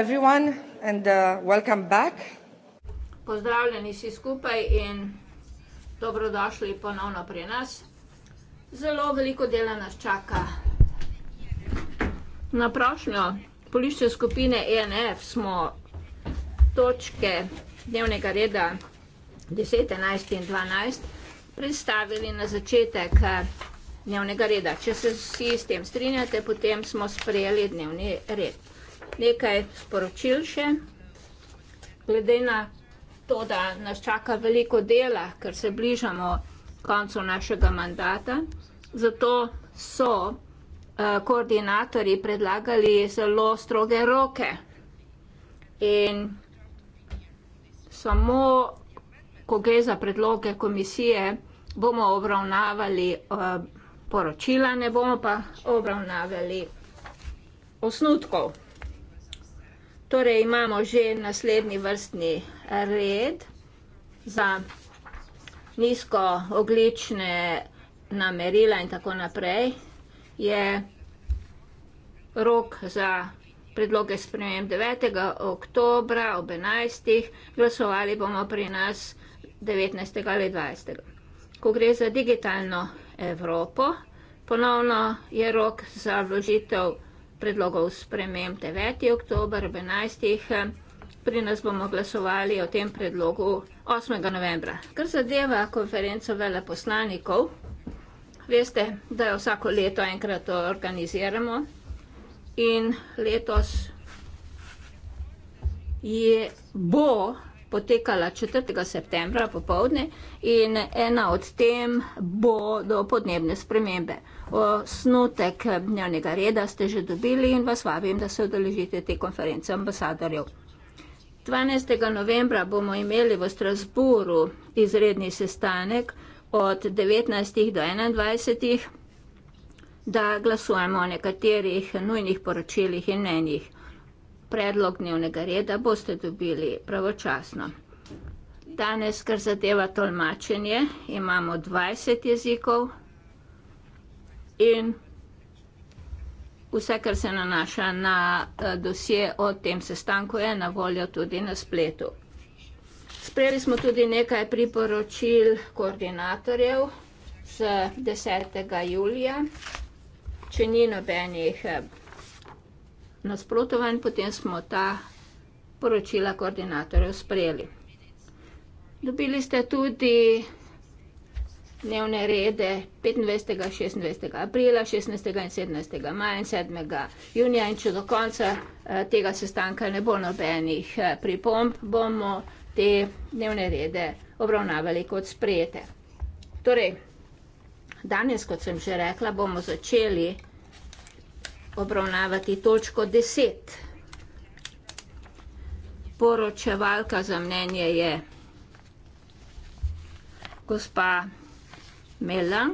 everyone and uh, welcome back. Pozdravljeni vsi skupaj in dobrodošli ponovno pri nas. Zelo veliko dela nas čaka. Na prošnjo polišče skupine ENF smo točke dnevnega reda 10, 11 in 12 predstavili na začetek eh, dnevnega reda. Če se vsi s tem strinjate, potem smo sprejeli dnevni red nekaj sporočil še. Glede na to, da nas čaka veliko dela, ker se bližamo koncu našega mandata, zato so eh, koordinatorji predlagali zelo stroge roke in samo, ko gre za predloge komisije, bomo obravnavali eh, poročila, ne bomo pa obravnavali osnutkov. Torej imamo že naslednji vrstni red za nizko oglične namerila in tako naprej je rok za predloge sprememb 9. oktobra ob 11. glasovali bomo pri nas 19. ali 20. Ko gre za digitalno Evropo, ponovno je rok za vložitev vsega, predlogov sprememb. 9. oktober ob 11. Eh, pri nas bomo glasovali o tem predlogu 8. novembra. Kar zadeva konferenco veleposlanikov, veste, da jo vsako leto enkrat organiziramo in letos je bo potekala 4. septembra popovdne in ena od tem bodo podnebne spremembe osnotek dnevnega reda ste že dobili in vas vabim, da se odeležite te konference ambasadorjev. 12. novembra bomo imeli v Strasburu izredni sestanek od 19. do 21. da glasujemo o nekaterih nujnih poročilih in mnenjih. Predlog dnevnega reda boste dobili pravočasno. Danes, kar zadeva tolmačenje, imamo 20 jezikov, in vse, kar se nanaša na eh, dosje o tem sestanku, je na voljo tudi na spletu. Sprejeli smo tudi nekaj priporočil koordinatorjev z 10. julija. Če ni nobenih eh, nasprotovanj, potem smo ta poročila koordinatorjev sprejeli. Dobili ste tudi dnevne rede 25. 26. aprila, 16. in 17. maja in 7. junija in če do konca eh, tega sestanka ne bo nobenih eh, pripomb, bomo te dnevne rede obravnavali kot sprejete. Torej, danes, kot sem že rekla, bomo začeli obravnavati točko 10. Poročevalka za mnenje je gospa imela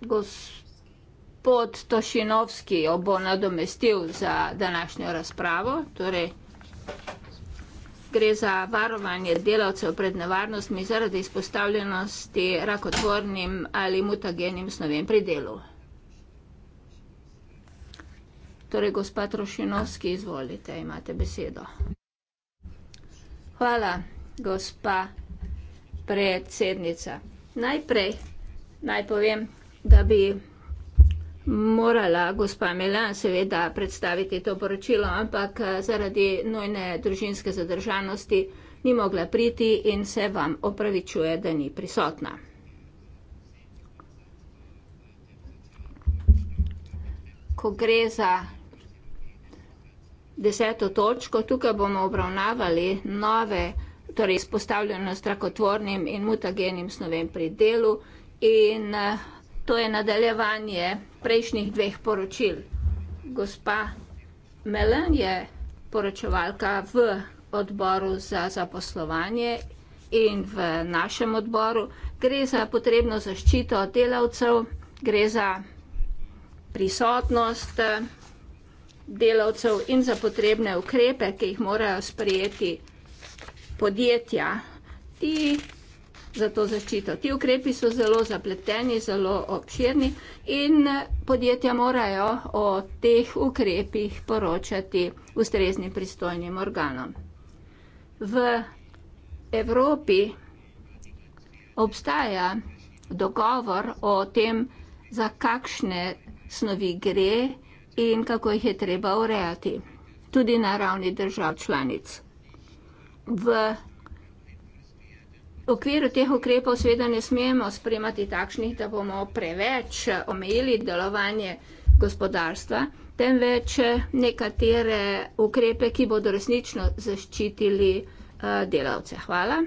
gospod Tošinovski jo bo nadomestil za današnjo razpravo, torej gre za varovanje delavcev pred nevarnostmi zaradi izpostavljenosti rakotvornim ali mutagenim snovem pri delu. Torej, gospa Trošinovski, izvolite, imate besedo. Hvala, gospa predsednica. Najprej naj povem, da bi morala gospa Melan seveda predstaviti to poročilo, ampak eh, zaradi nujne družinske zadržanosti ni mogla priti in se vam opravičuje, da ni prisotna. Ko gre za deseto točko, tukaj bomo obravnavali nove torej izpostavljenost rakotvornim in mutagenim snovem pri delu in eh, to je nadaljevanje prejšnjih dveh poročil. Gospa Melen je poročevalka v odboru za zaposlovanje in v našem odboru. Gre za potrebno zaščito delavcev, gre za prisotnost eh, delavcev in za potrebne ukrepe, ki jih morajo sprijeti podjetja. Ti za to zaščito. Ti ukrepi so zelo zapleteni, zelo obširni in podjetja morajo o teh ukrepih poročati ustreznim pristojnim organom. V Evropi obstaja dogovor o tem, za kakšne snovi gre in kako jih je treba urejati. Tudi na ravni držav članic v okviru teh ukrepov seveda ne smemo sprejemati takšnih, da bomo preveč omejili delovanje gospodarstva, temveč nekatere ukrepe, ki bodo resnično zaščitili, eh, delavce. Hvala.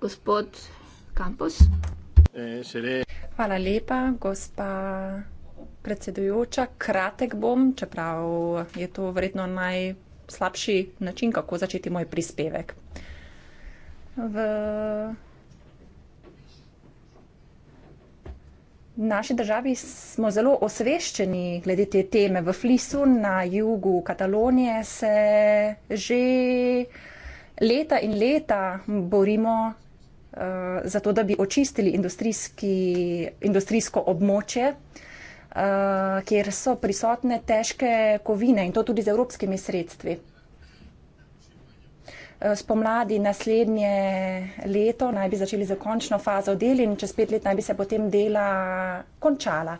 Gospod Kampus. Hvala lepa, gospa predsedujoča. Kratek bom, čeprav je to verjetno slabši način, kako začeti moj prispevek. V naši državi smo zelo osveščeni glede te teme. V Flisu na jugu Katalonije se že leta in leta borimo uh, za to, da bi očistili industrijsko območje. Eh, kjer so prisotne težke kovine in to tudi z evropskimi sredstvi. Eh, spomladi naslednje leto naj bi začeli z končno fazo del in čez pet let naj bi se potem dela končala.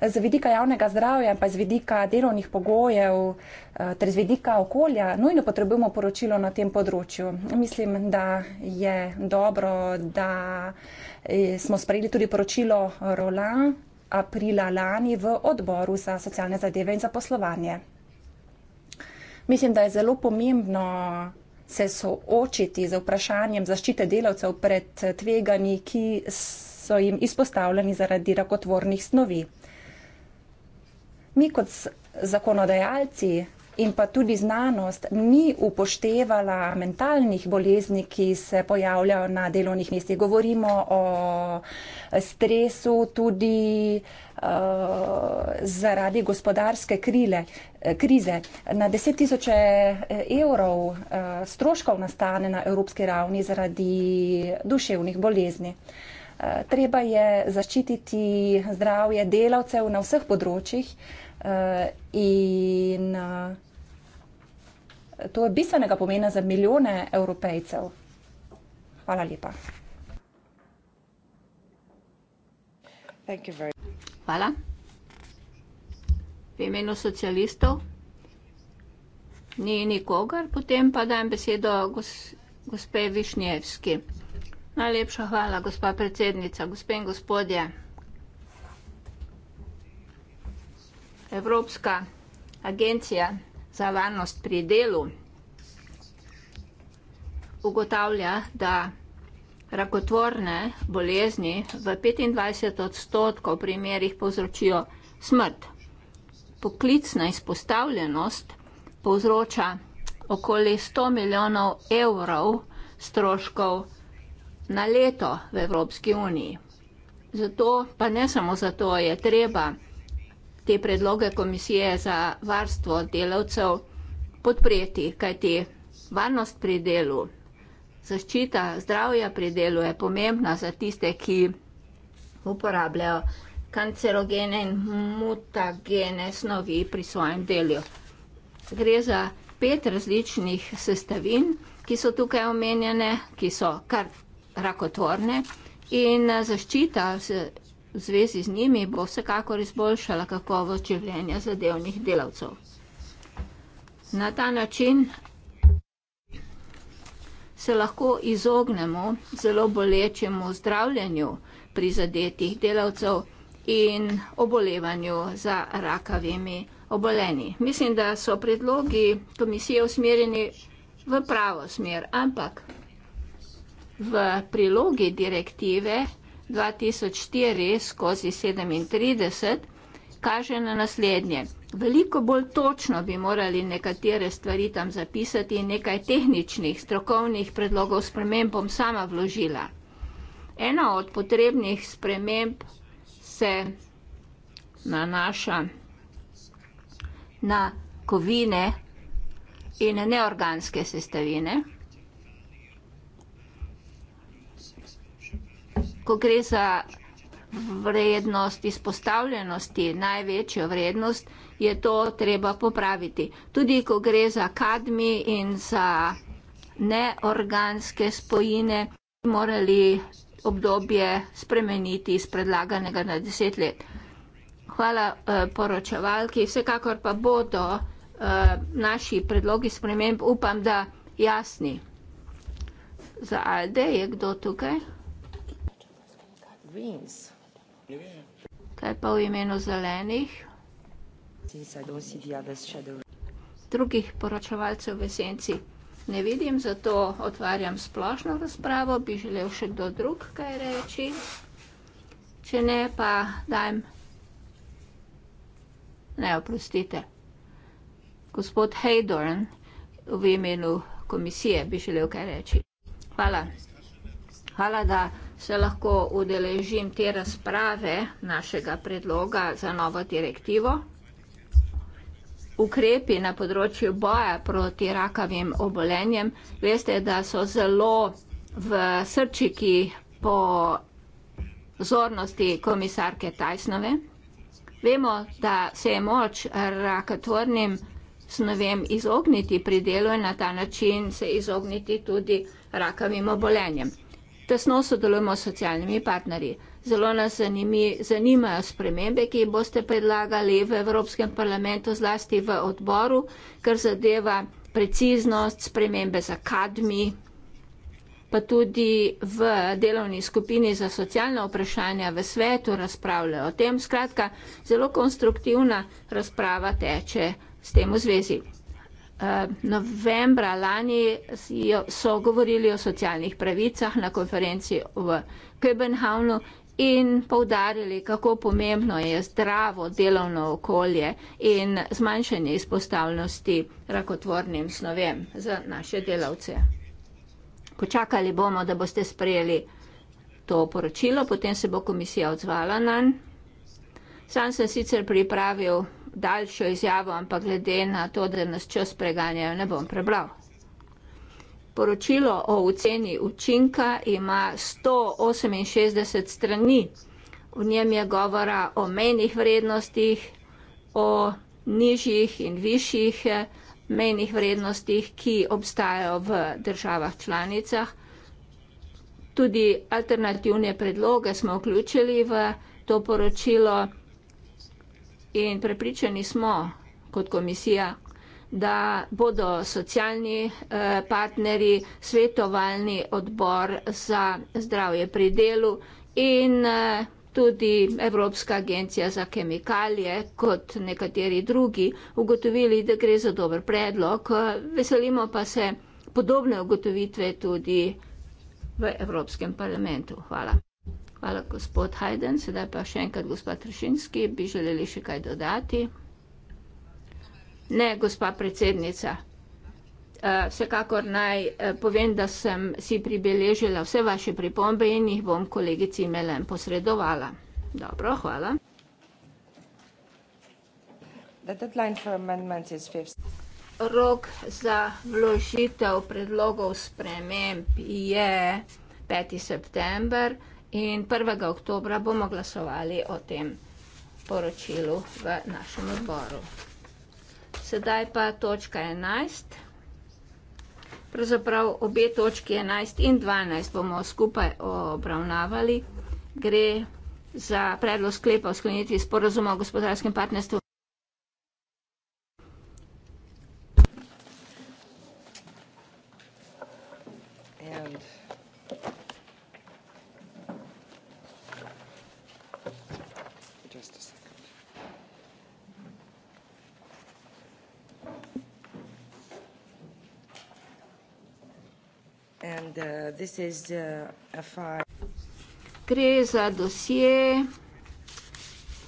Z vidika javnega zdravja, pa z vidika delovnih pogojev eh, ter z vidika okolja nujno potrebujemo poročilo na tem področju. Mislim, da je dobro, da smo sprejeli tudi poročilo Roland, aprila lani v odboru za socialne zadeve in zaposlovanje. Mislim, da je zelo pomembno se soočiti z vprašanjem zaščite delavcev pred tveganji, ki so jim izpostavljeni zaradi rakotvornih snovi. Mi kot zakonodajalci in pa tudi znanost ni upoštevala mentalnih bolezni, ki se pojavljajo na delovnih mestih. Govorimo o stresu tudi uh, zaradi gospodarske krile, eh, krize. Na deset tisoče eh, evrov uh, stroškov nastane na evropski ravni zaradi duševnih bolezni. Treba je zaščititi zdravje delavcev na vseh področjih, Uh, in uh, to je bistvenega pomena za milijone evropejcev. Hvala lepa. Hvala. V imenu socialistov ni nikogar, potem pa dajem besedo gos, gospe Višnjevski. Najlepša hvala, gospa predsednica, gospe in gospodje. Evropska agencija za varnost pri delu ugotavlja, da rakotvorne bolezni v petindvajset odstotkov primerih povzročijo smrt. Poklicna izpostavljenost povzroča okoli sto milijonov evrov stroškov na leto v Evropski uniji. Zato, pa ne samo zato, je treba te predloge Komisije za varstvo delavcev podpreti, kajti varnost pri delu, zaščita zdravja pri delu je pomembna za tiste, ki uporabljajo kancerogene in mutagene snovi pri svojem delu. Gre za pet različnih sestavin, ki so tukaj omenjene, ki so kar rakotvorne in zaščita v zvezi z njimi bo vsekakor izboljšala kakovost življenja zadevnih delavcev. Na ta način se lahko izognemo zelo bolečemu zdravljenju prizadetih delavcev in obolevanju za rakavimi obolenji. Mislim, da so predlogi komisije usmerjeni v pravo smer, ampak v prilogi direktive 2004-37 kaže na naslednje. Veliko bolj točno bi morali nekatere stvari tam zapisati in nekaj tehničnih, strokovnih predlogov sprememb bom sama vložila. Ena od potrebnih sprememb se nanaša na kovine in neorganske sestavine. ko gre za vrednost izpostavljenosti, največjo vrednost, je to treba popraviti. Tudi ko gre za kadmi in za neorganske spojine, morali obdobje spremeniti iz predlaganega na deset let. Hvala eh, poročevalki, vsekakor pa bodo eh, naši predlogi sprememb, upam, da jasni. Za Alde je kdo tukaj? Kaj pa v imenu zelenih? Drugih poročevalcev v senci ne vidim, zato otvarjam splošno razpravo. Bi želel še kdo drug kaj reči? Če ne, pa dajem... Ne, oprostite. Gospod Heydorn v imenu komisije bi želel kaj reči. Hvala. Hvala, da se lahko udeležim te razprave našega predloga za novo direktivo. Ukrepi na področju boja proti rakavim obolenjem, veste, da so zelo v srčiki po zornosti komisarke Tajsnove. Vemo, da se je moč rakotvornim snovem izogniti pri delu in na ta način se izogniti tudi rakavim obolenjem tesno sodelujemo s socialnimi partnerji. Zelo nas zanimi, zanimajo spremembe, ki jih boste predlagali v Evropskem parlamentu, zlasti v odboru, kar zadeva preciznost, spremembe za kadmi, pa tudi v delovni skupini za socialna vprašanja v svetu razpravljajo o tem. Skratka, zelo konstruktivna razprava teče s tem v zvezi. Eh, novembra lani so govorili o socialnih pravicah na konferenci v Kebenhavnu in poudarili, kako pomembno je zdravo delovno okolje in zmanjšanje izpostavljenosti rakotvornim snovem za naše delavce. Počakali bomo, da boste sprejeli to poročilo, potem se bo komisija odzvala nanj. Sam sem sicer pripravil daljšo izjavo, ampak glede na to, da nas čas preganjajo, ne bom prebral. Poročilo o oceni učinka ima 168 strani. V njem je govora o menih vrednostih, o nižjih in višjih eh, menih vrednostih, ki obstajajo v državah članicah. Tudi alternativne predloge smo vključili v to poročilo in prepričani smo kot komisija, da bodo socialni eh, partneri, svetovalni odbor za zdravje pri delu in eh, tudi Evropska agencija za kemikalije kot nekateri drugi ugotovili, da gre za dober predlog. Veselimo pa se podobne ugotovitve tudi v Evropskem parlamentu. Hvala. Hvala, gospod Hajden. Sedaj pa še enkrat gospa Tršinski. Bi želeli še kaj dodati? Ne, gospa predsednica. Eh, vsekakor naj eh, povem, da sem si pribeležila vse vaše pripombe in jih bom kolegici Melen posredovala. Dobro, hvala. Rok za vložitev predlogov sprememb je 5. september. In 1. oktobra bomo glasovali o tem poročilu v našem odboru. Sedaj pa točka 11. Pravzaprav obe točki 11 in 12 bomo skupaj obravnavali. Gre za predlog sklepa o sklenitvi sporozuma o gospodarskem partnerstvu and uh, this is uh, a file. Gre za dosje,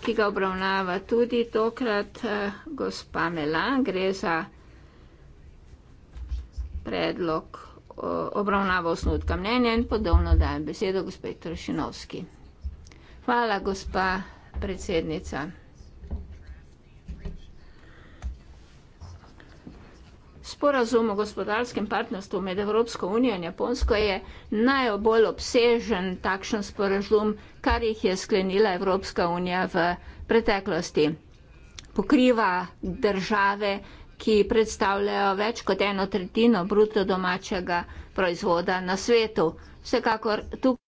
ki ga obravnava tudi tokrat uh, gospa Melan. Gre za predlog obravnava osnutka mnenja in podobno dajem besedo gospe Trošinovski. Hvala, gospa predsednica. Sporazum o gospodarskem partnerstvu med Evropsko unijo in Japonsko je najbolj obsežen takšen sporazum, kar jih je sklenila Evropska unija v preteklosti. Pokriva države, ki predstavljajo več kot eno tretjino bruto domačega proizvoda na svetu. Vsekakor tukaj.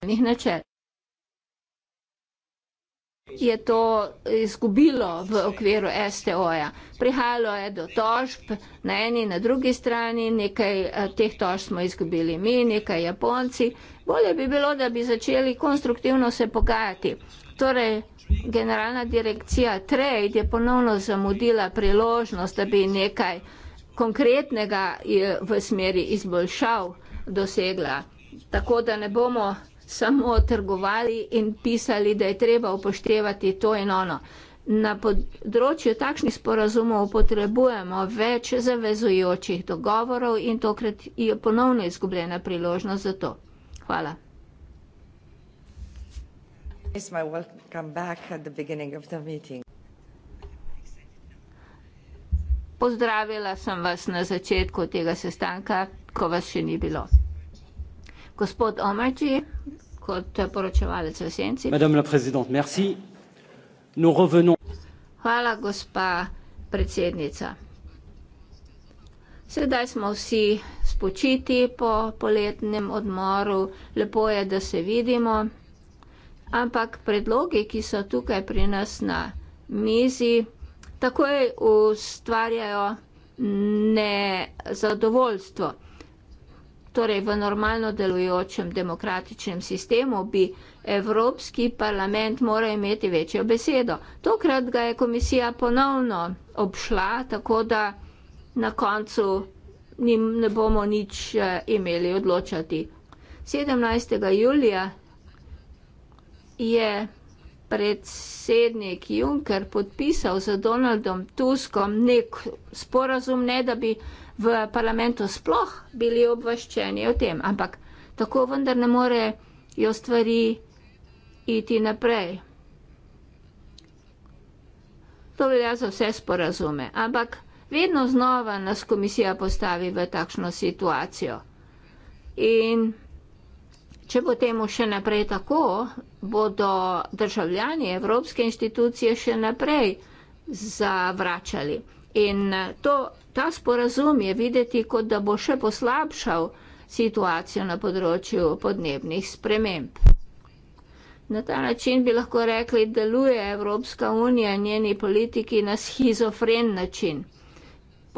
temeljnih načel. Je to izgubilo v okviru STO-ja. Prihajalo je do tožb na eni, na drugi strani, nekaj eh, teh tož smo izgubili mi, nekaj Japonci. Bolje bi bilo, da bi začeli konstruktivno se pogajati. Torej, generalna direkcija Trade je ponovno zamudila priložnost, da bi nekaj konkretnega eh, v smeri izboljšav dosegla. Tako da ne bomo samo trgovali in pisali, da je treba upoštevati to in ono. Na področju takšnih sporazumov potrebujemo več zavezujočih dogovorov in tokrat je ponovno izgubljena priložnost za to. Hvala. Pozdravila sem vas na začetku tega sestanka, ko vas še ni bilo. Gospod Omerči, kot poročevalec v senci. Madame la présidente, merci. Nous revenons. Hvala, gospa predsednica. Sedaj smo vsi spočiti po poletnem odmoru, lepo je, da se vidimo, ampak predlogi, ki so tukaj pri nas na mizi, takoj ustvarjajo nezadovoljstvo. Torej, v normalno delujočem demokratičnem sistemu bi Evropski parlament moral imeti večjo besedo. Tokrat ga je komisija ponovno obšla, tako da na koncu nim, ne bomo nič eh, imeli odločati. 17. julija je predsednik Juncker podpisal za Donaldom Tuskom nek sporazum, ne da bi v parlamentu sploh bili obveščeni o tem, ampak tako vendar ne morejo stvari iti naprej. To velja za vse sporazume, ampak vedno znova nas komisija postavi v takšno situacijo. In če bo temu še naprej tako, bodo državljani Evropske inštitucije še naprej zavračali. In to Ta sporazum je videti, kot da bo še poslabšal situacijo na področju podnebnih sprememb. Na ta način bi lahko rekli, da deluje Evropska unija in njeni politiki na schizofren način.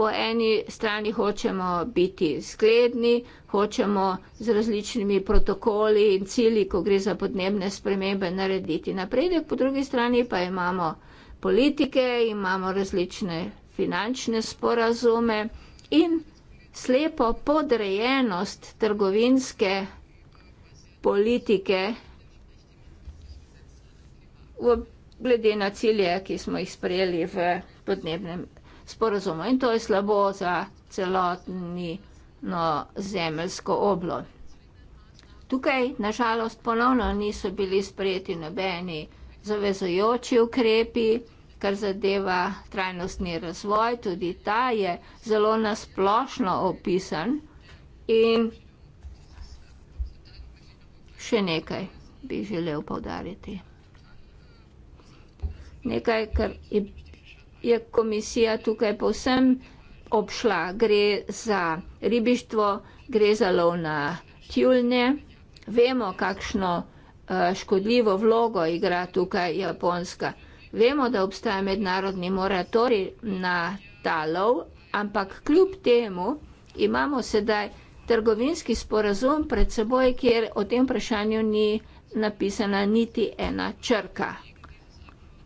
Po eni strani hočemo biti zgledni, hočemo z različnimi protokoli in cilji, ko gre za podnebne spremembe, narediti napredek, po drugi strani pa imamo politike, imamo različne finančne sporazume in slepo podrejenost trgovinske politike v, glede na cilje, ki smo jih sprejeli v podnebnem sporazumu. In to je slabo za celotni no, zemeljsko oblo. Tukaj, nažalost, ponovno niso bili sprejeti nobeni zavezojoči ukrepi kar zadeva trajnostni razvoj, tudi ta je zelo nasplošno opisan in še nekaj bi želel povdariti. Nekaj, kar je, je komisija tukaj povsem obšla, gre za ribištvo, gre za lov na tjulne, vemo, kakšno uh, škodljivo vlogo igra tukaj Japonska. Vemo, da obstaja mednarodni moratori na talov, ampak kljub temu imamo sedaj trgovinski sporazum pred seboj, kjer o tem vprašanju ni napisana niti ena črka.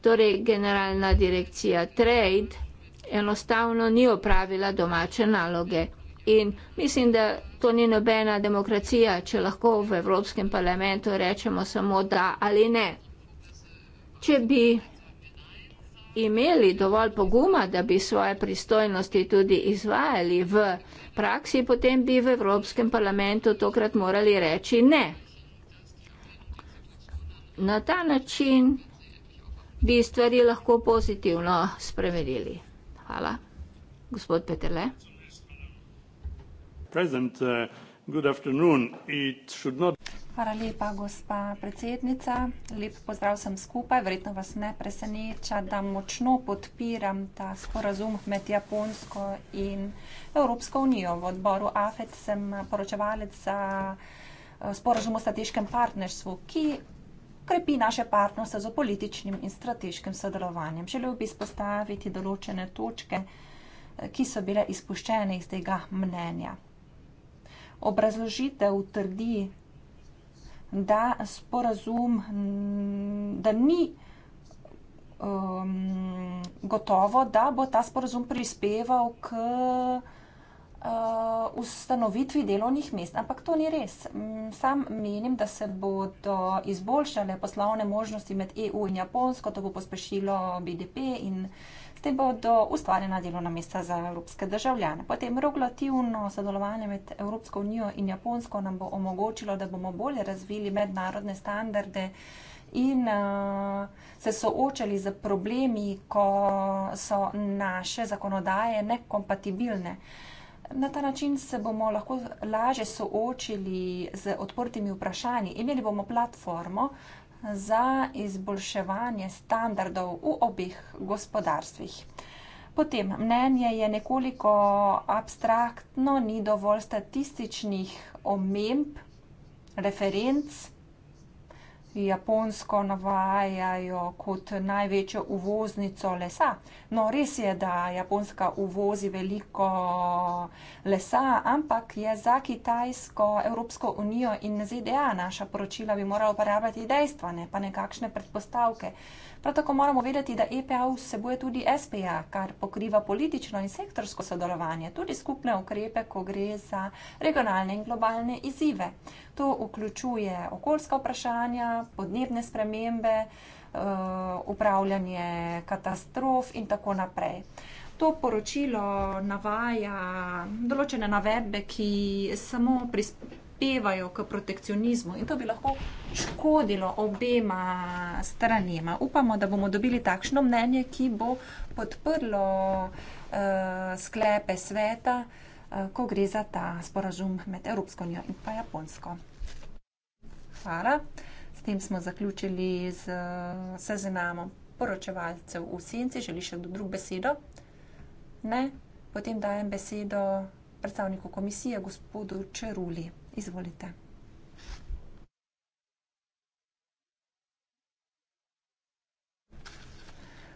Torej, generalna direkcija Trade enostavno ni opravila domače naloge. In mislim, da to ni nobena demokracija, če lahko v Evropskem parlamentu rečemo samo da ali ne. Če bi imeli dovolj poguma, da bi svoje pristojnosti tudi izvajali v praksi, potem bi v Evropskem parlamentu tokrat morali reči ne. Na ta način bi stvari lahko pozitivno spremenili. Hvala. Gospod Peterle. Present, uh, eh, good afternoon. It should not... Hvala lepa, gospa predsednica. Lep pozdrav sem skupaj. Verjetno vas ne preseneča, da močno podpiram ta sporazum med Japonsko in Evropsko unijo. V odboru AFET sem poročevalec za eh, sporazum o strateškem partnerstvu, ki krepi naše partnerstvo z političnim in strateškim sodelovanjem. Želel bi izpostaviti določene točke, eh, ki so bile izpuščene iz tega mnenja. Obrazložitev trdi, da sporazum, da ni um, gotovo, da bo ta sporazum prispeval k uh, ustanovitvi delovnih mest. Ampak to ni res. Mm, sam menim, da se bodo izboljšale poslovne možnosti med EU in Japonsko, to bo pospešilo BDP in uh, te bodo ustvarjena delovna mesta za evropske državljane. Potem regulativno sodelovanje med Evropsko unijo in Japonsko nam bo omogočilo, da bomo bolje razvili mednarodne standarde in uh, se soočali z problemi, ko so naše zakonodaje nekompatibilne. Na ta način se bomo lahko laže soočili z odprtimi vprašanji. Imeli bomo platformo, uh, za izboljševanje standardov v obeh gospodarstvih. Potem mnenje je nekoliko abstraktno, ni dovolj statističnih omemb, referenc. Japonsko navajajo kot največjo uvoznico lesa. No, res je, da Japonska uvozi veliko lesa, ampak je za Kitajsko, Evropsko unijo in ZDA naša poročila bi morala uporabljati dejstva, ne pa nekakšne predpostavke. Uh, Prav tako moramo vedeti, da EPA vsebuje tudi SPA, kar pokriva politično in sektorsko sodelovanje, tudi skupne ukrepe, ko gre za regionalne in globalne izzive. To vključuje okoljska vprašanja, podnebne spremembe, eh, upravljanje katastrof in tako naprej. To poročilo navaja določene navedbe, ki samo prispevajo prispevajo k protekcionizmu in to bi lahko škodilo obema stranima. Upamo, da bomo dobili takšno mnenje, ki bo podprlo uh, sklepe sveta, uh, ko gre za ta sporazum med Evropsko unijo in pa Japonsko. Hvala. S tem smo zaključili z uh, seznamom poročevalcev v senci. Želi še kdo drug besedo? Ne. Potem dajem besedo predstavniku komisije, gospodu Čeruli. Izvolite.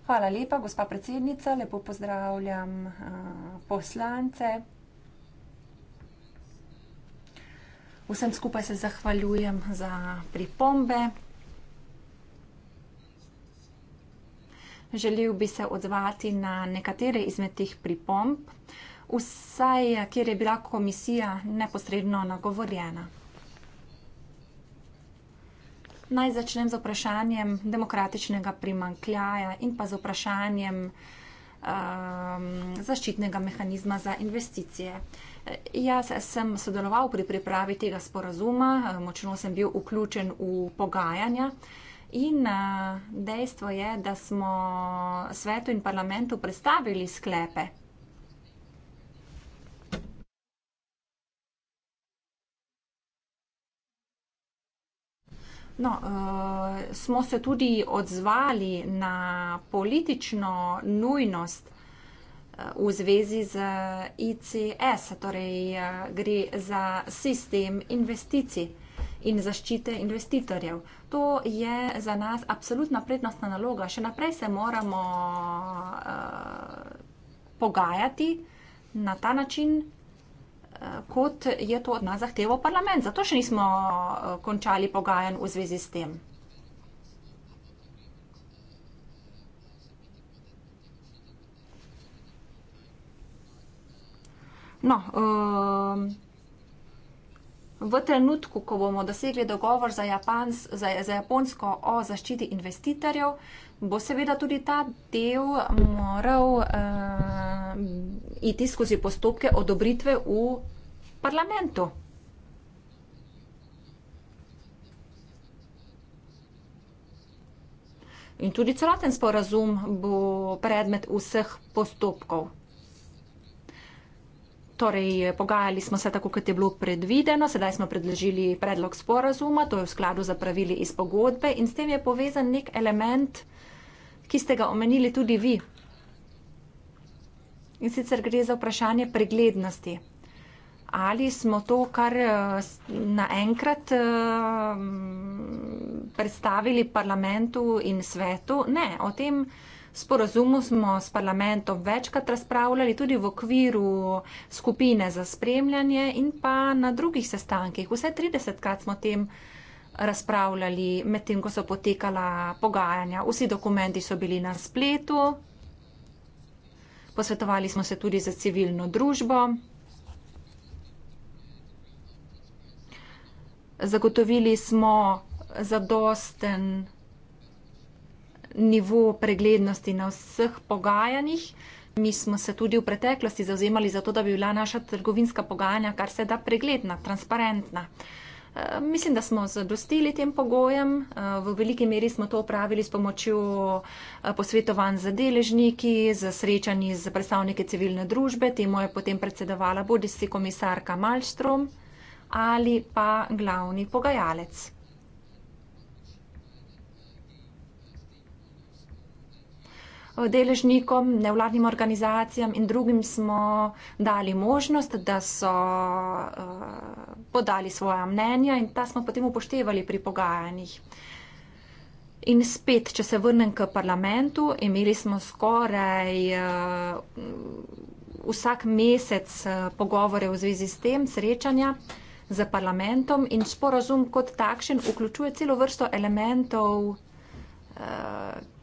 Hvala lepa, gospa predsednica. Lepo pozdravljam eh, poslance. Vsem skupaj se zahvaljujem za pripombe. Želel bi se odzvati na nekatere izmed tih pripomb vsaj kjer je bila komisija neposredno nagovorjena. Naj začnem z vprašanjem demokratičnega primankljaja in pa z vprašanjem um, zaščitnega mehanizma za investicije. Jaz sem sodeloval pri pripravi tega sporazuma, močno sem bil vključen v pogajanja in uh, dejstvo je, da smo svetu in parlamentu predstavili sklepe No, uh, smo se tudi odzvali na politično nujnost eh, v zvezi z ICS, torej eh, gre za sistem investicij in zaščite investitorjev. To je za nas absolutna prednostna naloga. Še naprej se moramo uh, pogajati na ta način, kot je to od nas zahteval parlament. Zato še nismo eh, končali pogajanj v zvezi s tem. No, um, v trenutku, ko bomo dosegli dogovor za, Japans, za, za Japonsko o zaščiti investitorjev, bo seveda tudi ta del moral. Um, iti skozi postopke odobritve v parlamentu. In tudi celoten sporazum bo predmet vseh postopkov. Torej, pogajali smo se tako, kot je bilo predvideno, sedaj smo predložili predlog sporazuma, to je v skladu za pravili iz pogodbe in s tem je povezan nek element, ki ste ga omenili tudi vi. In sicer gre za vprašanje preglednosti. Ali smo to, kar eh, naenkrat eh, predstavili parlamentu in svetu? Ne, o tem sporozumu smo s parlamentom večkrat razpravljali, tudi v okviru skupine za spremljanje in pa na drugih sestankih. Vse 30krat smo o tem razpravljali, medtem ko so potekala pogajanja. Vsi dokumenti so bili na spletu, Posvetovali smo se tudi za civilno družbo. Zagotovili smo zadosten nivo preglednosti na vseh pogajanjih. Mi smo se tudi v preteklosti zauzemali za to, da bi bila naša trgovinska pogajanja kar se da pregledna, transparentna. Eh, mislim, da smo zadostili tem pogojem. Eh, v veliki meri smo to upravili s pomočjo eh, posvetovanj z deležniki, z srečanji z predstavniki civilne družbe. Temu je potem predsedovala bodisi komisarka Malstrom ali pa glavni pogajalec. deležnikom, nevladnim organizacijam in drugim smo dali možnost, da so eh, podali svoja mnenja in ta smo potem upoštevali pri pogajanjih. In spet, če se vrnem k parlamentu, imeli smo skoraj uh, vsak mesec eh, pogovore v zvezi s tem, srečanja z parlamentom in sporazum kot takšen vključuje celo vrsto elementov, uh,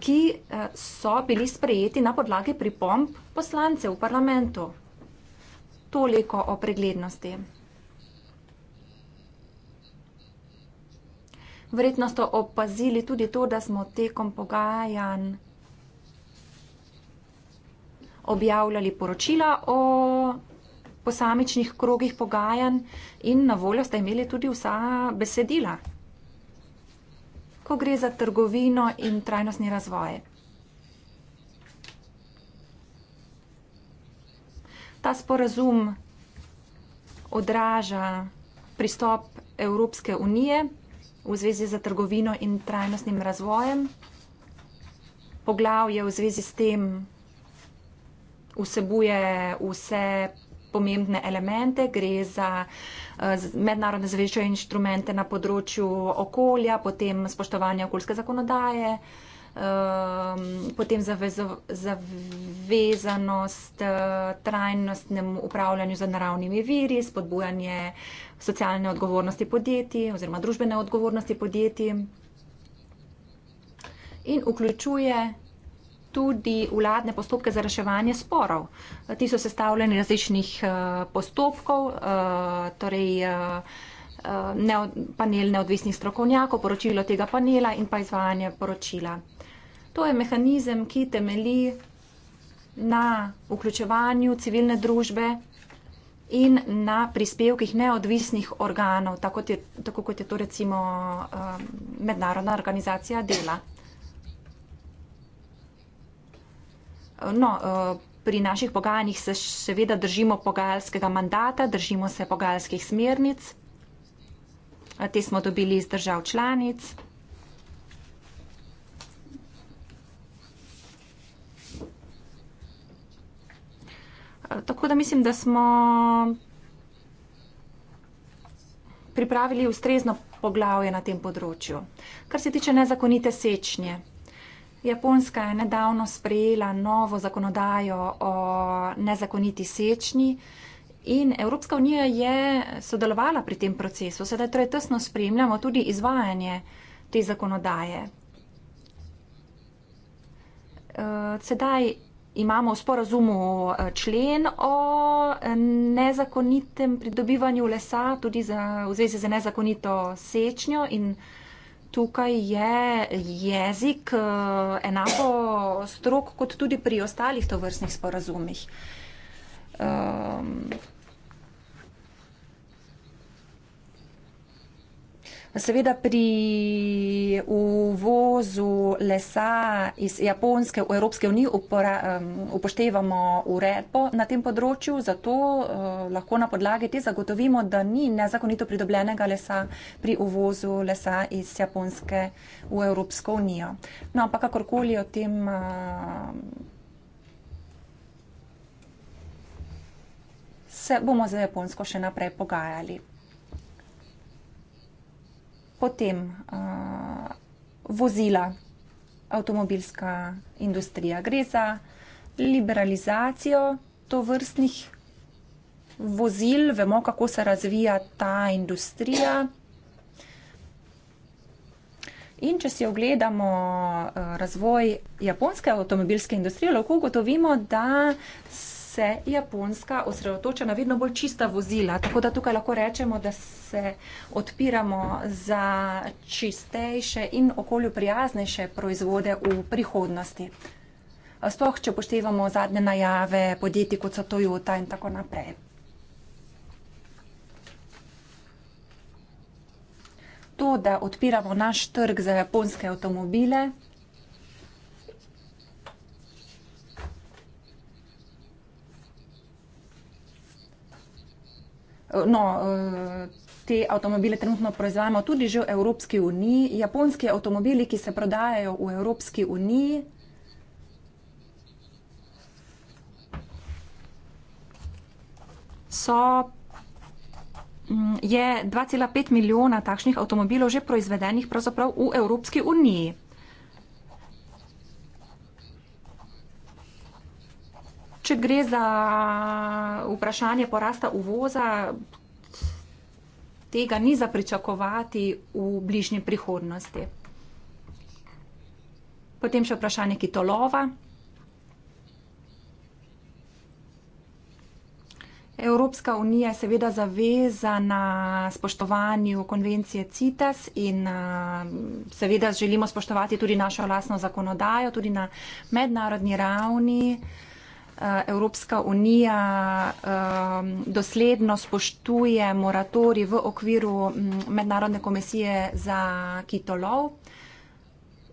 ki eh, so bili sprejeti na podlagi pripomb poslancev v parlamentu. Toliko o preglednosti. Verjetno ste opazili tudi to, da smo tekom pogajanj objavljali poročila o posamičnih krogih pogajanj in na voljo ste imeli tudi vsa besedila ko gre za trgovino in trajnostni razvoj. Ta sporazum odraža pristop Evropske unije v zvezi za trgovino in trajnostnim razvojem. Poglav je v zvezi s tem vsebuje vse pomembne elemente. Gre za eh, mednarodne zvečje inštrumente na področju okolja, potem spoštovanje okoljske zakonodaje, ehm, potem zavezanost eh, trajnostnemu upravljanju za naravnimi viri, spodbujanje socialne odgovornosti podjetij oziroma družbene odgovornosti podjetij. In vključuje tudi vladne postopke za reševanje sporov. Ti so sestavljeni različnih eh, postopkov, eh, torej eh, panel neodvisnih strokovnjakov, poročilo tega panela in pa izvajanje poročila. To je mehanizem, ki temeli na vključevanju civilne družbe in na prispevkih neodvisnih organov, tako kot je, tako kot je to recimo mednarodna organizacija dela. No, eh, pri naših pogajanjih se seveda držimo pogajalskega mandata, držimo se pogajalskih smernic. Eh, te smo dobili iz držav članic. Eh, tako da mislim, da smo pripravili ustrezno poglavje na tem področju. Kar se tiče nezakonite sečnje. Japonska je nedavno sprejela novo zakonodajo o nezakoniti sečni in Evropska unija je sodelovala pri tem procesu. Sedaj torej tesno spremljamo tudi izvajanje te zakonodaje. Eh, sedaj imamo v sporazumu eh, člen o eh, nezakonitem pridobivanju lesa, tudi za, v zvezi z nezakonito sečnjo in sečnjo tukaj je jezik eh, enako strok kot tudi pri ostalih tovrstnih sporazumih. Um, Seveda pri uvozu lesa iz Japonske v Evropske unije upoštevamo uredbo na tem področju, zato eh, lahko na podlagi te zagotovimo, da ni nezakonito pridobljenega lesa pri uvozu lesa iz Japonske v Evropsko unijo. No, ampak kakorkoli o tem. Eh, se bomo za Japonsko še naprej pogajali potem uh, vozila avtomobilska industrija. Gre za liberalizacijo tovrstnih vozil, vemo, kako se razvija ta industrija. In če si ogledamo razvoj japonske avtomobilske industrije, lahko ugotovimo, da se Japonska osredotoča na vedno bolj čista vozila, tako da tukaj lahko rečemo, da se odpiramo za čistejše in okolju prijaznejše proizvode v prihodnosti. Sploh, če poštevamo zadnje najave podjetij, kot so Toyota in tako naprej. To, da odpiramo naš trg za japonske avtomobile, no, eh, te avtomobile trenutno proizvajamo tudi že v Evropski uniji. Japonski avtomobili, ki se prodajajo v Evropski uniji, so. Mm, je 2,5 milijona takšnih avtomobilov že proizvedenih pravzaprav v Evropski uniji. Če gre za vprašanje porasta uvoza, tega ni za pričakovati v bližnji prihodnosti. Potem še vprašanje kitolova. Evropska unija je seveda zavezana spoštovanju konvencije CITES in seveda želimo spoštovati tudi našo lastno zakonodajo, tudi na mednarodni ravni. Eh, Evropska unija eh, dosledno spoštuje moratori v okviru mm, Mednarodne komisije za kitolov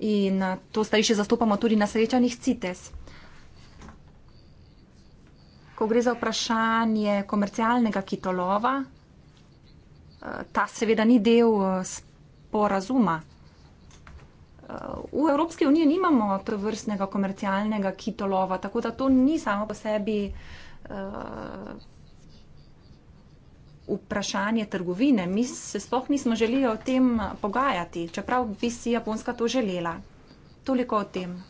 in eh, to starišče zastopamo tudi na srečanjih CITES. Ko gre za vprašanje komercialnega kitolova, ta seveda ni del sporazuma v Evropski uniji nimamo tovrstnega komercialnega kitolova, tako da to ni samo po sebi uh, vprašanje trgovine. Mi se sploh nismo želeli o tem pogajati, čeprav bi si Japonska to želela. Toliko o tem.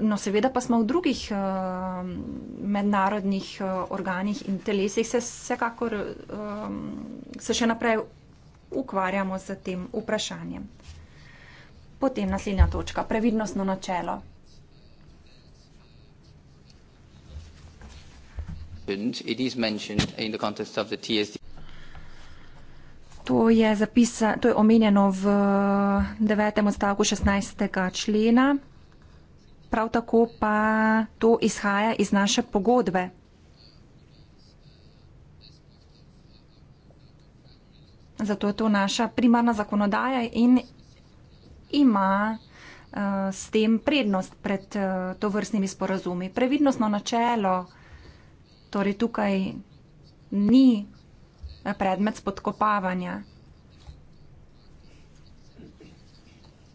No, seveda pa smo v drugih uh, mednarodnih uh, organih in telesih, se vsekakor uh, se še naprej ukvarjamo z tem vprašanjem. Potem naslednja točka, previdnostno načelo. To je, zapisa, to je omenjeno v devetem odstavku 16. člena prav tako pa to izhaja iz naše pogodbe. Zato je to naša primarna zakonodaja in ima uh, s tem prednost pred uh, eh, to vrstnimi sporazumi. Previdnostno načelo torej tukaj ni eh, predmet spodkopavanja.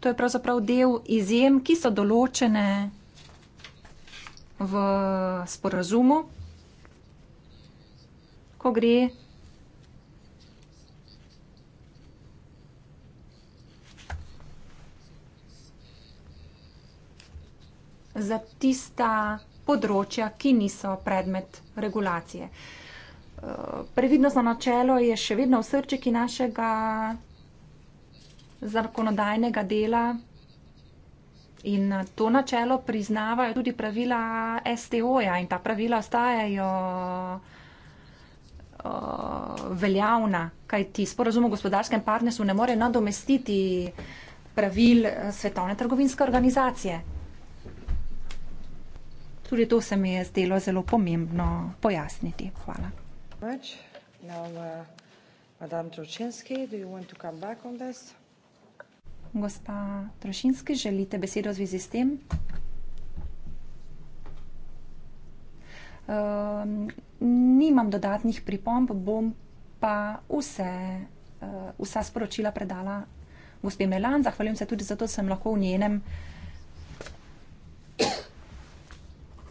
to je pravzaprav del izjem, ki so določene v sporazumu, ko gre za tista področja, ki niso predmet regulacije. Previdnostno načelo je še vedno v srčiki našega zakonodajnega dela in to načelo priznavajo tudi pravila STO-ja in ta pravila ostajajo uh, veljavna, kaj ti sporozum o gospodarskem partnerstvu ne more nadomestiti pravil uh, Svetovne trgovinske organizacije. Tudi to se mi je zdelo zelo pomembno pojasniti. Hvala. Now, uh, Madame Trochinski, do you want to come back on this? Gospa Trošinski, želite besedo v zvezi s tem? Um, nimam dodatnih pripomb, bom pa vse, uh, vsa sporočila predala gospe Melan. Zahvaljujem se tudi za to, da sem lahko v njenem uh,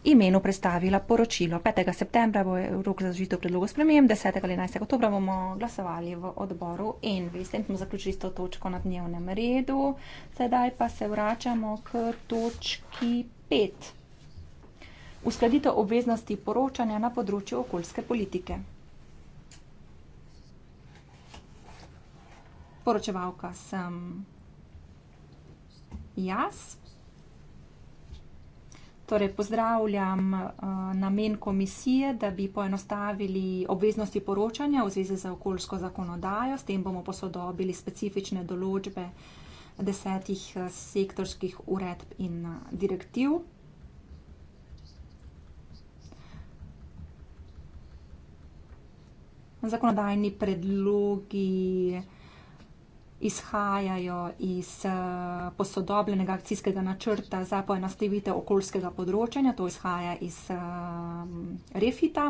imenu predstavila poročilo. 5. septembra bo rok za zažitev predlogo spremem, 10. ali 11. oktobra bomo glasovali v odboru in s tem smo zaključili s to točko na dnevnem redu. Sedaj pa se vračamo k točki 5. Uskladitev obveznosti poročanja na področju okoljske politike. Poročevalka sem jaz, Torej, pozdravljam eh, namen komisije, da bi poenostavili obveznosti poročanja v zvezi z okoljsko zakonodajo. S tem bomo posodobili specifične določbe desetih eh, sektorskih uredb in eh, direktiv. Zakonodajni predlogi izhajajo iz eh, posodobljenega akcijskega načrta za poenostavitev okoljskega področja, to izhaja iz eh, Refita.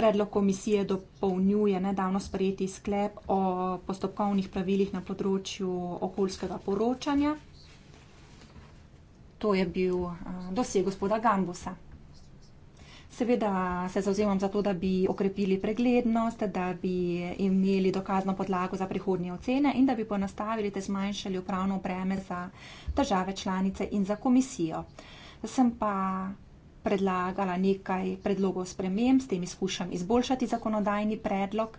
Predlog komisije dopolnjuje nedavno sprejeti sklep o postopkovnih pravilih na področju okoljskega poročanja. To je bil eh, dosje gospoda Gambusa. Seveda se zauzemam za to, da bi okrepili preglednost, da bi imeli dokazno podlago za prihodnje ocene in da bi ponastavili te zmanjšali upravno breme za države članice in za komisijo. Sem pa predlagala nekaj predlogov sprememb, s temi skušam izboljšati zakonodajni predlog.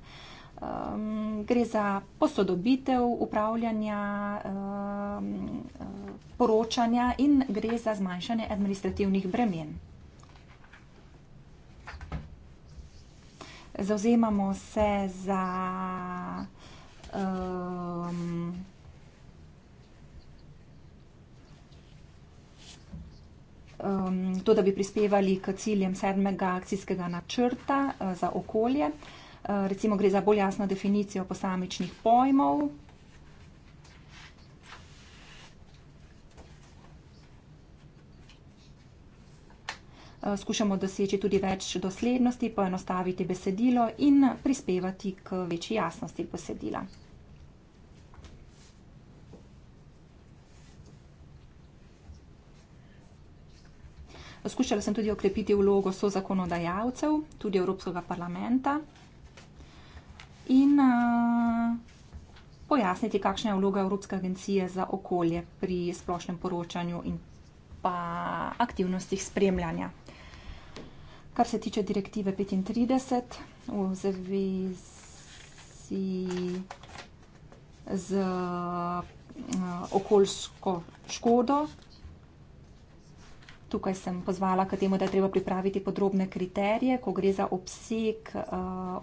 Um, gre za posodobitev upravljanja um, poročanja in gre za zmanjšanje administrativnih bremen. zauzemamo se za um, um, to, da bi prispevali k ciljem sedmega akcijskega načrta uh, za okolje. Uh, recimo gre za bolj jasno definicijo posamičnih pojmov, Eh, skušamo doseči tudi več doslednosti, poenostaviti besedilo in prispevati k večji jasnosti besedila. Skušala sem tudi okrepiti vlogo sozakonodajalcev, tudi Evropskega parlamenta in eh, pojasniti, kakšna je vloga Evropske agencije za okolje pri splošnem poročanju in pa aktivnostih spremljanja. Kar se tiče direktive 35 v zvezi z eh, okoljsko škodo, tukaj sem pozvala k temu, da je treba pripraviti podrobne kriterije, ko gre za obseg eh,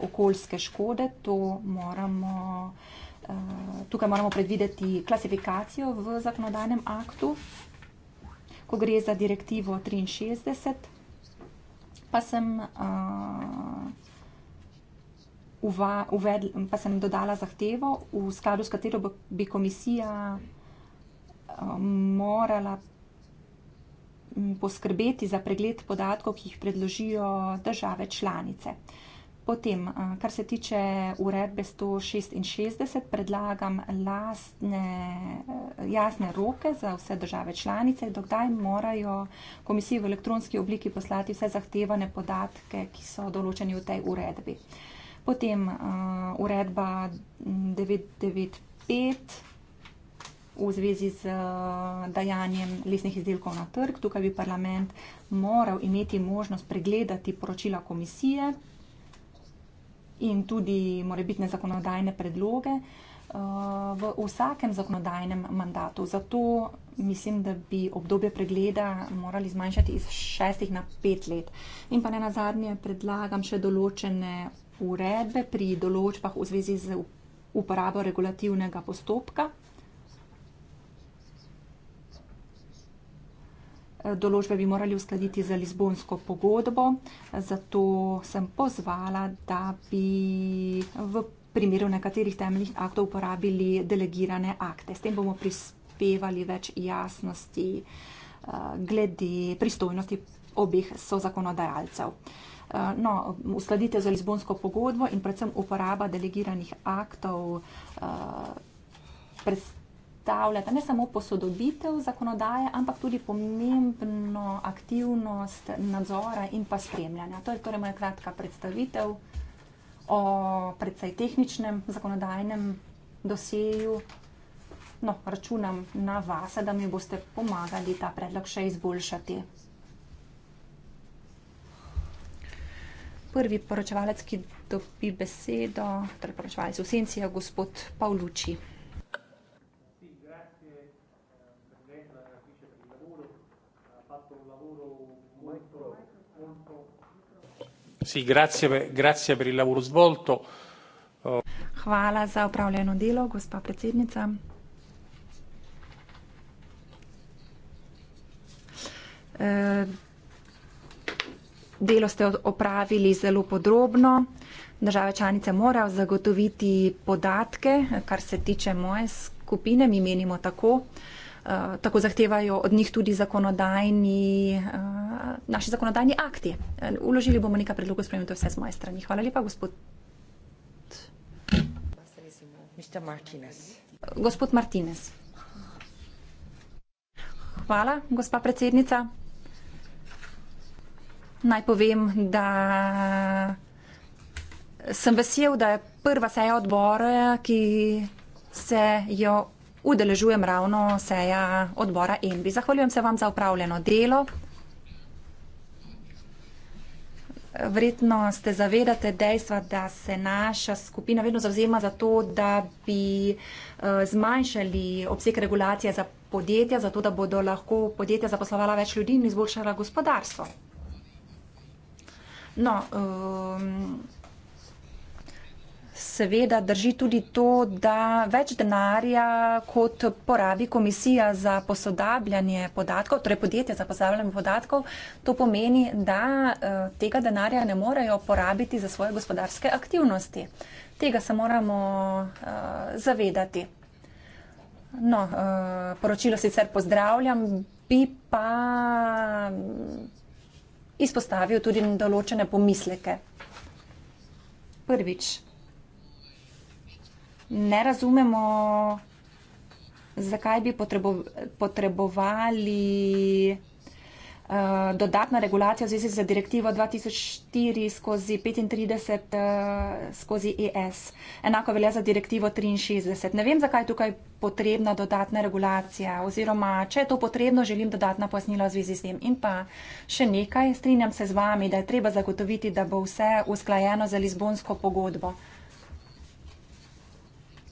okoljske škode, to moramo eh, Tukaj moramo predvideti klasifikacijo v zakonodajnem aktu, ko gre za direktivo 63 pa sem, uh, uvedl, pa sem dodala zahtevo, v skladu s katero bi komisija uh, morala poskrbeti za pregled podatkov, ki jih predložijo države članice. Uh, Potem, eh, kar se tiče uredbe 166, predlagam lastne, eh, jasne roke za vse države članice, dokdaj morajo komisiji v elektronski obliki poslati vse zahtevane podatke, ki so določeni v tej uredbi. Potem uh, uredba 995 v zvezi z uh, dajanjem lesnih izdelkov na trg. Tukaj bi parlament moral imeti možnost pregledati poročila komisije in tudi morebitne zakonodajne predloge eh, v vsakem zakonodajnem mandatu. Zato mislim, da bi obdobje pregleda morali zmanjšati iz šestih na pet let. In pa ne na zadnje predlagam še določene uredbe pri določbah v zvezi z uporabo regulativnega postopka. Eh, določbe bi morali uskladiti za Lizbonsko pogodbo, zato sem pozvala, da bi eh, v primeru nekaterih temeljnih aktov uporabili delegirane akte. S tem bomo prispevali več jasnosti eh, glede pristojnosti obeh so zakonodajalcev. No, uskladitev za Lizbonsko pogodbo in predvsem uporaba delegiranih aktov predstavljajo predstavljata ne samo posodobitev zakonodaje, ampak tudi pomembno aktivnost nadzora in pa spremljanja. To je torej moja kratka predstavitev o predvsej tehničnem zakonodajnem doseju. No, računam na vas, da mi boste pomagali ta predlog še izboljšati. Prvi poročevalec, ki dobi besedo, torej poročevalec v senci, je gospod Pavluči. Sì, grazie, grazie per il lavoro svolto. Hvala za opravljeno delo, gospa predsednica. Eh, delo ste opravili zelo podrobno. Država članica mora zagotoviti podatke, kar se tiče moje skupine, mi menimo tako. Eh, tako zahtevajo od njih tudi zakonodajni, uh, naši zakonodajni akti. Eh, uložili bomo nekaj predlogov spremenitev vse z moje strani. Hvala lepa, gospod. Gospod Martinez. Hvala, gospa predsednica. Naj povem, da sem vesel, da je prva seja odbora, ki se jo udeležujem ravno seja odbora Enbi. Zahvaljujem se vam za upravljeno delo. Vredno ste zavedate dejstva, da se naša skupina vedno zavzema za to, da bi eh, zmanjšali obseg regulacije za podjetja, zato da bodo lahko podjetja zaposlovala več ljudi in izboljšala gospodarstvo. No, um, seveda drži tudi to, da več denarja, kot porabi komisija za posodabljanje podatkov, torej podjetje za posodabljanje podatkov, to pomeni, da eh, tega denarja ne morejo porabiti za svoje gospodarske aktivnosti. Tega se moramo uh, zavedati. No, uh, poročilo sicer pozdravljam, bi pa izpostavil tudi določene pomisleke. Prvič, ne razumemo, zakaj bi potrebo, potrebovali uh, dodatna regulacija v zvezi z direktivo 2004-35-ES. Eh, e Enako velja za direktivo 63. Ne vem, zakaj je tukaj potrebna dodatna regulacija oziroma, če je to potrebno, želim dodatna pojasnila v zvezi s tem. In pa še nekaj, strinjam se z vami, da je treba zagotoviti, da bo vse usklajeno za Lizbonsko pogodbo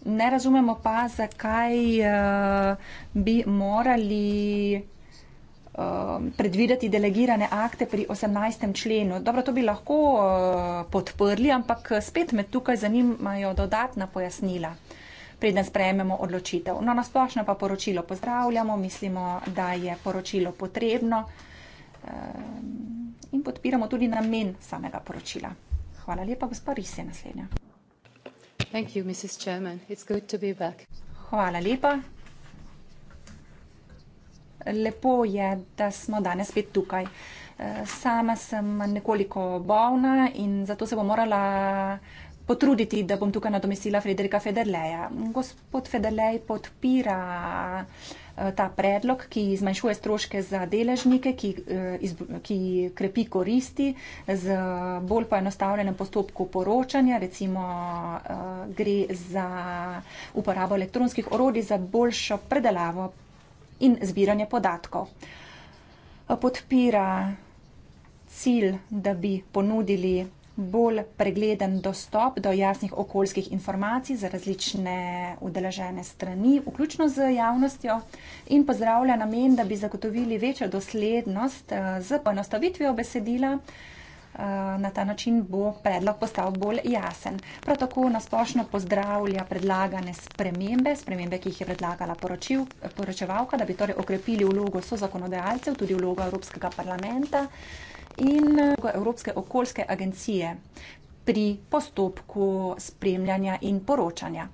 ne razumemo pa, zakaj eh, bi morali eh, predvideti delegirane akte pri 18. členu. Dobro, to bi lahko eh, podprli, ampak spet me tukaj zanimajo dodatna pojasnila, preden sprejmemo odločitev. No, nasplošno pa poročilo pozdravljamo, mislimo, da je poročilo potrebno in podpiramo tudi namen samega poročila. Hvala lepa, gospod Rise, naslednja. Thank you, Mrs. Chairman. It's good to be back. Hvala lepa. Lepo je, da smo danes spet tukaj. Eh, sama sem nekoliko bolna in zato se bom morala potruditi, da bom tukaj nadomestila Frederika Federleja. Gospod Federlej podpira. Eh, ta predlog, ki zmanjšuje stroške za deležnike, ki, eh, iz, ki krepi koristi z bolj poenostavljenem postopku poročanja, recimo eh, gre za uporabo elektronskih orodij za boljšo predelavo in zbiranje podatkov. Podpira cilj, da bi ponudili bolj pregleden dostop do jasnih okoljskih informacij za različne udeležene strani, vključno z javnostjo in pozdravlja namen, da bi zagotovili večjo doslednost eh, z poenostavitvijo besedila. Eh, na ta način bo predlog postal bolj jasen. Prav tako nasplošno pozdravlja predlagane spremembe, spremembe, ki jih je predlagala poročil, poročevalka, da bi torej okrepili vlogo so zakonodajalcev, tudi vlogo Evropskega parlamenta in eh, Evropske okoljske agencije pri postopku spremljanja in poročanja.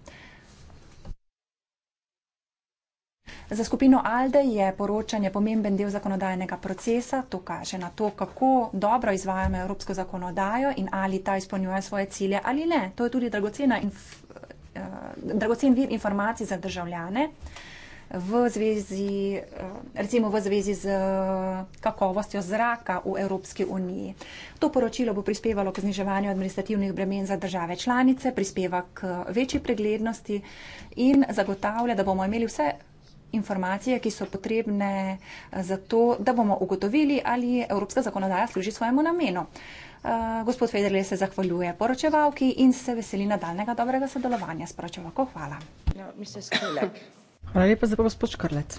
Za skupino ALDE je poročanje pomemben del zakonodajnega procesa. To kaže na to, kako dobro izvajamo evropsko zakonodajo in ali ta izpolnjuje svoje cilje ali ne. To je tudi eh, dragocen vir informacij za državljane v zvezi, eh, recimo v zvezi z eh, kakovostjo zraka v Evropski uniji. To poročilo bo prispevalo k zniževanju administrativnih bremen za države članice, prispeva k eh, večji preglednosti in zagotavlja, da bomo imeli vse informacije, ki so potrebne za to, da bomo ugotovili, ali evropska zakonodaja služi svojemu namenu. Gospod Federle se zahvaljuje poročevalki in se veseli nadaljnega dobrega sodelovanja s poročevalko. Hvala. No, Hvala lepa za gospod Škrlec.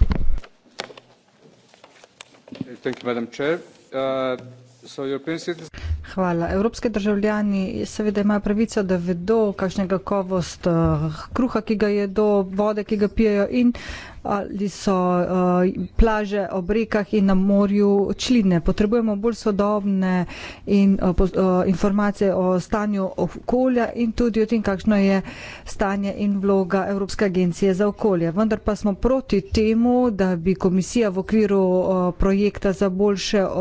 Uh, Hvala. Evropske državljani seveda imajo pravico, da vedo, kakšnega kakovost uh, kruha, ki ga jedo, vode, ki ga pijejo in ali so uh, plaže ob rekah in na morju čline. Potrebujemo bolj sodobne in, uh, po, uh, informacije o stanju okolja in tudi o tem, kakšno je stanje in vloga Evropske agencije za okolje. Vendar pa smo proti temu, da bi komisija v okviru uh, projekta za boljše uh,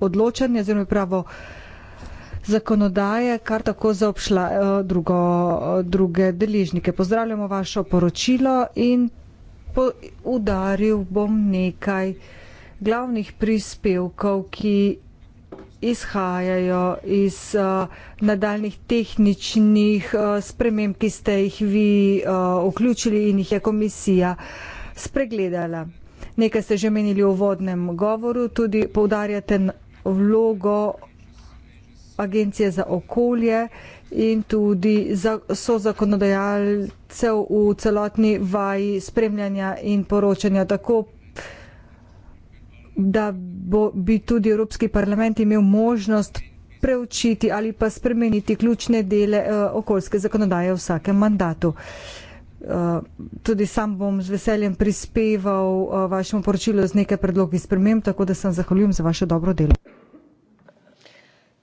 odločanje oziroma pravo zakonodaje, kar tako zaobšla drugo, druge deležnike. Pozdravljamo vašo poročilo in udaril bom nekaj glavnih prispevkov, ki izhajajo iz uh, nadaljnih tehničnih uh, sprememb, ki ste jih vi uh, vključili in jih je komisija spregledala. Nekaj ste že menili v vodnem govoru, tudi poudarjate vlogo Agencije za okolje, uh, in tudi za, so zakonodajalcev v celotni vaji spremljanja in poročanja tako, da bo, bi tudi Evropski parlament imel možnost preučiti ali pa spremeniti ključne dele uh, okoljske zakonodaje v vsakem mandatu. Uh, tudi sam bom z veseljem prispeval uh, vašemu poročilu z nekaj predlogi sprememb, tako da sem zahvaljujem za vaše dobro delo.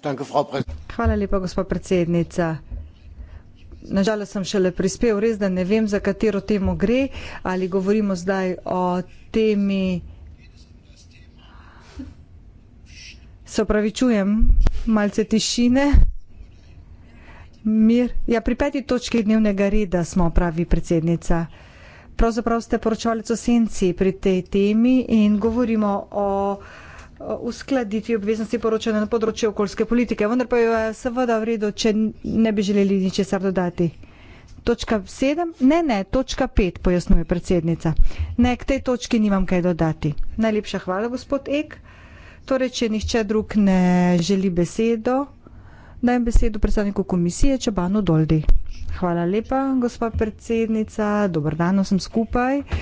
Danke, pre... Hvala lepa, gospod predsednica. Nažalost sem šele prispel, res da ne vem, za katero temo gre, ali govorimo zdaj o temi. Se opravičujem, malce tišine. Mir. Ja, pri peti točki dnevnega reda smo, pravi predsednica. Pravzaprav ste poročalec o senci pri tej temi in govorimo o uskladiti obveznosti poročanja na področju okoljske politike, vendar pa jo je seveda v redu, če ne bi želeli ničesar dodati. Točka 7? Ne, ne, točka 5, pojasnjuje predsednica. Ne, k tej točki nimam kaj dodati. Najlepša hvala, gospod Ek. Torej, če nihče drug ne želi besedo, dajem besedo predstavniku komisije Čabanu Doldi. Hvala lepa, gospa predsednica. Dobar dan, sem skupaj. Uh,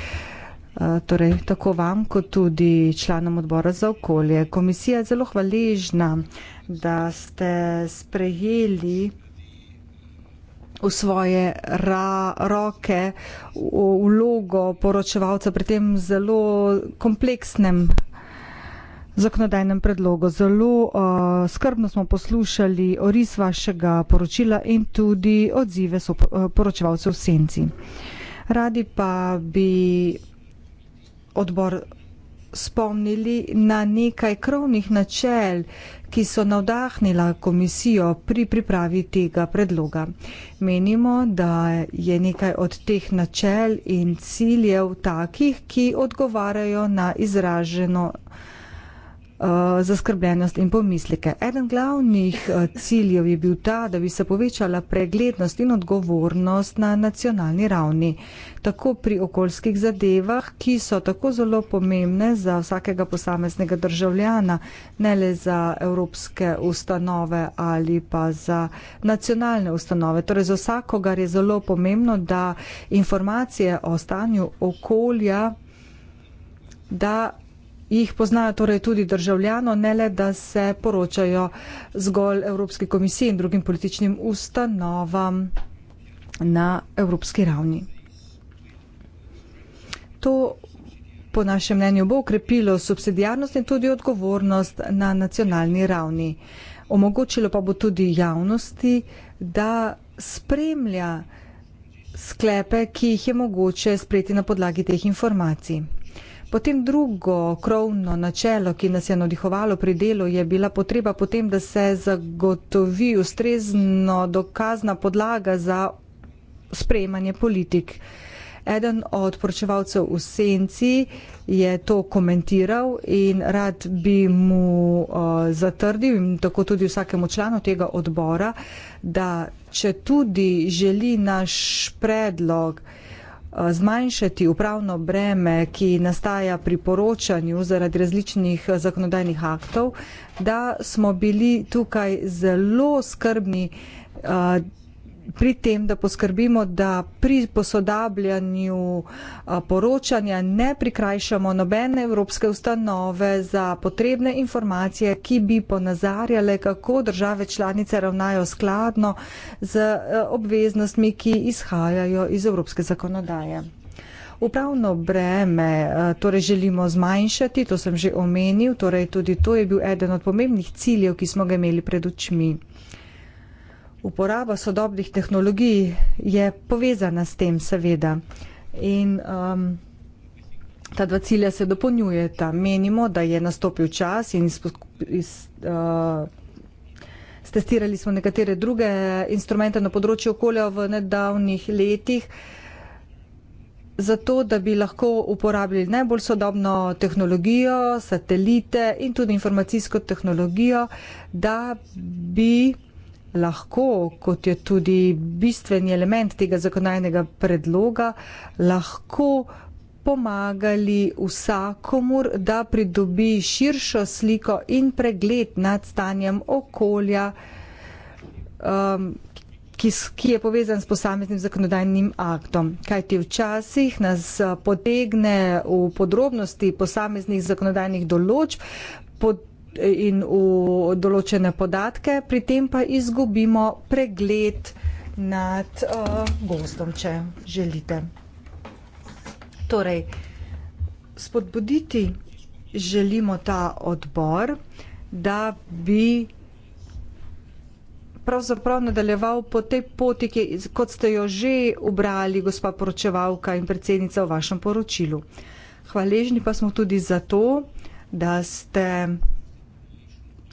Eh, torej tako vam, kot tudi članom odbora za okolje. Komisija je zelo hvaležna, da ste sprejeli v svoje ra, roke vlogo poročevalca pri tem zelo kompleksnem zakonodajnem predlogu. Zelo uh, skrbno smo poslušali oris vašega poročila in tudi odzive so eh, poročevalcev v senci. Radi pa bi odbor spomnili na nekaj krovnih načel, ki so navdahnila komisijo pri pripravi tega predloga. Menimo, da je nekaj od teh načel in ciljev takih, ki odgovarjajo na izraženo Eh, zaskrbljenost in pomislike. Eden glavnih eh, ciljev je bil ta, da bi se povečala preglednost in odgovornost na nacionalni ravni, tako pri okoljskih zadevah, ki so tako zelo pomembne za vsakega posameznega državljana, ne le za evropske ustanove ali pa za nacionalne ustanove. Torej za vsakogar je zelo pomembno, da informacije o stanju okolja da jih poznajo torej tudi državljano, ne le, da se poročajo zgolj Evropski komisiji in drugim političnim ustanovam na evropski ravni. To po našem mnenju bo ukrepilo subsidijarnost in tudi odgovornost na nacionalni ravni. Omogočilo pa bo tudi javnosti, da spremlja sklepe, ki jih je mogoče sprejeti na podlagi teh informacij. Potem drugo krovno načelo, ki nas je navdihovalo pri delu, je bila potreba potem, da se zagotovi ustrezno dokazna podlaga za sprejemanje politik. Eden od poročevalcev v senci je to komentiral in rad bi mu uh, zatrdil in tako tudi vsakemu članu tega odbora, da če tudi želi naš predlog, uh, Eh, zmanjšati upravno breme, ki nastaja pri poročanju zaradi različnih eh, zakonodajnih aktov, da smo bili tukaj zelo skrbni. Eh, pri tem, da poskrbimo, da pri posodabljanju poročanja ne prikrajšamo nobene evropske ustanove za potrebne informacije, ki bi ponazarjale, kako države članice ravnajo skladno z obveznostmi, ki izhajajo iz evropske zakonodaje. Upravno breme torej želimo zmanjšati, to sem že omenil, torej tudi to je bil eden od pomembnih ciljev, ki smo ga imeli pred očmi uporaba sodobnih tehnologij je povezana s tem, seveda. In um, ta dva cilja se dopolnjujeta. Menimo, da je nastopil čas in stestirali uh, smo nekatere druge instrumente na področju okolja v nedavnih letih, zato da bi lahko uporabljali najbolj sodobno tehnologijo, satelite in tudi informacijsko tehnologijo, da bi lahko, kot je tudi bistveni element tega zakonajnega predloga, lahko pomagali vsakomur, da pridobi širšo sliko in pregled nad stanjem okolja, um, ki, ki je povezan s posameznim zakonodajnim aktom. Kajti včasih nas uh, potegne v podrobnosti posameznih zakonodajnih določb, pod, in v določene podatke, pri tem pa izgubimo pregled nad uh, gozdom, če želite. Torej, spodbuditi želimo ta odbor, da bi pravzaprav nadaljeval po tej poti, ki, kot ste jo že ubrali, gospa poročevalka in predsednica v vašem poročilu. Hvaležni pa smo tudi za to, da ste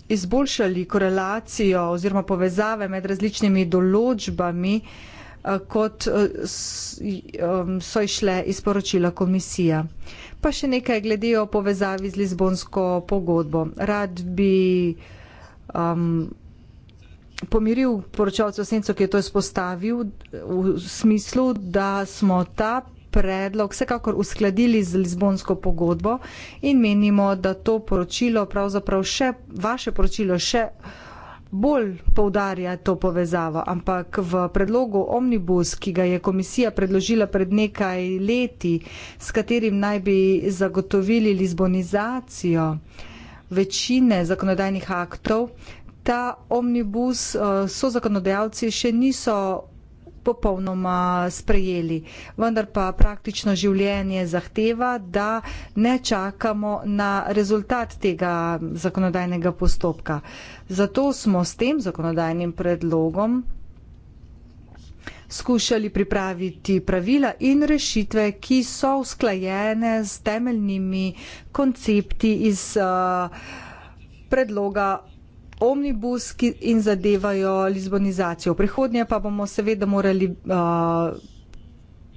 izboljšali korelacijo oziroma povezave med različnimi določbami, eh, kot eh, eh, so išle iz poročila komisija. Pa še nekaj glede o povezavi z Lizbonsko pogodbo. Rad bi um, pomiril poročalcev Senco, ki je to izpostavil v smislu, da smo ta predlog vsekakor uskladili z Lizbonsko pogodbo in menimo, da to poročilo, pravzaprav še, vaše poročilo še bolj poudarja to povezavo, ampak v predlogu Omnibus, ki ga je komisija predložila pred nekaj leti, s katerim naj bi zagotovili lizbonizacijo večine zakonodajnih aktov, ta Omnibus eh, so zakonodajalci še niso popolnoma sprejeli. Vendar pa praktično življenje zahteva, da ne čakamo na rezultat tega zakonodajnega postopka. Zato smo s tem zakonodajnim predlogom skušali pripraviti pravila in rešitve, ki so usklajene s temeljnimi koncepti iz uh, predloga omnibus ki, in zadevajo lizbonizacijo. V prihodnje pa bomo seveda morali uh,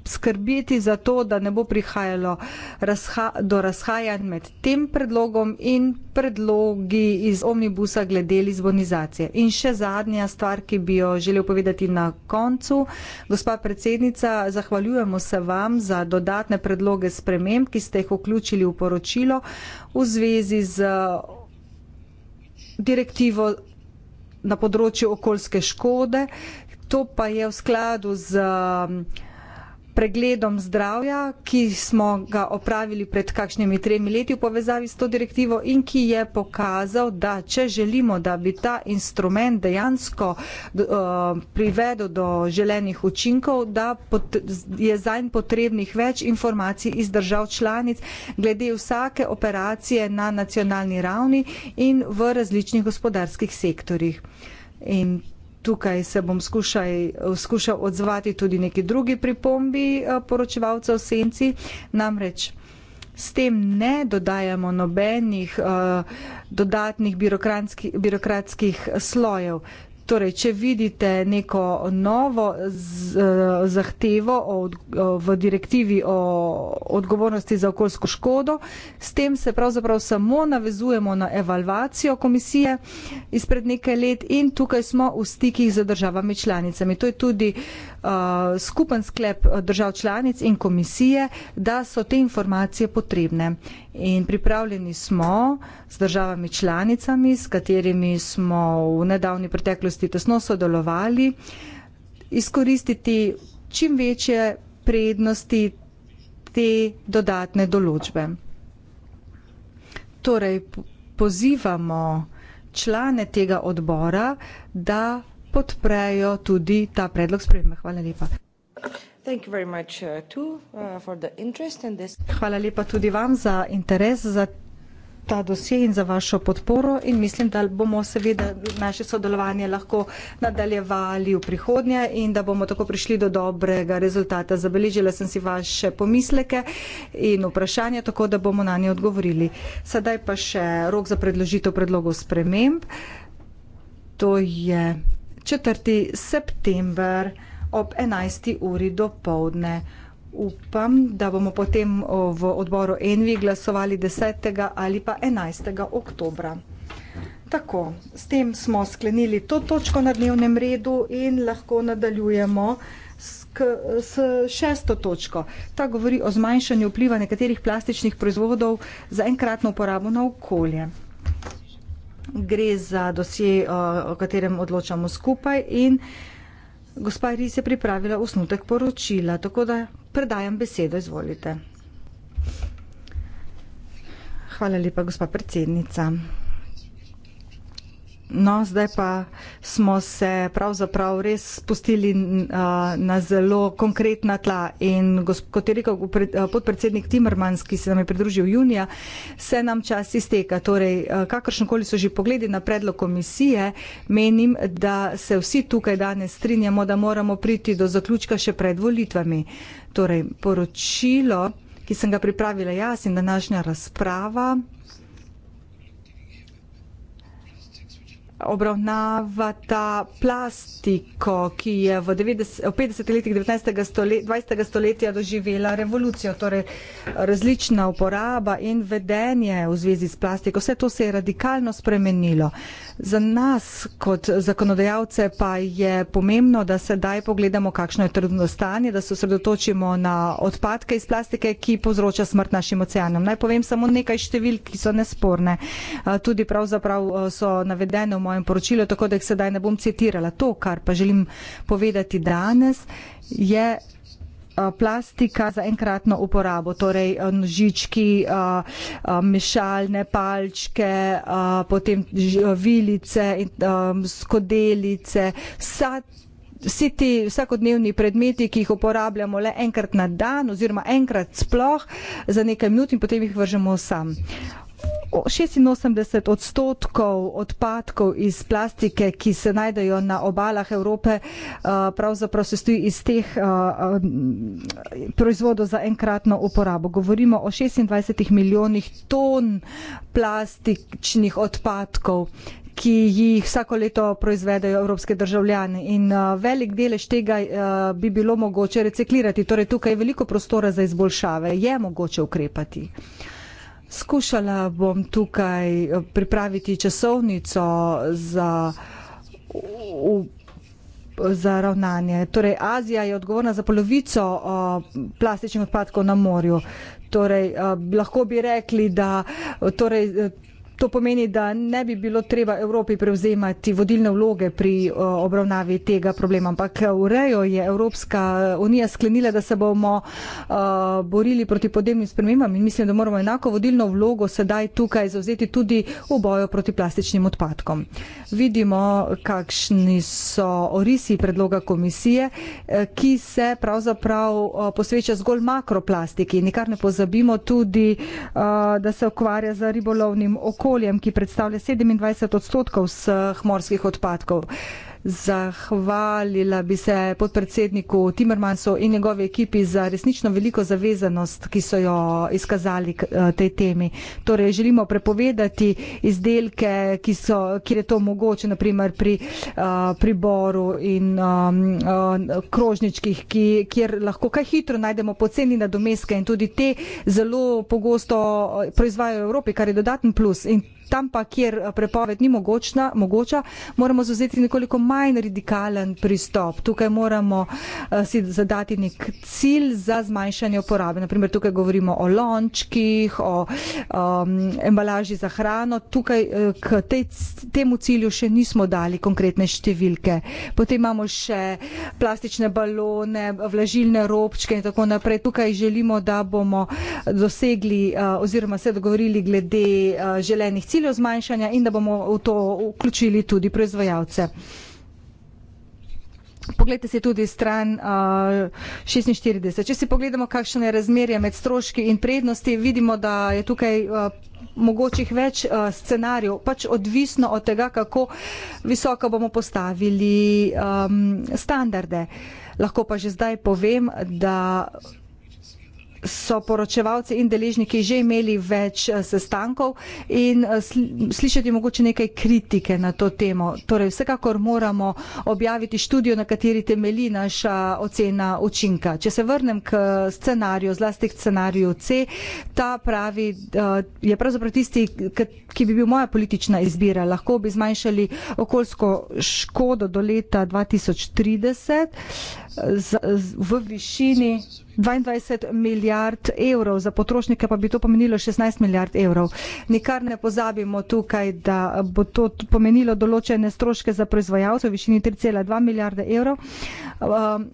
skrbeti za to, da ne bo prihajalo razha, do razhajanj med tem predlogom in predlogi iz omnibusa glede lizbonizacije. In še zadnja stvar, ki bi jo želel povedati na koncu. Gospa predsednica, zahvaljujemo se vam za dodatne predloge sprememb, ki ste jih vključili v poročilo v zvezi z direktivo na področju okoljske škode, to pa je v skladu z uh, pregledom zdravja, ki smo ga opravili pred kakšnimi tremi leti v povezavi s to direktivo in ki je pokazal, da če želimo, da bi ta instrument dejansko uh, privedel do želenih učinkov, da pot, je zanj potrebnih več informacij iz držav članic glede vsake operacije na nacionalni ravni in v različnih gospodarskih sektorjih. In tukaj se bom skušaj, skušal odzvati tudi neki drugi pripombi eh, poročevalca o senci, namreč s tem ne dodajamo nobenih uh, dodatnih birokratskih slojev. Torej, če vidite neko novo z, eh, zahtevo od, v direktivi o odgovornosti za okoljsko škodo, s tem se pravzaprav samo navezujemo na evalvacijo komisije izpred nekaj let in tukaj smo v stikih z državami članicami. To je tudi uh, skupen sklep eh, držav članic in komisije, da so te informacije potrebne. In pripravljeni smo z državami članicami, s katerimi smo v nedavni preteklosti tesno sodelovali, izkoristiti čim večje prednosti te dodatne določbe. Torej, pozivamo člane tega odbora, da podprejo tudi ta predlog spremembe. Hvala lepa. Uh, uh, Hvala lepa tudi vam za interes za ta dosje in za vašo podporo in mislim, da bomo seveda naše sodelovanje lahko nadaljevali v prihodnje in da bomo tako prišli do dobrega rezultata. Zabeležila sem si vaše pomisleke in vprašanje, tako da bomo na nje odgovorili. Sedaj pa še rok za predložitev predlogov sprememb. To je 4. september 2020 ob 11. uri do povdne. Upam, da bomo potem v odboru Envi glasovali 10. ali pa 11. oktobra. Tako, s tem smo sklenili to točko na dnevnem redu in lahko nadaljujemo s, k, s šesto točko. Ta govori o zmanjšanju vpliva nekaterih plastičnih proizvodov za enkratno uporabo na okolje. Gre za dosje, o katerem odločamo skupaj in uh, Gospa Riz je pripravila osnutek poročila, tako da predajam besedo, izvolite. Hvala lepa, gospa predsednica. No, zdaj pa smo se pravzaprav res spustili uh, na zelo konkretna tla in kot je rekel podpredsednik Timrmans, ki se nam je pridružil junija, se nam čas izteka. Torej, kakršnokoli so že pogledi na predlog komisije, menim, da se vsi tukaj danes strinjamo, da moramo priti do zaključka še pred volitvami. Torej, poročilo ki sem ga pripravila jaz in današnja razprava, obravnavata plastiko, ki je v 50. letih 19. Stole, 20. stoletja doživela revolucijo, torej različna uporaba in vedenje v zvezi s plastiko. Vse to se je radikalno spremenilo. Uh, Za nas kot zakonodajalce pa je pomembno, da sedaj pogledamo, kakšno je trdno stanje, da se osredotočimo na odpadke iz plastike, ki povzroča smrt našim oceanom. Naj povem samo nekaj številk, ki so nesporne. Tudi pravzaprav so navedene v mojem poročilu, tako da jih sedaj ne bom citirala. To, kar pa želim povedati danes, je Eh, plastika za enkratno uporabo, torej eh, žički, eh, mešalne palčke, potem vilice, skodelice, vsa. Vsi ti vsakodnevni predmeti, ki jih uporabljamo le enkrat na dan oziroma enkrat sploh za nekaj minut in potem jih vržemo sam. 86 odstotkov odpadkov iz plastike, ki se najdejo na obalah Evrope, eh, pravzaprav se stoji iz teh eh, eh, proizvodov za enkratno uporabo. Govorimo o 26 milijonih ton plastičnih odpadkov ki jih vsako leto proizvedajo evropske državljani. In uh, velik delež tega uh, bi bilo mogoče reciklirati. Torej, tukaj je veliko prostora za izboljšave. Je mogoče ukrepati. Uh, Skušala bom tukaj pripraviti časovnico za, v, za ravnanje. Torej, Azija je odgovorna za polovico o, plastičnih odpadkov na morju. Torej, a, lahko bi rekli, da torej, To pomeni, da ne bi bilo treba Evropi prevzemati vodilne vloge pri eh, obravnavi tega problema, ampak v eh, rejo je Evropska eh, unija sklenila, da se bomo borili proti podnebnim spremembam in mislim, da moramo enako vodilno vlogo sedaj tukaj zauzeti tudi v boju proti plastičnim odpadkom. Vidimo, kakšni so orisi predloga komisije, ki se pravzaprav posveča zgolj makroplastiki. Nikar ne pozabimo tudi, da se ukvarja za ribolovnim okoljem okoljem, ki predstavlja 27 odstotkov vseh morskih odpadkov. Zahvalila bi se podpredsedniku Timmermansu in njegovi ekipi za resnično veliko zavezanost, ki so jo izkazali k eh, tej temi. Torej, želimo prepovedati izdelke, so, kjer je to mogoče, naprimer pri uh, priboru in um, uh, krožničkih, ki, kjer lahko kaj hitro najdemo poceni nadomeske in tudi te zelo pogosto proizvajajo v Evropi, kar je dodaten plus. In tam pa, kjer eh, prepoved ni mogočna, mogoča, moramo zauzeti nekoliko manj radikalen pristop. Tukaj moramo uh, si zadati nek cilj za zmanjšanje uporabe. Naprimer, tukaj govorimo o lončkih, o um, embalaži za hrano. Tukaj uh, k te, temu cilju še nismo dali konkretne številke. Potem imamo še plastične balone, vlažilne robčke in tako naprej. Tukaj želimo, da bomo dosegli uh, oziroma se dogovorili glede uh, želenih ciljev ciljev zmanjšanja in da bomo v to vključili tudi proizvajalce. Poglejte si tudi stran uh, 46. Če si pogledamo, kakšno je razmerje med stroški in prednosti, vidimo, da je tukaj uh, mogočih več uh, scenarijev, pač odvisno od tega, kako visoko bomo postavili um, standarde. Lahko pa že zdaj povem, da so poročevalci in deležniki že imeli več eh, sestankov in eh, slišati mogoče nekaj kritike na to temo. Torej, vsekakor moramo objaviti študijo, na kateri temeli naša eh, ocena učinka. Če se vrnem k scenariju, zlasti k scenariju C, ta pravi, je pravzaprav tisti, ki bi bil moja politična izbira. Lahko bi zmanjšali okoljsko škodo do leta 2030 z, z, v višini 22 milijard evrov, za potrošnike pa bi to pomenilo 16 milijard evrov. Nikar ne pozabimo tukaj, da bo to pomenilo določene stroške za proizvajalce v višini 3,2 milijarde evrov. Um,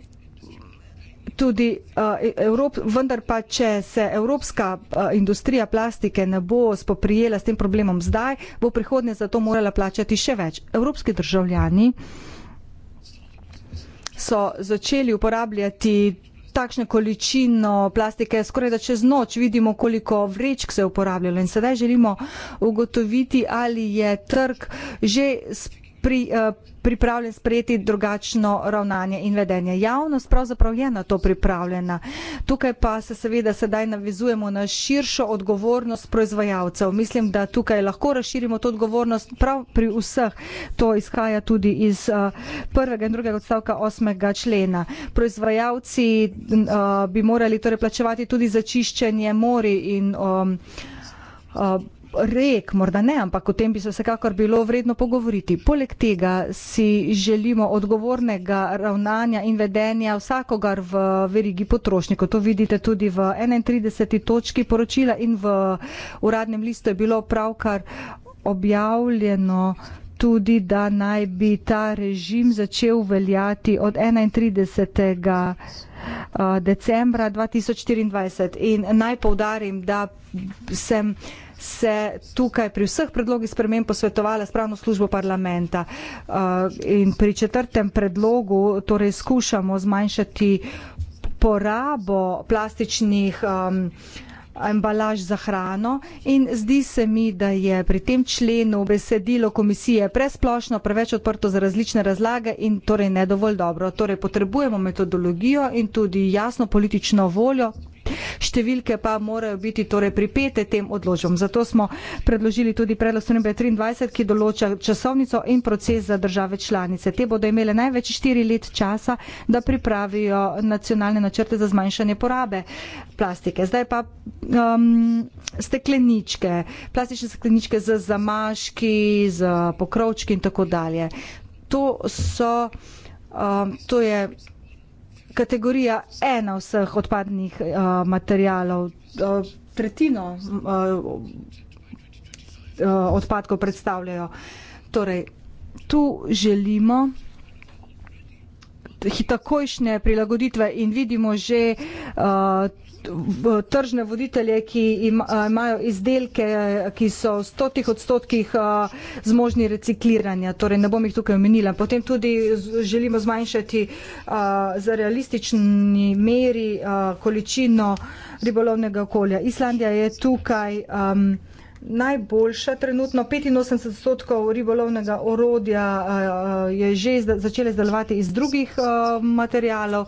Tudi, uh, Evrop, vendar pa, če se evropska uh, industrija plastike ne bo spoprijela s tem problemom zdaj, bo prihodnje za to morala plačati še več. Evropski državljani uh, so začeli uporabljati takšno količino plastike, skoraj da čez noč vidimo, koliko vrečk se je uporabljalo in sedaj želimo ugotoviti, ali je trg že spremenjen pri, eh, pripravljen sprejeti drugačno ravnanje in vedenje. Javnost pravzaprav je na to pripravljena. Tukaj pa se seveda sedaj navizujemo na širšo odgovornost proizvajalcev. Mislim, da tukaj lahko razširimo to odgovornost prav pri vseh. To izhaja tudi iz eh, prvega in drugega odstavka osmega člena. Proizvajalci eh, bi morali torej plačevati tudi začiščenje mori in um, um, rek, morda ne, ampak o tem bi se vsekakor bilo vredno pogovoriti. Poleg tega si želimo odgovornega ravnanja in vedenja vsakogar v verigi potrošnikov. To vidite tudi v 31. točki poročila in v uradnem listu je bilo pravkar objavljeno tudi, da naj bi ta režim začel veljati od 31. Eh, decembra 2024. In naj povdarim, da sem se tukaj pri vseh predlogih spremen posvetovala spravno službo parlamenta uh, in pri četrtem predlogu torej skušamo zmanjšati porabo plastičnih um, embalaž za hrano in zdi se mi, da je pri tem členu besedilo komisije presplošno, preveč odprto za različne razlage in torej ne dovolj dobro. Torej potrebujemo metodologijo in tudi jasno politično voljo, številke pa morajo biti torej pripete tem odložbom. Zato smo predložili tudi predlog strnebe 23, ki določa časovnico in proces za države članice. Te bodo imele največ štiri let časa, da pripravijo nacionalne načrte za zmanjšanje porabe plastike. Zdaj pa um, stekleničke, plastične stekleničke z zamaški, z pokrovčki in tako dalje. To so, um, to je kategorija ena vseh odpadnih uh, eh, materijalov. Uh, eh, tretjino uh, uh, odpadkov predstavljajo. Torej, tu želimo takojšnje prilagoditve in vidimo že uh, tržne voditelje, ki imajo izdelke, ki so v stotih odstotkih zmožni recikliranja. Torej, ne bom jih tukaj omenila. Potem tudi želimo zmanjšati za realistični meri količino ribolovnega okolja. Islandija je tukaj. Um, najboljša trenutno. 85 odstotkov ribolovnega orodja eh, eh, je že začele izdelovati iz drugih eh, materijalov.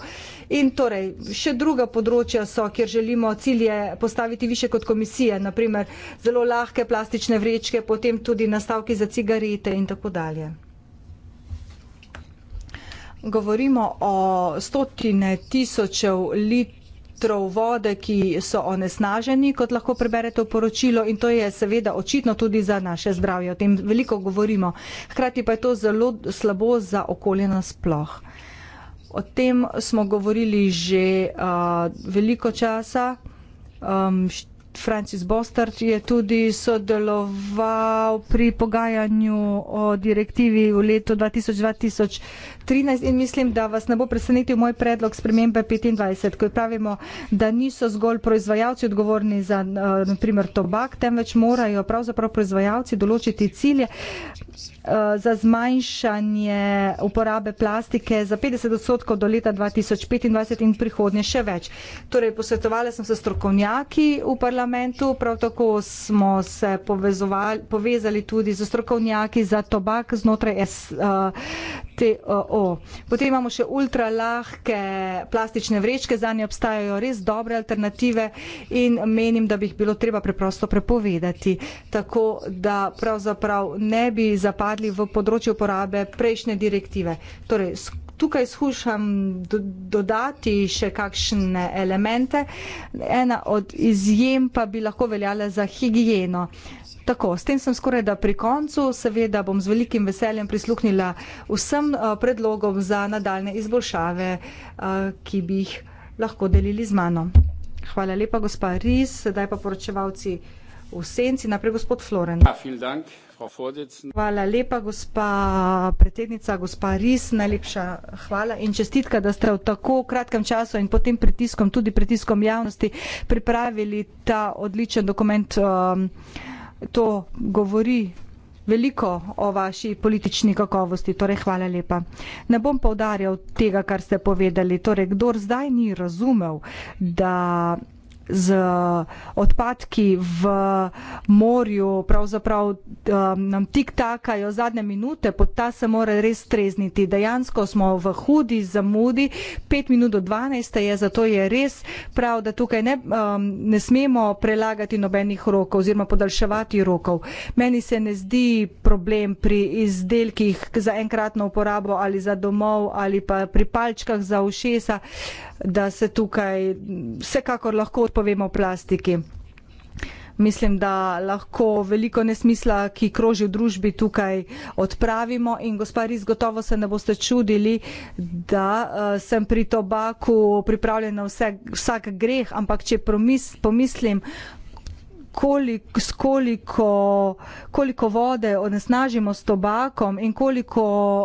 In torej, še druga področja so, kjer želimo cilje postaviti više kot komisije, naprimer zelo lahke plastične vrečke, potem tudi nastavki za cigarete in tako dalje. Govorimo o stotine tisočev litrov litrov vode, ki so onesnaženi, kot lahko preberete v poročilu in to je seveda očitno tudi za naše zdravje. O tem veliko govorimo. Hkrati pa je to zelo slabo za okolje nasploh. O tem smo govorili že uh, veliko časa. Um, št- Francis Bostard je tudi sodeloval pri pogajanju o direktivi v letu 2000-2013 in mislim, da vas ne bo presenetil moj predlog spremembe 25, ko pravimo, da niso zgolj proizvajalci odgovorni za, eh, na primer, tobak, temveč morajo pravzaprav proizvajalci določiti cilje. Eh, za zmanjšanje uporabe plastike za 50 odstotkov do leta 2025 in prihodnje še več. Torej, posvetovala sem se strokovnjaki v parlamentu, prav tako smo se povezali tudi z strokovnjaki za tobak znotraj STO. Eh, Potem imamo še ultralahke plastične vrečke, za nje obstajajo res dobre alternative in menim, da bi jih bilo treba preprosto prepovedati. Tako da pravzaprav ne bi zapadli padli v področju uporabe prejšnje direktive. Torej, tukaj skušam do, dodati še kakšne elemente. Ena od izjem pa bi lahko veljala za higieno. Tako, s tem sem skoraj da pri koncu. Seveda bom z velikim veseljem prisluhnila vsem eh, predlogom za nadaljne izboljšave, eh, ki bi jih lahko delili z mano. Hvala lepa, gospa Riz, sedaj pa poročevalci v senci, naprej gospod Floren. Ja, Hvala lepa, gospa predsednica, gospa Ris, najlepša hvala in čestitka, da ste v tako kratkem času in pod tem pritiskom, tudi pritiskom javnosti, pripravili ta odličen dokument. Um, to govori veliko o vaši politični kakovosti, torej hvala lepa. Ne bom povdarjal tega, kar ste povedali, torej kdor zdaj ni razumel, da z odpadki v morju, pravzaprav um, nam tik takajo zadnje minute, pod ta se mora res strezniti. Dejansko smo v hudi zamudi, pet minut do dvanajste je, zato je res prav, da tukaj ne, um, ne smemo prelagati nobenih rokov oziroma podaljševati rokov. Meni se ne zdi problem pri izdelkih za enkratno uporabo ali za domov ali pa pri palčkah za ušesa, da se tukaj vsekakor lahko povem o plastiki. Mislim, da lahko veliko nesmisla, ki kroži v družbi, tukaj odpravimo in gospa Riz, gotovo se ne boste čudili, da uh, sem pri tobaku pripravljena vse, vsak greh, ampak če promis, pomislim, kolik, koliko, koliko vode onesnažimo s tobakom in koliko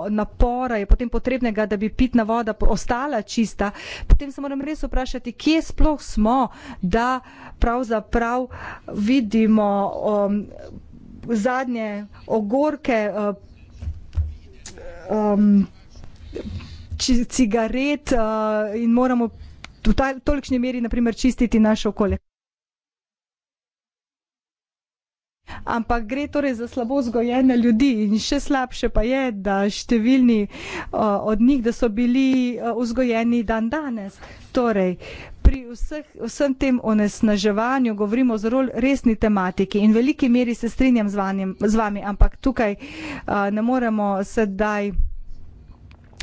napora je potem potrebnega, da bi pitna voda ostala čista, potem se moram res vprašati, kje sploh smo, da pravzaprav vidimo um, zadnje ogorke uh, um, či, cigaret uh, in moramo v tolikšni meri naprimer, čistiti naše okolje. Ampak gre torej za slabo zgojene ljudi in še slabše pa je, da številni od njih, da so bili vzgojeni dan danes. Torej, pri vseh, vsem tem onesnaževanju govorimo o zelo resni tematiki in veliki meri se strinjam z, vanjem, z vami, ampak tukaj ne moremo sedaj.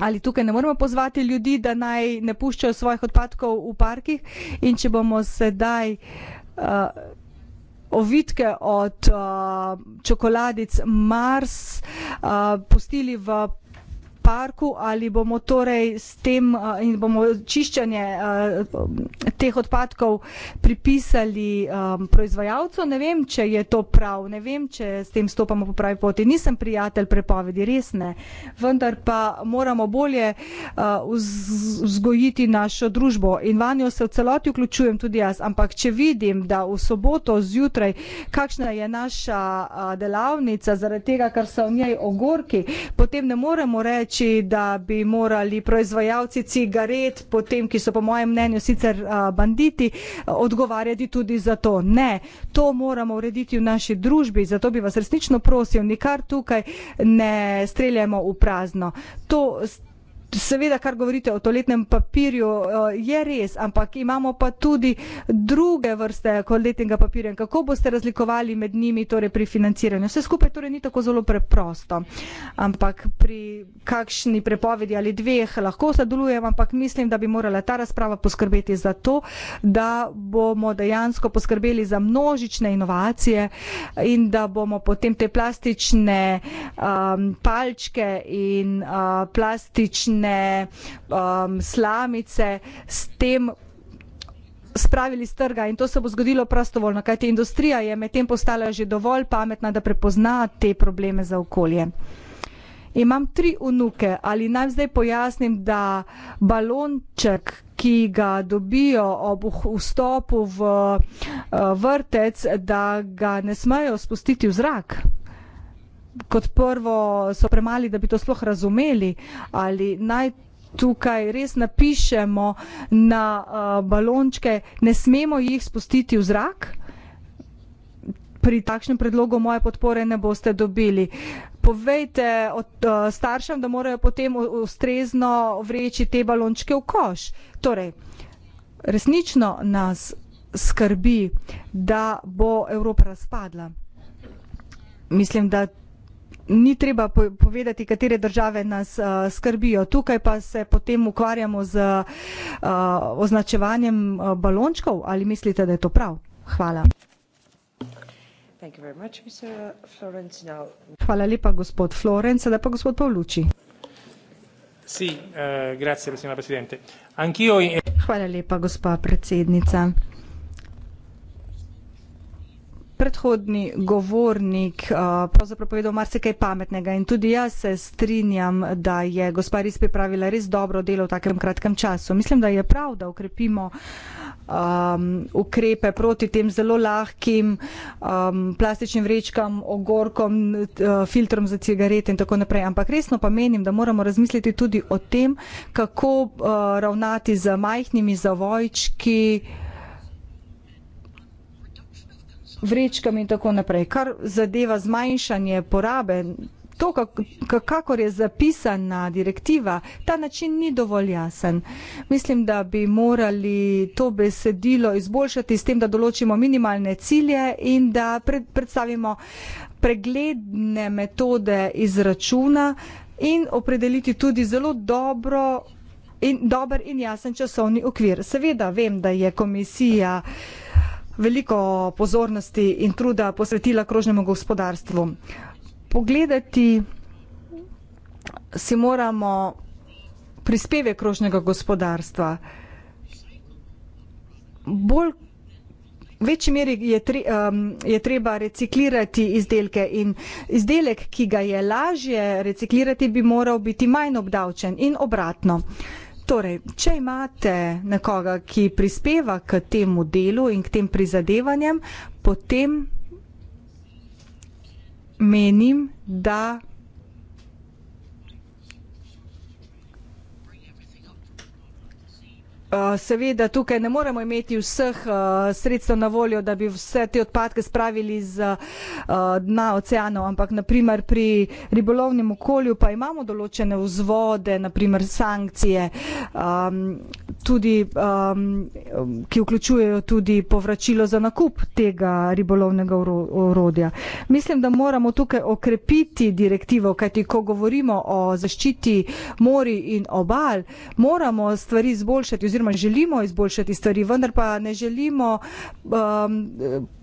Ali tukaj ne moremo pozvati ljudi, da naj ne puščajo svojih odpadkov v parkih in če bomo sedaj. Uh, ovitke od uh, čokoladic Mars uh, pustili v parku ali bomo torej s tem eh, in bomo čiščenje eh, teh odpadkov pripisali eh, proizvajalcu, ne vem, če je to prav, ne vem, če s tem stopamo po pravi poti. Nisem prijatelj prepovedi, res ne. Vendar pa moramo bolje vzgojiti našo družbo in vanjo se v celoti vključujem tudi jaz. Ampak če vidim, da v soboto zjutraj, kakšna je naša delavnica zaradi tega, kar so v njej ogorki, potem ne moremo reči, reči, da bi morali proizvajalci cigaret, potem, ki so po mojem mnenju sicer banditi, odgovarjati tudi za to. Ne, to moramo urediti v naši družbi, zato bi vas resnično prosil, nikar tukaj ne streljamo v prazno. To, seveda, kar govorite o toaletnem papirju, eh, je res, ampak imamo pa tudi druge vrste toaletnega papirja. Kako boste razlikovali med njimi torej pri financiranju? Vse skupaj torej ni tako zelo preprosto. Ampak pri kakšni prepovedi ali dveh lahko sodelujem, ampak mislim, da bi morala ta razprava poskrbeti za to, da bomo dejansko poskrbeli za množične inovacije in da bomo potem te plastične um, palčke in uh, plastične vlakne, um, slamice, s tem spravili strga in to se bo zgodilo prostovoljno, kajti industrija je med tem postala že dovolj pametna, da prepozna te probleme za okolje. Imam tri unuke, ali naj zdaj pojasnim, da balonček, ki ga dobijo ob vstopu v uh, vrtec, da ga ne smejo spustiti v zrak kot prvo so premali, da bi to sploh razumeli ali naj tukaj res napišemo na uh, balončke, ne smemo jih spustiti v zrak. Pri takšnem predlogu moje podpore ne boste dobili. Povejte od, uh, staršem, da morajo potem ustrezno vreči te balončke v koš. Torej, resnično nas skrbi, da bo Evropa razpadla. Mislim, da ni treba povedati, katere države nas eh, skrbijo. Tukaj pa se potem ukvarjamo z eh, označevanjem eh, balončkov. Ali mislite, da je to prav? Hvala. Hvala lepa, gospod Florenc. Sedaj pa gospod Pavluči. Hvala lepa, gospa predsednica predhodni govornik eh, pravzaprav povedal marsikaj pametnega in tudi jaz se strinjam, da je gospa Ris pripravila res dobro delo v takem kratkem času. Mislim, da je prav, da ukrepimo um, ehm, ukrepe proti tem zelo lahkim um, plastičnim vrečkam, ogorkom, eh, filtrom za cigarete in tako naprej. Ampak resno pa menim, da moramo razmisliti tudi o tem, kako uh, ravnati z majhnimi zavojčki, vrečkami in tako naprej. Kar zadeva zmanjšanje porabe, to, kakor je zapisana direktiva, ta način ni dovolj jasen. Mislim, da bi morali to besedilo izboljšati s tem, da določimo minimalne cilje in da predstavimo pregledne metode izračuna in opredeliti tudi zelo dobro. In dober in jasen časovni okvir. Seveda vem, da je komisija uh, veliko pozornosti in truda posvetila krožnemu gospodarstvu. Pogledati si moramo prispeve krožnega gospodarstva. Bolj, v večji meri je, tre, um, je treba reciklirati izdelke in izdelek, ki ga je lažje reciklirati, bi moral biti manj obdavčen in obratno. Uh, Torej, če imate nekoga, ki prispeva k temu delu in k tem prizadevanjem, potem menim, da Eh, seveda tukaj ne moremo imeti vseh uh, sredstev na voljo, da bi vse te odpadke spravili z uh, dna oceanov, ampak naprimer pri ribolovnem okolju pa imamo določene vzvode, naprimer sankcije, um, tudi, um, ki vključujejo tudi povračilo za nakup tega ribolovnega orodja. Mislim, da moramo tukaj okrepiti direktivo, kajti ko govorimo o zaščiti mori in obal, moramo stvari izboljšati oziroma želimo izboljšati stvari, vendar pa ne želimo um,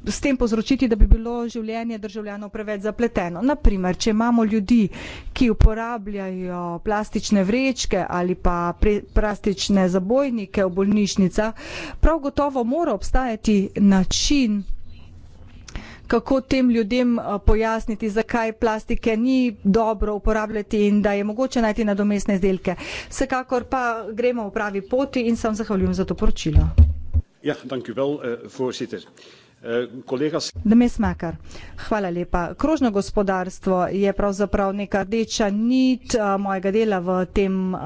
s tem povzročiti, da bi bilo življenje državljanov preveč zapleteno. Naprimer, če imamo ljudi, ki uporabljajo plastične vrečke ali pa plastične zabojnike v bolnišnicah, prav gotovo mora obstajati način, kako tem ljudem eh, pojasniti, zakaj plastike ni dobro uporabljati in da je mogoče najti nadomestne izdelke. Vsekakor pa gremo v pravi poti in sem zahvaljujem za to poročilo. Ja, dankjewel, uh, eh, voorzitter. Demesmaker, hvala lepa. Krožno gospodarstvo je pravzaprav neka rdeča nit eh, mojega dela v tem eh,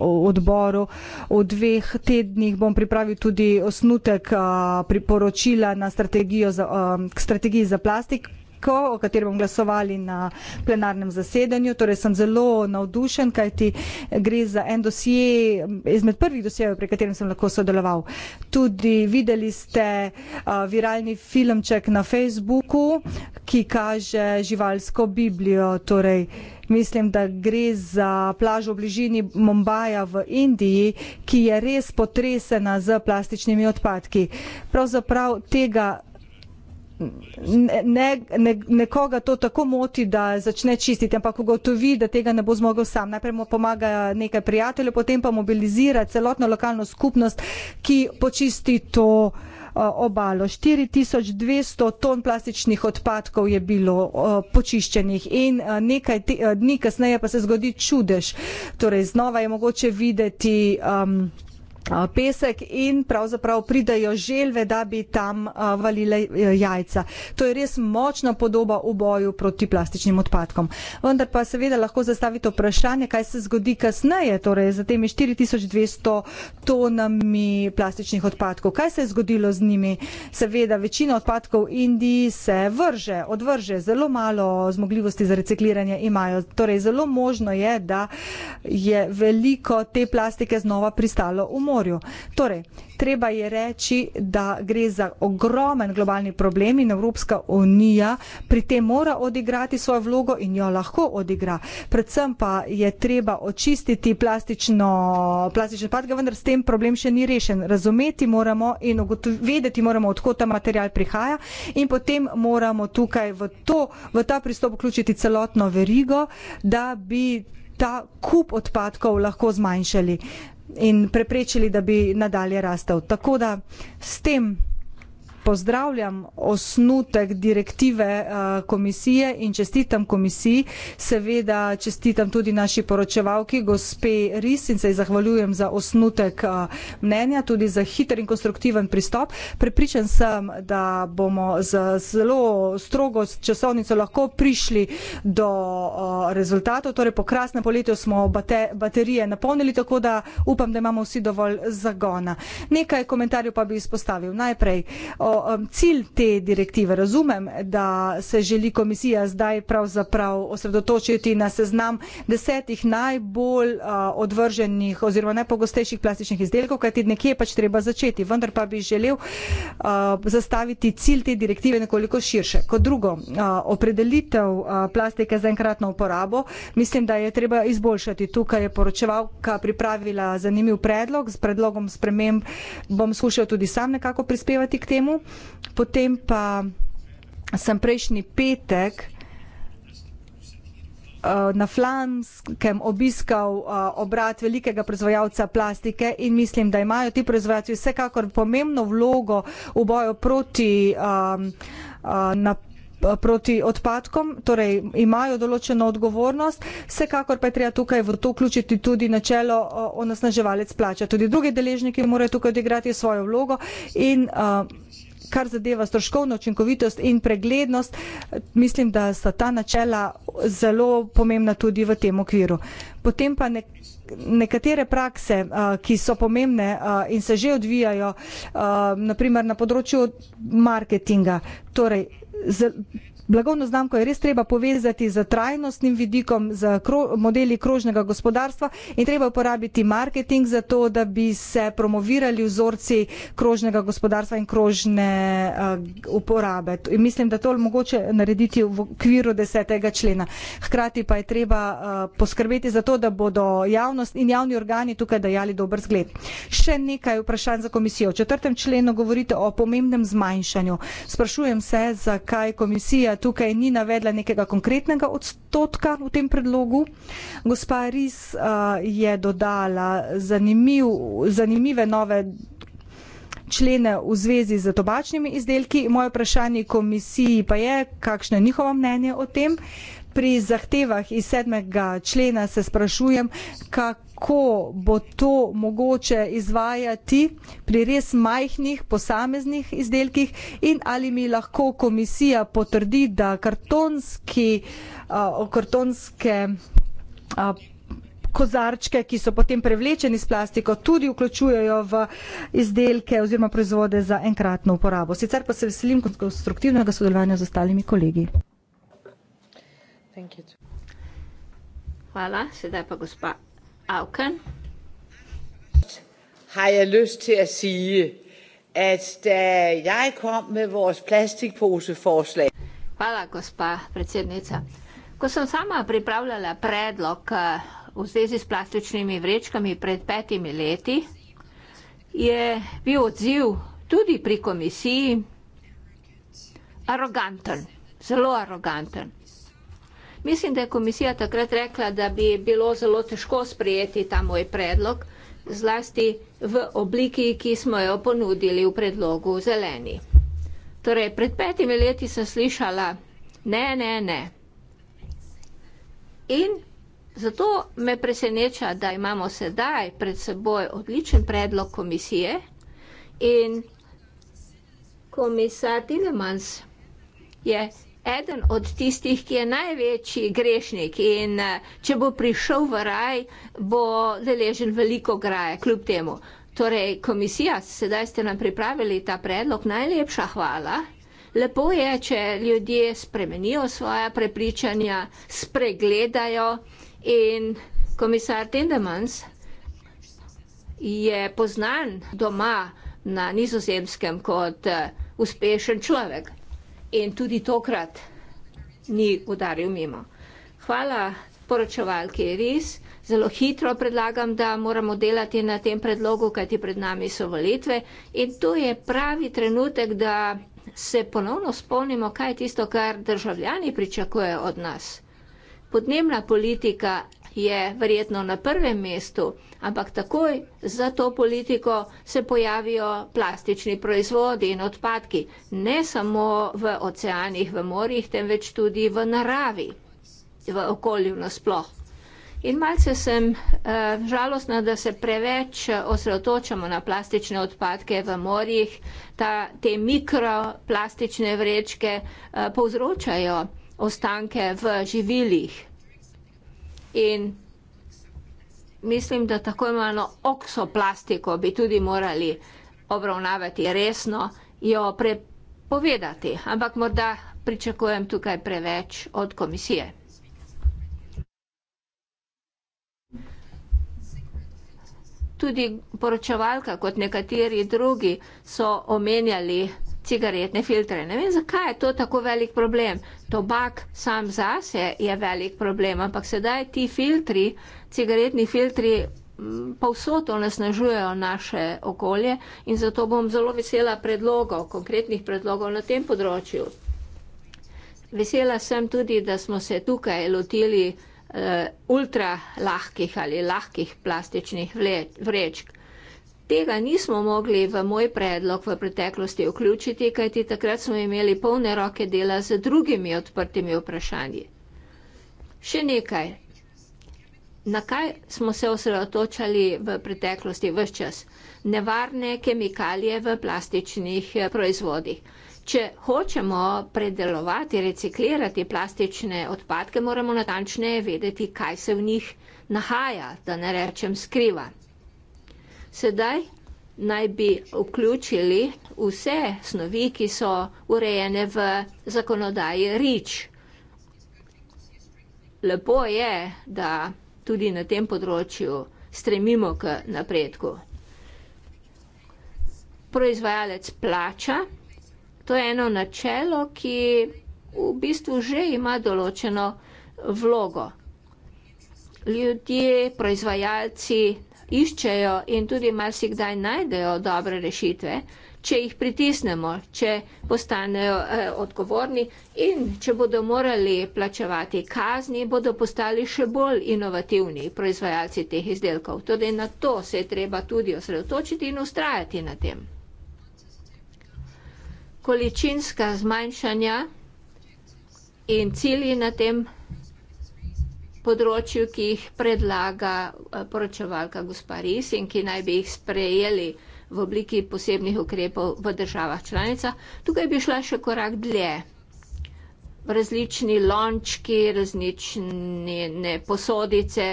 odboru. V dveh tednih bom pripravil tudi osnutek eh, priporočila na strategijo za, k strategiji za plastik, veliko, o katerem bomo glasovali na plenarnem zasedanju. Torej sem zelo navdušen, kajti gre za en dosje, izmed prvih dosjejev, pri katerem sem lahko sodeloval. Tudi videli ste uh, viralni filmček na Facebooku, ki kaže živalsko Biblijo. Torej, Mislim, da gre za plažo v bližini Mumbaja v Indiji, ki je res potresena z plastičnimi odpadki. Pravzaprav tega ne, ne, nekoga to tako moti, da začne čistiti, ampak ugotovi, da tega ne bo zmogel sam. Najprej mu pomaga nekaj prijateljev, potem pa mobilizira celotno lokalno skupnost, ki počisti to obalo. 4200 ton plastičnih odpadkov je bilo počiščenih in e, nekaj e, dni kasneje pa se zgodi čudež. Torej, znova je mogoče videti. Um, pesek in pravzaprav pridajo želve, da bi tam valile e, jajca. To je res močna podoba v boju proti plastičnim odpadkom. Vendar pa seveda lahko zastavite vprašanje, kaj se zgodi kasneje, torej za temi 4200 tonami plastičnih odpadkov. Kaj se je zgodilo z njimi? Seveda večina odpadkov v Indiji se vrže, odvrže, zelo malo zmogljivosti za recikliranje imajo. Torej zelo možno je, da je veliko te plastike znova pristalo v morju morju. Torej, treba je reči, da gre za ogromen globalni problem in Evropska unija pri tem mora odigrati svojo vlogo in jo lahko odigra. Predvsem pa je treba očistiti plastično, plastične odpadke, vendar s tem problem še ni rešen. Razumeti moramo in vedeti moramo, odkot ta material prihaja in potem moramo tukaj v, to, v ta pristop vključiti celotno verigo, da bi ta kup odpadkov lahko zmanjšali in preprečili, da bi nadalje rastel. Tako da s tem pozdravljam osnutek direktive eh, komisije in čestitam komisiji. Seveda čestitam tudi naši poročevalki, gospe Ris, in se ji zahvaljujem za osnutek eh, mnenja, tudi za hiter in konstruktiven pristop. Pripričan sem, da bomo z zelo strogo časovnico lahko prišli do eh, rezultatov. Torej, po krasnem poletju smo baterije napolnili, tako da upam, da imamo vsi dovolj zagona. Nekaj komentarjev pa bi izpostavil. Najprej o um, cilj te direktive. Razumem, da se želi komisija zdaj pravzaprav osredotočiti na seznam desetih najbolj uh, odvrženih oziroma najpogostejših plastičnih izdelkov, kajti nekje je pač treba začeti. Vendar pa bi želel uh, zastaviti cilj te direktive nekoliko širše. Kot drugo, uh, opredelitev uh, plastike za enkratno uporabo mislim, da je treba izboljšati. Tukaj je poročevalka pripravila zanimiv predlog. S predlogom sprememb bom skušal tudi sam nekako prispevati k temu potem pa sem prejšnji petek eh, na Flanskem obiskal eh, obrat velikega proizvajalca plastike in mislim, da imajo ti proizvajalci vsekakor pomembno vlogo v boju proti ehm, eh, napravljanju proti odpadkom, torej imajo določeno odgovornost, vsekakor pa je treba tukaj v to vključiti tudi načelo onosnaževalec plača. Tudi drugi deležniki morajo tukaj odigrati svojo vlogo in vsekakor kar zadeva stroškovno učinkovitost in preglednost, mislim, da so ta načela zelo pomembna tudi v tem okviru. Potem pa ne, nekatere prakse, a, ki so pomembne a, in se že odvijajo, a, naprimer na področju marketinga. Torej, z, blagovno znamko je res treba povezati z trajnostnim vidikom, z kro, modeli krožnega gospodarstva in treba uporabiti marketing za to, da bi se promovirali vzorci krožnega gospodarstva in krožne uh, uporabe. In mislim, da to mogoče narediti v okviru desetega člena. Hkrati pa je treba uh, poskrbeti za to, da bodo javnost in javni organi tukaj dajali dober zgled. Še nekaj vprašanj za komisijo. V četrtem členu govorite o pomembnem zmanjšanju. Sprašujem se, zakaj komisija tukaj ni navedla nekega konkretnega odstotka v tem predlogu. Gospa Riz uh, je dodala zanimiv, zanimive nove člene v zvezi z tobačnimi izdelki. Moje vprašanje komisiji pa je, kakšno je njihovo mnenje o tem. Pri zahtevah iz sedmega člena se sprašujem, kako kako bo to mogoče izvajati pri res majhnih posameznih izdelkih in ali mi lahko komisija potrdi, da kartonski, uh, kartonske uh, kozarčke, ki so potem prevlečeni s plastiko, tudi vključujejo v izdelke oziroma proizvode za enkratno uporabo. Sicer pa se veselim konstruktivnega sodelovanja z ostalimi kolegi. Hvala, sedaj pa gospa Auken. Har jeg lyst til at sige, at da jeg kom med vores plastikposeforslag... Hvala, gospa predsednica. Ko sem sama pripravljala predlog eh, v zvezi s plastičnimi vrečkami pred petimi leti, je bil odziv tudi pri komisiji aroganten, zelo aroganten. Mislim, da je komisija takrat rekla, da bi bilo zelo težko sprejeti ta moj predlog, zlasti v obliki, ki smo jo ponudili v predlogu zeleni. Torej, pred petimi leti sem slišala ne, ne, ne. In zato me preseneča, da imamo sedaj pred seboj odličen predlog komisije in komisar Tilemans je eden od tistih, ki je največji grešnik in eh, če bo prišel v raj, bo deležen veliko graje kljub temu. Torej, komisija, sedaj ste nam pripravili ta predlog, najlepša hvala. Lepo je, če ljudje spremenijo svoja prepričanja, spregledajo in komisar Tindemans je poznan doma na nizozemskem kot eh, uspešen človek in tudi tokrat ni udaril mimo. Hvala poročevalki, res. Zelo hitro predlagam, da moramo delati na tem predlogu, kajti pred nami so volitve in to je pravi trenutek, da se ponovno spomnimo, kaj je tisto, kar državljani pričakujejo od nas. Podnebna politika je verjetno na prvem mestu, ampak takoj za to politiko se pojavijo plastični proizvodi in odpadki, ne samo v oceanih, v morjih, temveč tudi v naravi, v okolju nasploh. In malce sem uh, žalostna, da se preveč osredotočamo na plastične odpadke v morjih. Ta, te mikroplastične vrečke uh, povzročajo ostanke v živilih, In mislim, da tako imeno oksoplastiko bi tudi morali obravnavati resno, jo prepovedati. Ampak morda pričakujem tukaj preveč od komisije. Tudi poročevalka, kot nekateri drugi, so omenjali, da cigaretne filtre. Ne vem, zakaj je to tako velik problem. Tobak sam zase je velik problem, ampak sedaj ti filtri, cigaretni filtri, mm, pa vso to nasnažujejo naše okolje in zato bom zelo vesela predlogov, konkretnih predlogov na tem področju. Vesela sem tudi, da smo se tukaj lotili uh, eh, ultra lahkih ali lahkih plastičnih vlečk. Tega nismo mogli v moj predlog v preteklosti vključiti, kajti takrat smo imeli polne roke dela z drugimi odprtimi vprašanji. Še nekaj. Na kaj smo se osredotočali v preteklosti vse čas? Nevarne kemikalije v plastičnih eh, proizvodih. Če hočemo predelovati, reciklirati plastične odpadke, moramo natančneje vedeti, kaj se v njih nahaja, da ne rečem skriva. Sedaj naj bi vključili vse snovi, ki so urejene v zakonodaji REACH. Lepo je, da tudi na tem področju stremimo k napredku. Proizvajalec plača, to je eno načelo, ki v bistvu že ima določeno vlogo. Ljudje, proizvajalci iščejo in tudi marsikdaj najdejo dobre rešitve, če jih pritisnemo, če postanejo eh, odgovorni in če bodo morali plačevati kazni, bodo postali še bolj inovativni proizvajalci teh izdelkov. Tudi torej, na to se je treba tudi osredotočiti in ustrajati na tem. Količinska zmanjšanja in cilji na tem področju, ki jih predlaga eh, poročevalka gospa Ris in ki naj bi jih sprejeli v obliki posebnih ukrepov v državah članicah. Tukaj bi šla še korak dlje. Različni lončki, različne posodice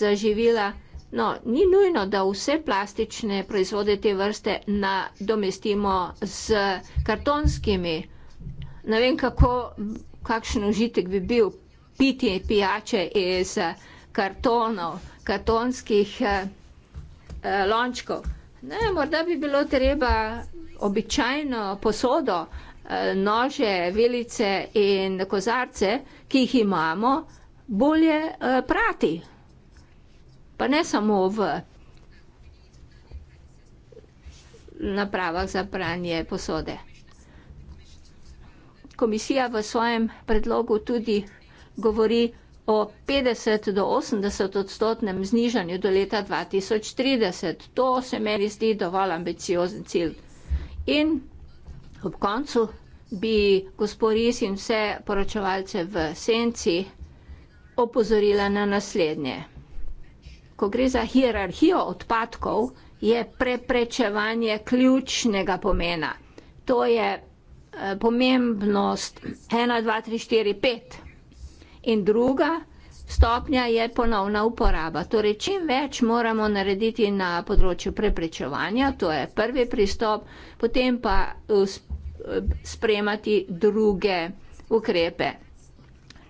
za živila. No, ni nujno, da vse plastične proizvode te vrste nadomestimo z kartonskimi. Ne vem, kako, kakšen užitek bi bil pitje pijače iz kartonov, kartonskih eh, eh, lončkov. Ne, morda bi bilo treba običajno posodo, eh, nože, vilice in kozarce, ki jih imamo, bolje prati. Pa ne samo v napravah za pranje posode. Komisija v svojem predlogu tudi govori o 50 do 80 odstotnem znižanju do leta 2030. To se meni zdi dovolj ambiciozen cilj. In ob koncu bi gospodis in vse poročevalce v senci opozorila na naslednje. Ko gre za hierarhijo odpadkov, je preprečevanje ključnega pomena. To je eh, pomembnost 1, 2, 3, 4, 5 in druga stopnja je ponovna uporaba. Torej, čim več moramo narediti na področju preprečevanja, to je prvi pristop, potem pa eh, spremati druge ukrepe.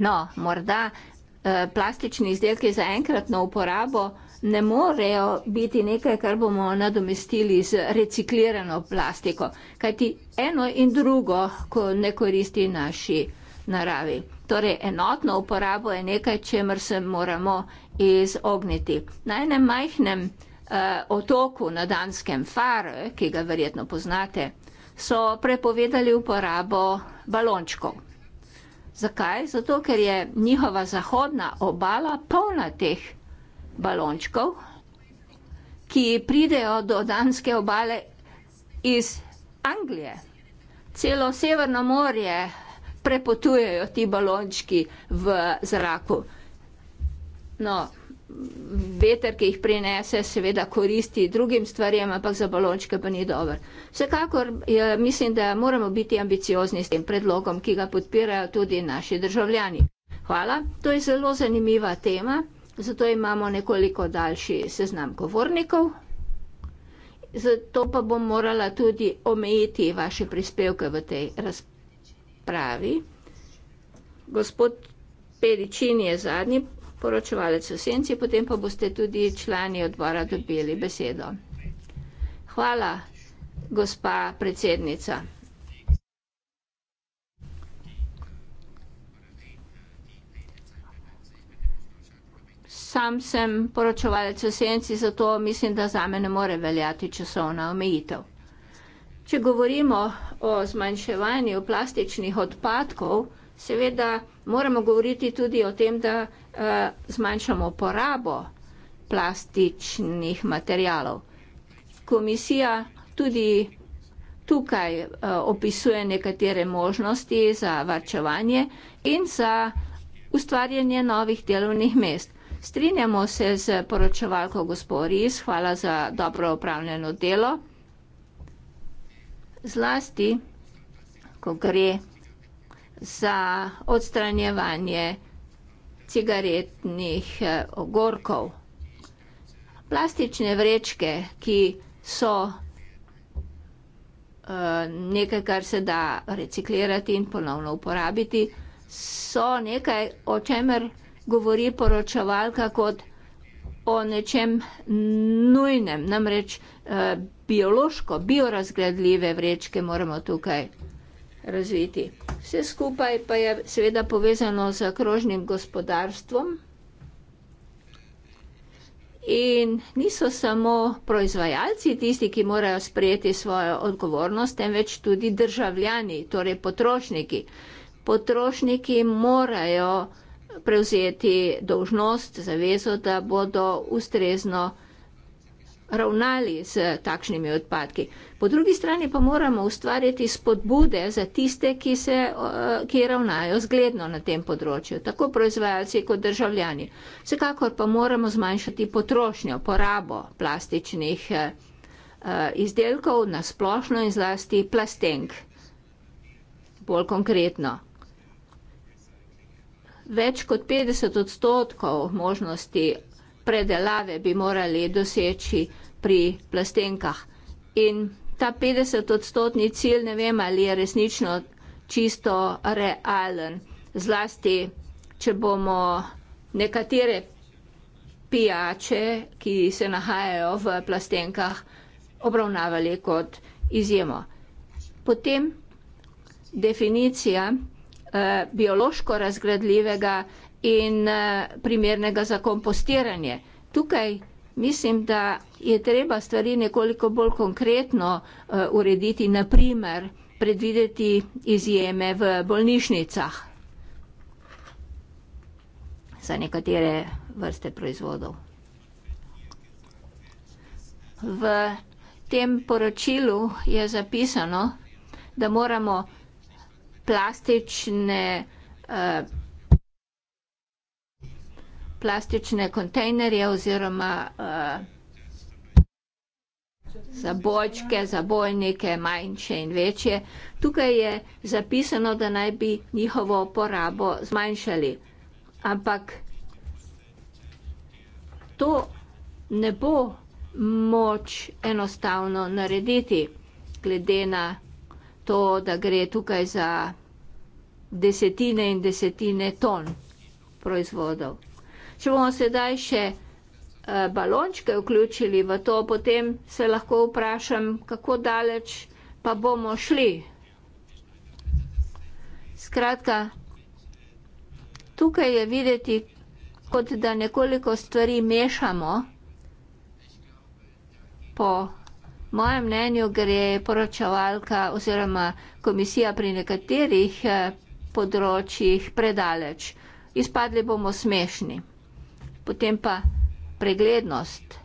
No, morda eh, plastični izdelki za enkratno uporabo ne morejo biti nekaj, kar bomo nadomestili z reciklirano plastiko, kajti eno in drugo ne koristi naši naravi. Torej, enotno uporabo je nekaj, čemer se moramo izogniti. Na enem majhnem eh, otoku na Danskem Faro, ki ga verjetno poznate, so prepovedali uporabo balončkov. Zakaj? Zato, ker je njihova zahodna obala polna teh balončkov, ki pridejo do Danske obale iz Anglije. Celo Severno morje prepotujejo ti balončki v zraku. No, veter, ki jih prinese, seveda koristi drugim stvarjem, ampak za balončke pa ni dober. Vsekakor je, ja, mislim, da moramo biti ambiciozni s tem predlogom, ki ga podpirajo tudi naši državljani. Hvala. To je zelo zanimiva tema, zato imamo nekoliko daljši seznam govornikov. Zato pa bom morala tudi omejiti vaše prispevke v tej razpravi pravi, gospod Peričin je zadnji poročevalec v senci, potem pa boste tudi člani odbora dobili besedo. Hvala, gospa predsednica. Sam sem poročevalec v senci, zato mislim, da zame ne more veljati časovna omejitev. Če govorimo o zmanjševanju plastičnih odpadkov, seveda moramo govoriti tudi o tem, da eh, zmanjšamo porabo plastičnih materialov. Komisija tudi tukaj eh, opisuje nekatere možnosti za varčevanje in za ustvarjanje novih delovnih mest. Strinjamo se z poročevalko gospod Riz, hvala za dobro opravljeno delo zlasti ko gre za odstranjevanje cigaretnih eh, ogorkov. Plastične vrečke, ki so eh, nekaj, kar se da reciklirati in ponovno uporabiti, so nekaj, o čemer govori poročevalka kot o nečem nujnem, namreč eh, biološko, biorazgradljive vrečke moramo tukaj razviti. Vse skupaj pa je seveda povezano z krožnim gospodarstvom in niso samo proizvajalci tisti, ki morajo sprejeti svojo odgovornost, temveč tudi državljani, torej potrošniki. Potrošniki morajo prevzeti dožnost, zavezo, da bodo ustrezno proizvajali ravnali z takšnimi odpadki. Po drugi strani pa moramo ustvariti spodbude za tiste, ki, se, ki ravnajo zgledno na tem področju, tako proizvajalci kot državljani. Vsekakor pa moramo zmanjšati potrošnjo, porabo plastičnih eh, eh, izdelkov na splošno in zlasti plastenk. Bolj konkretno. Več kot 50 odstotkov možnosti predelave bi morali doseči pri plastenkah. In ta 50-odstotni cilj, ne vem, ali je resnično čisto realen, zlasti, če bomo nekatere pijače, ki se nahajajo v plastenkah, obravnavali kot izjemo. Potem definicija eh, biološko razgradljivega in eh, primernega za kompostiranje. Tukaj Mislim, da je treba stvari nekoliko bolj konkretno uh, urediti, naprimer predvideti izjeme v bolnišnicah za nekatere vrste proizvodov. V tem poročilu je zapisano, da moramo plastične uh, plastične kontejnerje oziroma eh, za bojčke, zabojnike, manjše in večje. Tukaj je zapisano, da naj bi njihovo porabo zmanjšali. Ampak to ne bo moč enostavno narediti, glede na to, da gre tukaj za desetine in desetine ton proizvodov. Če bomo sedaj še eh, balončke vključili v to, potem se lahko vprašam, kako daleč pa bomo šli. Skratka, tukaj je videti, kot da nekoliko stvari mešamo. Po mojem mnenju gre poročevalka oziroma komisija pri nekaterih eh, področjih predaleč. Izpadli bomo smešni potem pa preglednost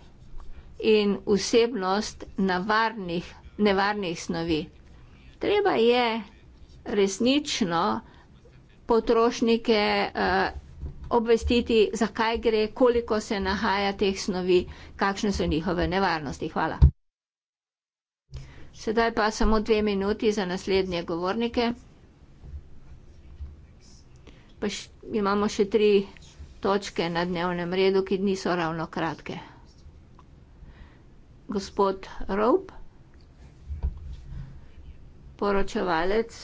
in vsebnost navarnih, nevarnih snovi. Treba je resnično potrošnike uh, obvestiti, zakaj gre, koliko se nahaja teh snovi, kakšne so njihove nevarnosti. Hvala. Sedaj pa samo dve minuti za naslednje govornike. Pa imamo še tri točke na dnevnem redu, ki niso ravno kratke. Gospod Rop, poročevalec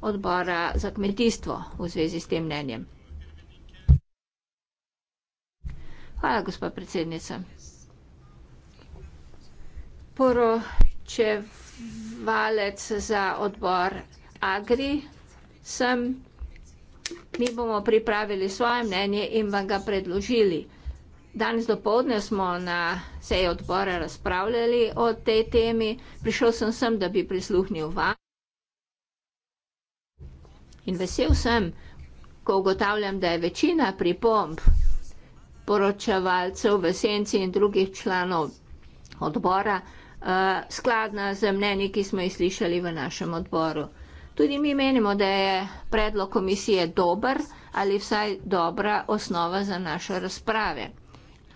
odbora za kmetijstvo v zvezi s tem mnenjem. Hvala, gospa predsednica. Poročevalec za odbor Agri sem. Mi bomo pripravili svoje mnenje in vam ga predložili. Danes dopoldne smo na seji odbora razpravljali o tej temi. Prišel sem sem, da bi prisluhnil vam. In vesel sem, ko ugotavljam, da je večina pripomb poročevalcev v senci in drugih članov odbora uh, skladna z mnenji, ki smo jih slišali v našem odboru. Tudi mi menimo, da je predlog komisije dober ali vsaj dobra osnova za naše razprave.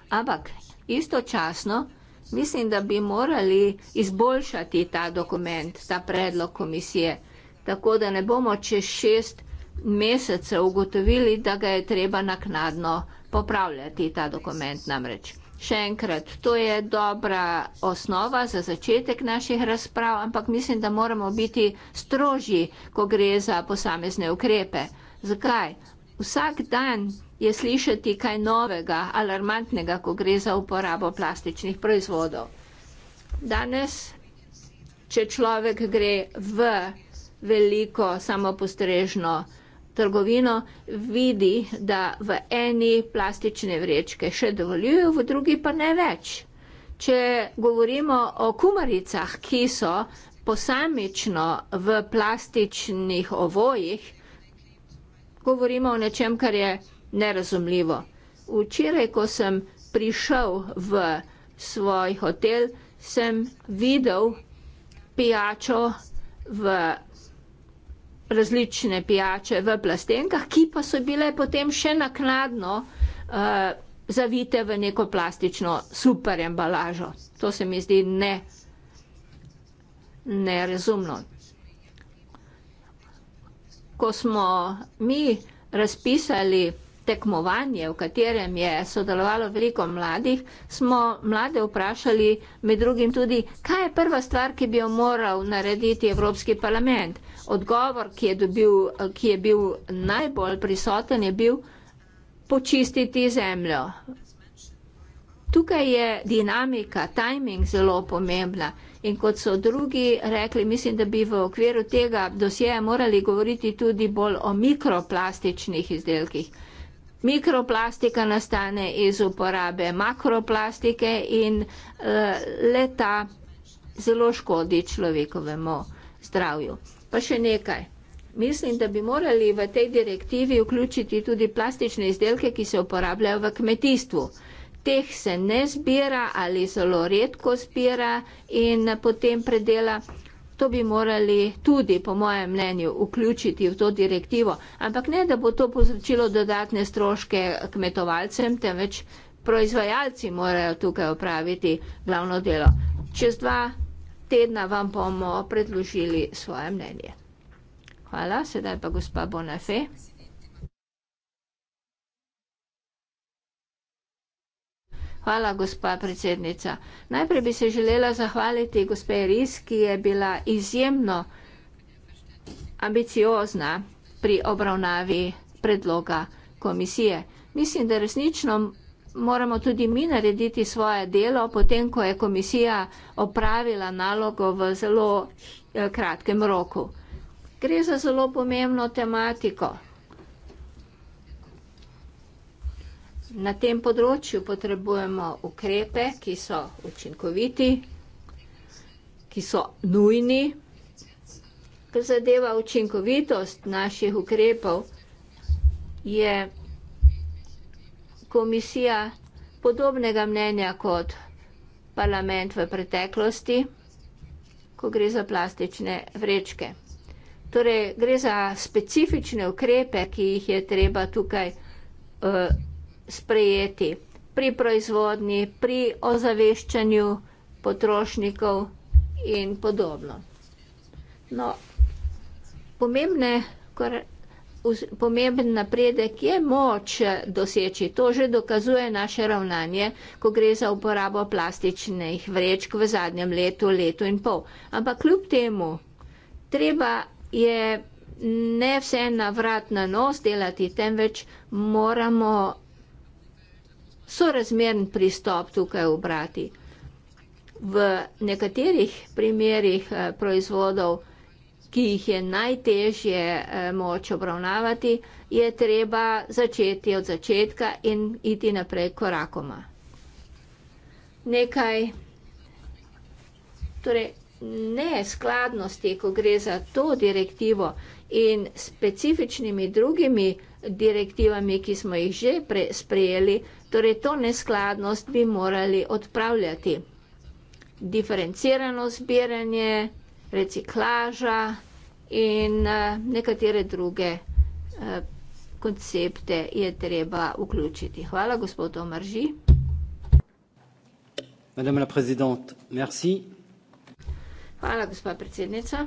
Ampak istočasno mislim, da bi morali izboljšati ta dokument, ta predlog komisije, tako da ne bomo čez šest mesecev ugotovili, da ga je treba naknadno popravljati ta dokument namreč. Še enkrat, to je dobra osnova za začetek naših razprav, ampak mislim, da moramo biti strožji, ko gre za posamezne ukrepe. Zakaj? Vsak dan je slišati kaj novega, alarmantnega, ko gre za uporabo plastičnih proizvodov. Danes, če človek gre v veliko samopostrežno proizvodov, trgovino, vidi, da v eni plastične vrečke še dovoljujejo, v drugi pa ne več. Če govorimo o kumaricah, ki so posamično v plastičnih ovojih, govorimo o nečem, kar je nerazumljivo. Včeraj, ko sem prišel v svoj hotel, sem videl pijačo v različne pijače v plastenkah, ki pa so bile potem še naknadno uh, zavite v neko plastično super embalažo. To se mi zdi ne, nerezumno. Ko smo mi razpisali tekmovanje, v katerem je sodelovalo veliko mladih, smo mlade vprašali med drugim tudi, kaj je prva stvar, ki bi jo moral narediti Evropski parlament odgovor, ki je, dobil, ki je bil najbolj prisoten, je bil počistiti zemljo. Tukaj je dinamika, timing zelo pomembna. In kot so drugi rekli, mislim, da bi v okviru tega dosjeja morali govoriti tudi bolj o mikroplastičnih izdelkih. Mikroplastika nastane iz uporabe makroplastike in eh, leta zelo škodi človekovemu zdravju. Pa še nekaj. Mislim, da bi morali v tej direktivi vključiti tudi plastične izdelke, ki se uporabljajo v kmetijstvu. Teh se ne zbira ali zelo redko zbira in potem predela. To bi morali tudi, po mojem mnenju, vključiti v to direktivo. Ampak ne, da bo to povzročilo dodatne stroške kmetovalcem, temveč proizvajalci morajo tukaj upraviti glavno delo. Čez dva tedna vam bomo predložili svoje mnenje. Hvala, sedaj pa gospa Bonafé. Hvala, gospa predsednica. Najprej bi se želela zahvaliti gospe Ris, ki je bila izjemno ambiciozna pri obravnavi predloga komisije. Mislim, da resnično moramo tudi mi narediti svoje delo, potem ko je komisija opravila nalogo v zelo eh, kratkem roku. Gre za zelo pomembno tematiko. Na tem področju potrebujemo ukrepe, ki so učinkoviti, ki so nujni. Kar zadeva učinkovitost naših ukrepov, je komisija podobnega mnenja kot parlament v preteklosti, ko gre za plastične vrečke. Torej, gre za specifične ukrepe, ki jih je treba tukaj uh, sprejeti pri proizvodni, pri ozaveščanju potrošnikov in podobno. No, pomembne korak pomemben napredek je moč eh, doseči. To že dokazuje naše ravnanje, ko gre za uporabo plastičnih vrečk v zadnjem letu, letu in pol. Ampak kljub temu, treba je ne vse na vrat na nos delati, temveč moramo sorazmeren pristop tukaj obrati. V nekaterih primerih eh, proizvodov, ki jih je najtežje eh, moč obravnavati, je treba začeti od začetka in iti naprej korakoma. Nekaj torej, neskladnosti, ko gre za to direktivo in specifičnimi drugimi direktivami, ki smo jih že sprejeli, torej to neskladnost bi morali odpravljati. Diferencirano zbiranje, reciklaža in eh, nekatere druge eh, koncepte je treba vključiti. Hvala, gospod Omrži. Madame la présidente, merci. Hvala, gospa predsednica.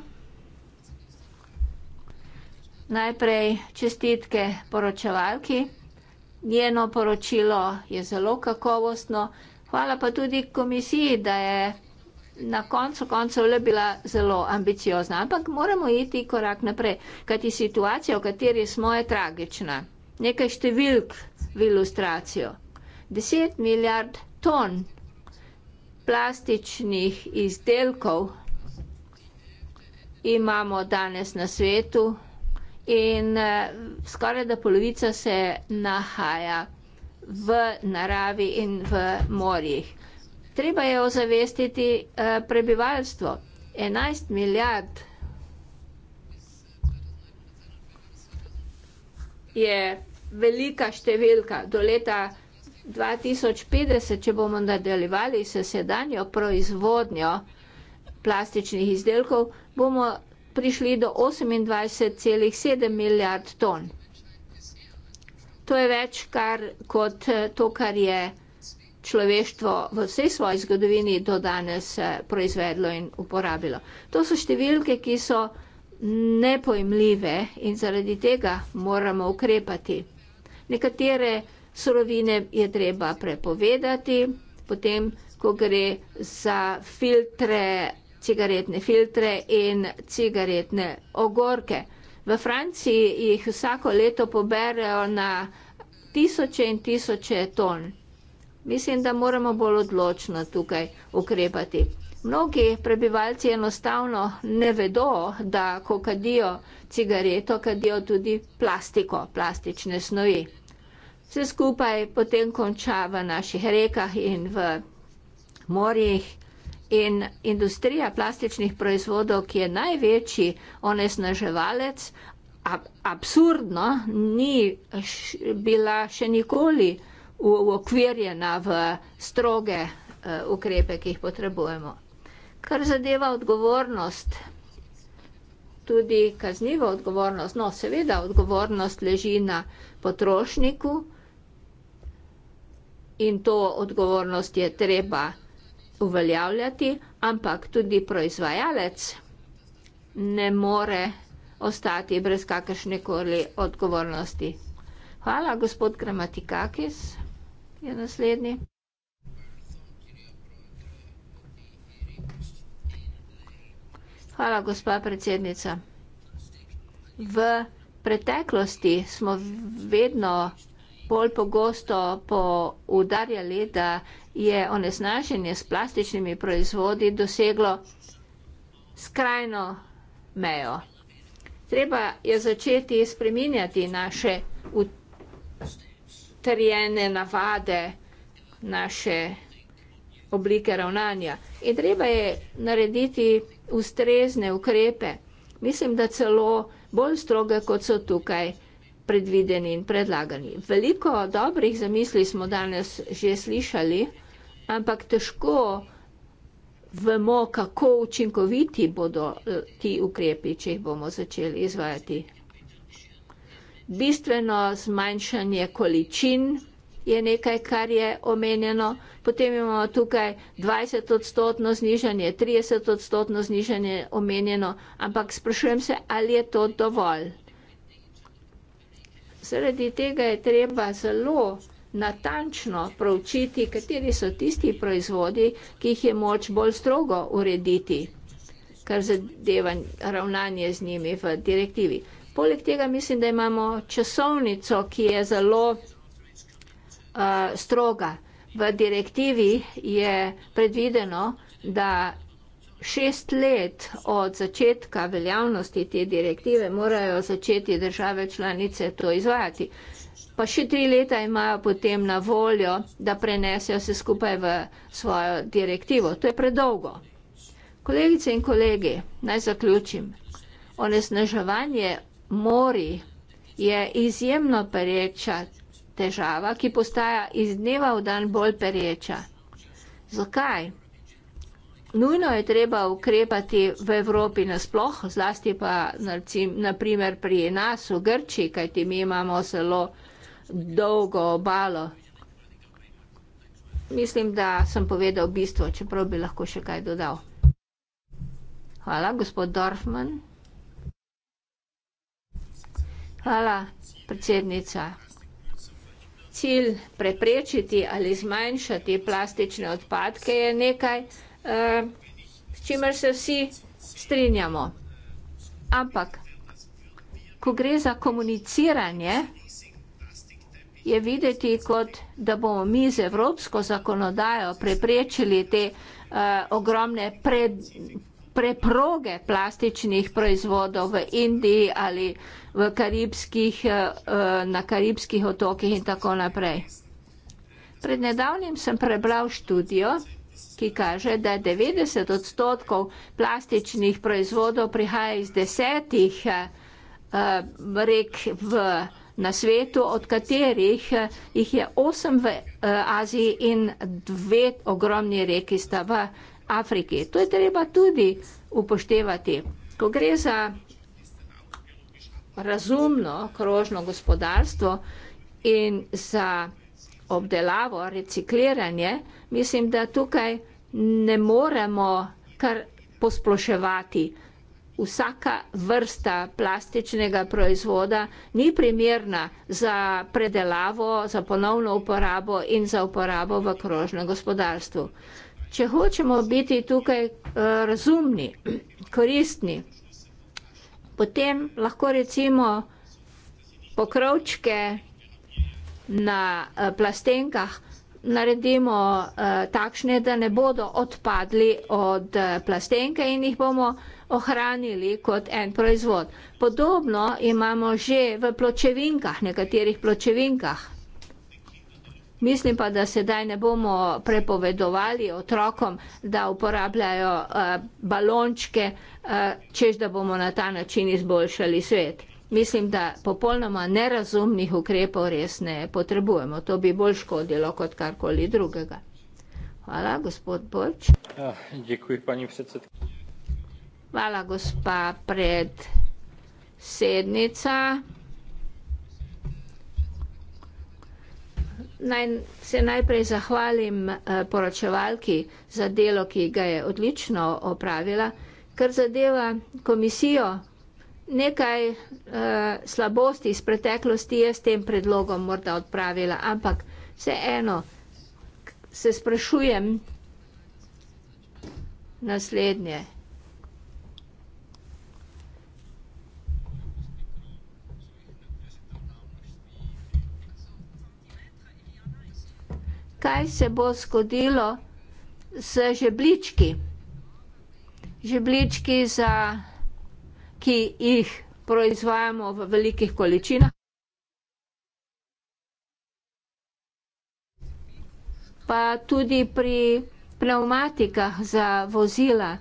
Najprej čestitke poročevalki. Njeno poročilo je zelo kakovostno. Hvala pa tudi komisiji, da je na koncu koncev le bila zelo ambiciozna, ampak moramo iti korak naprej, kajti situacija, v kateri smo, je tragična. Nekaj številk v ilustracijo. 10 milijard ton plastičnih izdelkov imamo danes na svetu in eh, skoraj da polovica se nahaja v naravi in v morjih. Treba je ozavestiti eh, prebivalstvo. 11 milijard je velika številka do leta 2050, če bomo nadaljevali se sedanjo proizvodnjo plastičnih izdelkov, bomo prišli do 28,7 milijard ton. To je več kar kot to, kar je človeštvo v vsej svoji zgodovini do danes eh, proizvedlo in uporabilo. To so številke, ki so nepojmljive in zaradi tega moramo ukrepati. Nekatere surovine je treba prepovedati, potem, ko gre za filtre, cigaretne filtre in cigaretne ogorke. V Franciji jih vsako leto poberejo na tisoče in tisoče ton. Mislim, da moramo bolj odločno tukaj ukrepati. Mnogi prebivalci enostavno ne vedo, da ko kadijo cigareto, kadijo tudi plastiko, plastične snovi. Vse skupaj potem konča v naših rekah in v morjih in industrija plastičnih proizvodov, ki je največji onesnaževalec, absurdno ni bila še nikoli uokvirjena v stroge eh, ukrepe, ki jih potrebujemo. Kar zadeva odgovornost, tudi kaznivo odgovornost, no seveda odgovornost leži na potrošniku in to odgovornost je treba uveljavljati, ampak tudi proizvajalec ne more ostati brez kakršnekoli odgovornosti. Hvala, gospod Gramatikakis je naslednji. Hvala, gospa predsednica. V preteklosti smo vedno bolj pogosto poudarjali, da je onesnaženje s plastičnimi proizvodi doseglo skrajno mejo. Treba je začeti spreminjati naše vtise utrjene navade, naše oblike ravnanja. In treba je narediti ustrezne ukrepe. Mislim, da celo bolj stroge, kot so tukaj predvideni in predlagani. Veliko dobrih zamisli smo danes že slišali, ampak težko vemo, kako učinkoviti bodo eh, ti ukrepi, če jih bomo začeli izvajati bistveno zmanjšanje količin je nekaj, kar je omenjeno. Potem imamo tukaj 20 odstotno znižanje, 30 odstotno znižanje omenjeno, ampak sprašujem se, ali je to dovolj. Zaradi tega je treba zelo natančno proučiti, kateri so tisti proizvodi, ki jih je moč bolj strogo urediti, kar zadeva ravnanje z njimi v direktivi. Poleg tega mislim, da imamo časovnico, ki je zelo uh, stroga. V direktivi je predvideno, da šest let od začetka veljavnosti te direktive morajo začeti države članice to izvajati. Pa še tri leta imajo potem na voljo, da prenesejo se skupaj v svojo direktivo. To je predolgo. Kolegice in kolegi, naj zaključim. Onesnaževanje mori je izjemno pereča težava, ki postaja iz dneva v dan bolj pereča. Zakaj? Nujno je treba ukrepati v Evropi nasploh, zlasti pa naprimer pri nas v Grči, kajti mi imamo zelo dolgo obalo. Mislim, da sem povedal bistvo, čeprav bi lahko še kaj dodal. Hvala, gospod Dorfman. Hvala, predsednica. Cilj preprečiti ali zmanjšati plastične odpadke je nekaj, eh, s čimer se vsi strinjamo. Ampak, ko gre za komuniciranje, je videti, kot da bomo mi z evropsko zakonodajo preprečili te eh, ogromne predpravljanje, preproge plastičnih proizvodov v Indiji ali v karibskih, eh, eh, na karibskih otokih in tako naprej. Pred nedavnim sem prebral študijo, ki kaže, da 90 odstotkov plastičnih proizvodov prihaja iz desetih eh, rek v na svetu, od katerih jih je osem v Aziji in dve ogromni reki sta v Afriki. To je treba tudi upoštevati. Ko gre za razumno krožno gospodarstvo in za obdelavo, recikliranje, mislim, da tukaj ne moremo kar posploševati. Vsaka vrsta plastičnega proizvoda ni primerna za predelavo, za ponovno uporabo in za uporabo v krožnem gospodarstvu če hočemo biti tukaj eh, razumni, koristni, potem lahko recimo pokrovčke na eh, plastenkah naredimo eh, takšne, da ne bodo odpadli od plastenke in jih bomo ohranili kot en proizvod. Podobno imamo že v pločevinkah, nekaterih pločevinkah, Mislim pa, da sedaj ne bomo prepovedovali otrokom, da uporabljajo uh, balončke, uh, eh, čež da bomo na ta način izboljšali svet. Mislim, da popolnoma nerazumnih ukrepov res ne potrebujemo. To bi bolj škodilo kot karkoli drugega. Hvala, gospod Borč. Ja, děkuji, paní predsedkyně. Hvala, gospa predsednica. naj se najprej zahvalim eh, poročevalki za delo, ki ga je odlično opravila. Kar zadeva komisijo, nekaj eh, slabosti iz preteklosti je s tem predlogom morda odpravila, ampak vseeno se sprašujem naslednje. kaj se bo zgodilo s žeblički. Žeblički, za, ki jih proizvajamo v velikih količinah. Pa tudi pri pneumatikah za vozila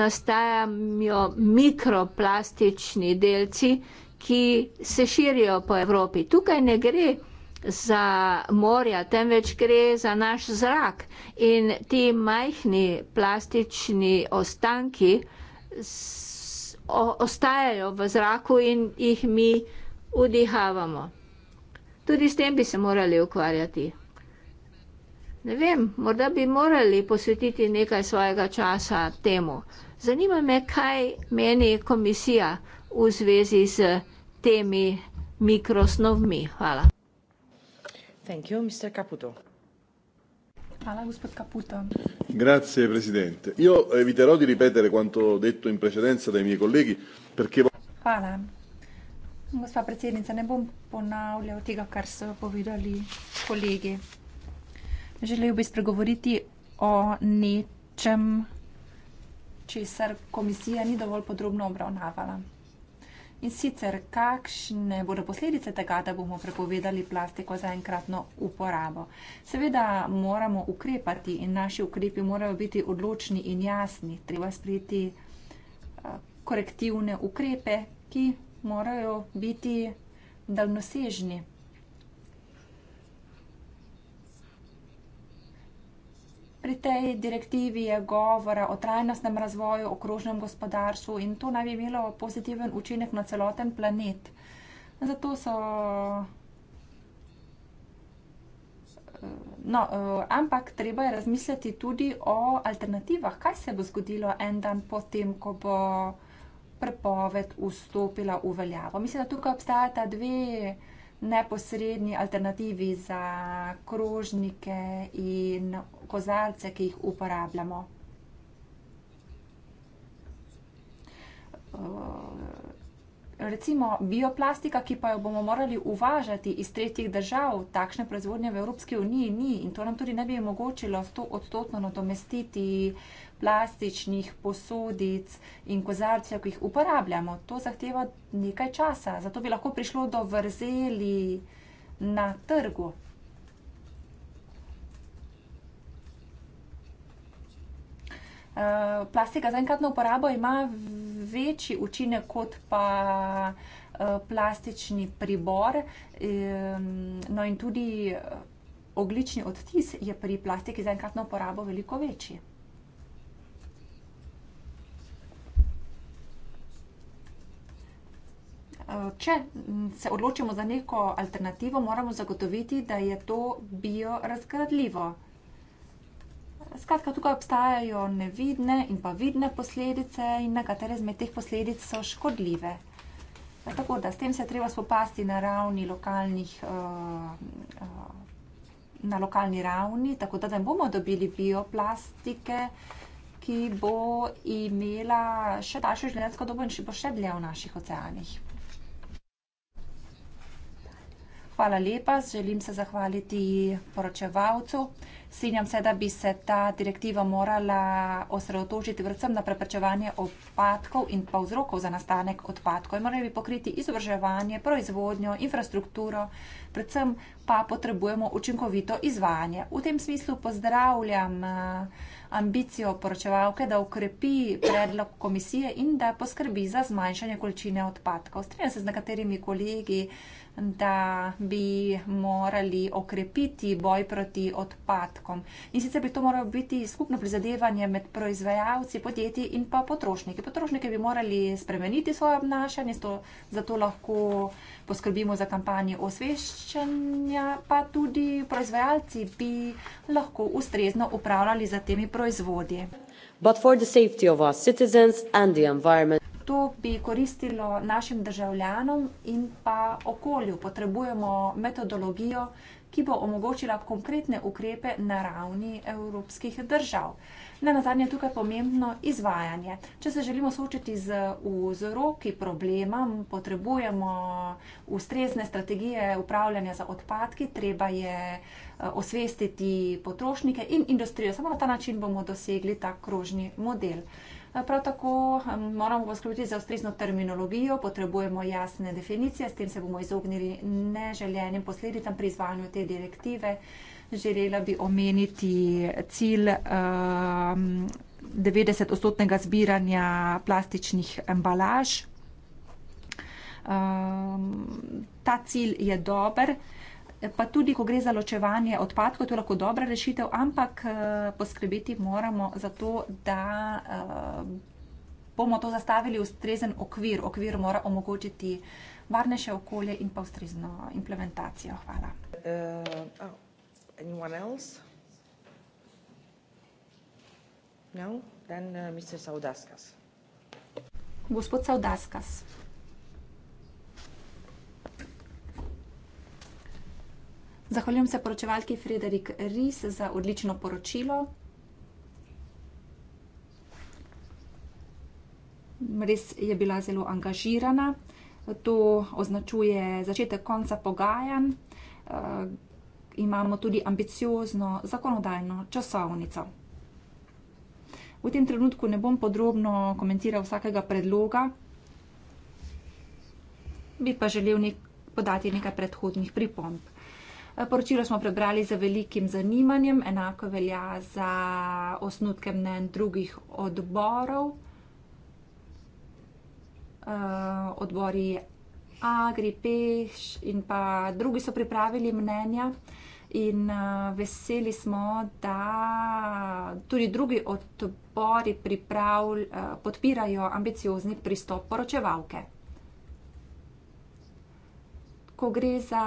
nastajajo mikroplastični delci, ki se širijo po Evropi. Tukaj ne gre za za morja, temveč gre za naš zrak in ti majhni plastični ostanki ostajajo v zraku in jih mi vdihavamo. Tudi s tem bi se morali ukvarjati. Ne vem, morda bi morali posvetiti nekaj svojega časa temu. Zanima me, kaj meni komisija v zvezi z temi mikrosnovmi. Hvala. Thank you. Mr. Caputo. Grazie Presidente. Io eviterò di ripetere quanto detto in precedenza dai miei colleghi perché... Hvala. Gospa predsednica, ne bom ponavljal tega, kar so povedali kolegi. Želel bi spregovoriti o nečem, česar komisija ni dovolj podrobno obravnavala. In sicer, kakšne bodo posledice tega, da bomo prepovedali plastiko za enkratno uporabo? Seveda moramo ukrepati in naši ukrepi morajo biti odločni in jasni. Treba sprejeti eh, korektivne ukrepe, ki morajo biti daljnosežni. Pri tej direktivi je govora o trajnostnem razvoju, o krožnem gospodarstvu in to naj bi imelo pozitiven učinek na celoten planet. Zato so. Eh, no, eh, ampak treba je razmisliti tudi o alternativah. Kaj se bo zgodilo en dan potem, ko bo prepoved vstopila v veljavo? Mislim, da tukaj obstajata dve neposredni alternativi za krožnike in kozarce, ki jih uporabljamo. Eh, recimo bioplastika, ki pa jo bomo morali uvažati iz tretjih držav, takšne proizvodnje v Evropski uniji ni in to nam tudi ne bi omogočilo 100-odstotno nadomestiti uh, plastičnih posodic in kozarcev, ki jih uporabljamo. To zahteva nekaj časa, zato bi lahko prišlo do vrzeli na trgu. Eh, plastika za enkratno uporabo ima večji učinek kot pa eh, plastični pribor. No in tudi eh, oglični odtis je pri plastiki za enkratno uporabo veliko večji. če se odločimo za neko alternativo, moramo zagotoviti, da je to biorazgradljivo. Skratka, tukaj obstajajo nevidne in pa vidne posledice in nekatere zmed teh posledic so škodljive. Tako da s tem se je treba spopasti na ravni lokalnih, eh, eh, na lokalni ravni, tako da ne bomo dobili bioplastike, ki bo imela še daljšo življenjsko dobo in še bo še dlje v naših oceanih. Hvala lepa. Želim se zahvaliti poročevalcu. Sinjam se, da bi se ta direktiva morala osredotočiti vrcem na preprečevanje odpadkov in pa vzrokov za nastanek odpadkov. Morali bi pokriti izobraževanje, proizvodnjo, infrastrukturo, predvsem pa potrebujemo učinkovito izvajanje. V tem smislu pozdravljam eh, ambicijo poročevalke, da ukrepi predlog komisije in da poskrbi za zmanjšanje količine odpadkov. Strenjam se z nekaterimi kolegi, da bi morali okrepiti boj proti odpadkom. In sicer bi to moralo biti skupno prizadevanje med proizvajalci, podjetji in pa potrošniki. Potrošniki bi morali spremeniti svoje obnašanje, zato lahko poskrbimo za kampanje osveščanja, pa tudi proizvajalci bi lahko ustrezno upravljali za temi proizvodje. To bi koristilo našim državljanom in pa okolju. Potrebujemo metodologijo, ki bo omogočila konkretne ukrepe na ravni evropskih držav. Ne na zadnje, tukaj je pomembno izvajanje. Če se želimo soočiti z vzroki problema, potrebujemo ustrezne strategije upravljanja za odpadki, treba je eh, osvestiti potrošnike in industrijo. Samo na ta način bomo dosegli ta krožni model. Eh, prav tako moramo poskrbeti za ustrezno terminologijo, potrebujemo jasne definicije, s tem se bomo izognili neželjenim posledicam pri izvajanju te direktive. Želela bi omeniti cilj um, 90-odstotnega zbiranja plastičnih embalaž. Um, ta cilj je dober pa tudi, ko gre za ločevanje odpadkov, to je lahko dobra rešitev, ampak eh, poskrbeti moramo za to, da eh, bomo to zastavili v strezen okvir. Okvir mora omogočiti varnejše okolje in pa ustrezno implementacijo. Hvala. Uh, oh, No, then uh, Mr. Saudaskas. Gospod Saudaskas. Zahvaljujem se poročevalki Frederik Ries za odlično poročilo. Res je bila zelo angažirana. To označuje začetek konca pogajanj. Eh, imamo tudi ambiciozno zakonodajno časovnico. V tem trenutku ne bom podrobno komentiral vsakega predloga, bi pa želel podati nekaj predhodnih pripomb. Poročilo smo prebrali z velikim zanimanjem, enako velja za osnutke mnen drugih odborov. Eh, odbori Agri, Peš in pa drugi so pripravili mnenja. In eh, veseli smo, da tudi drugi odbori pripravl, eh, podpirajo ambiciozni pristop poročevalke ko gre za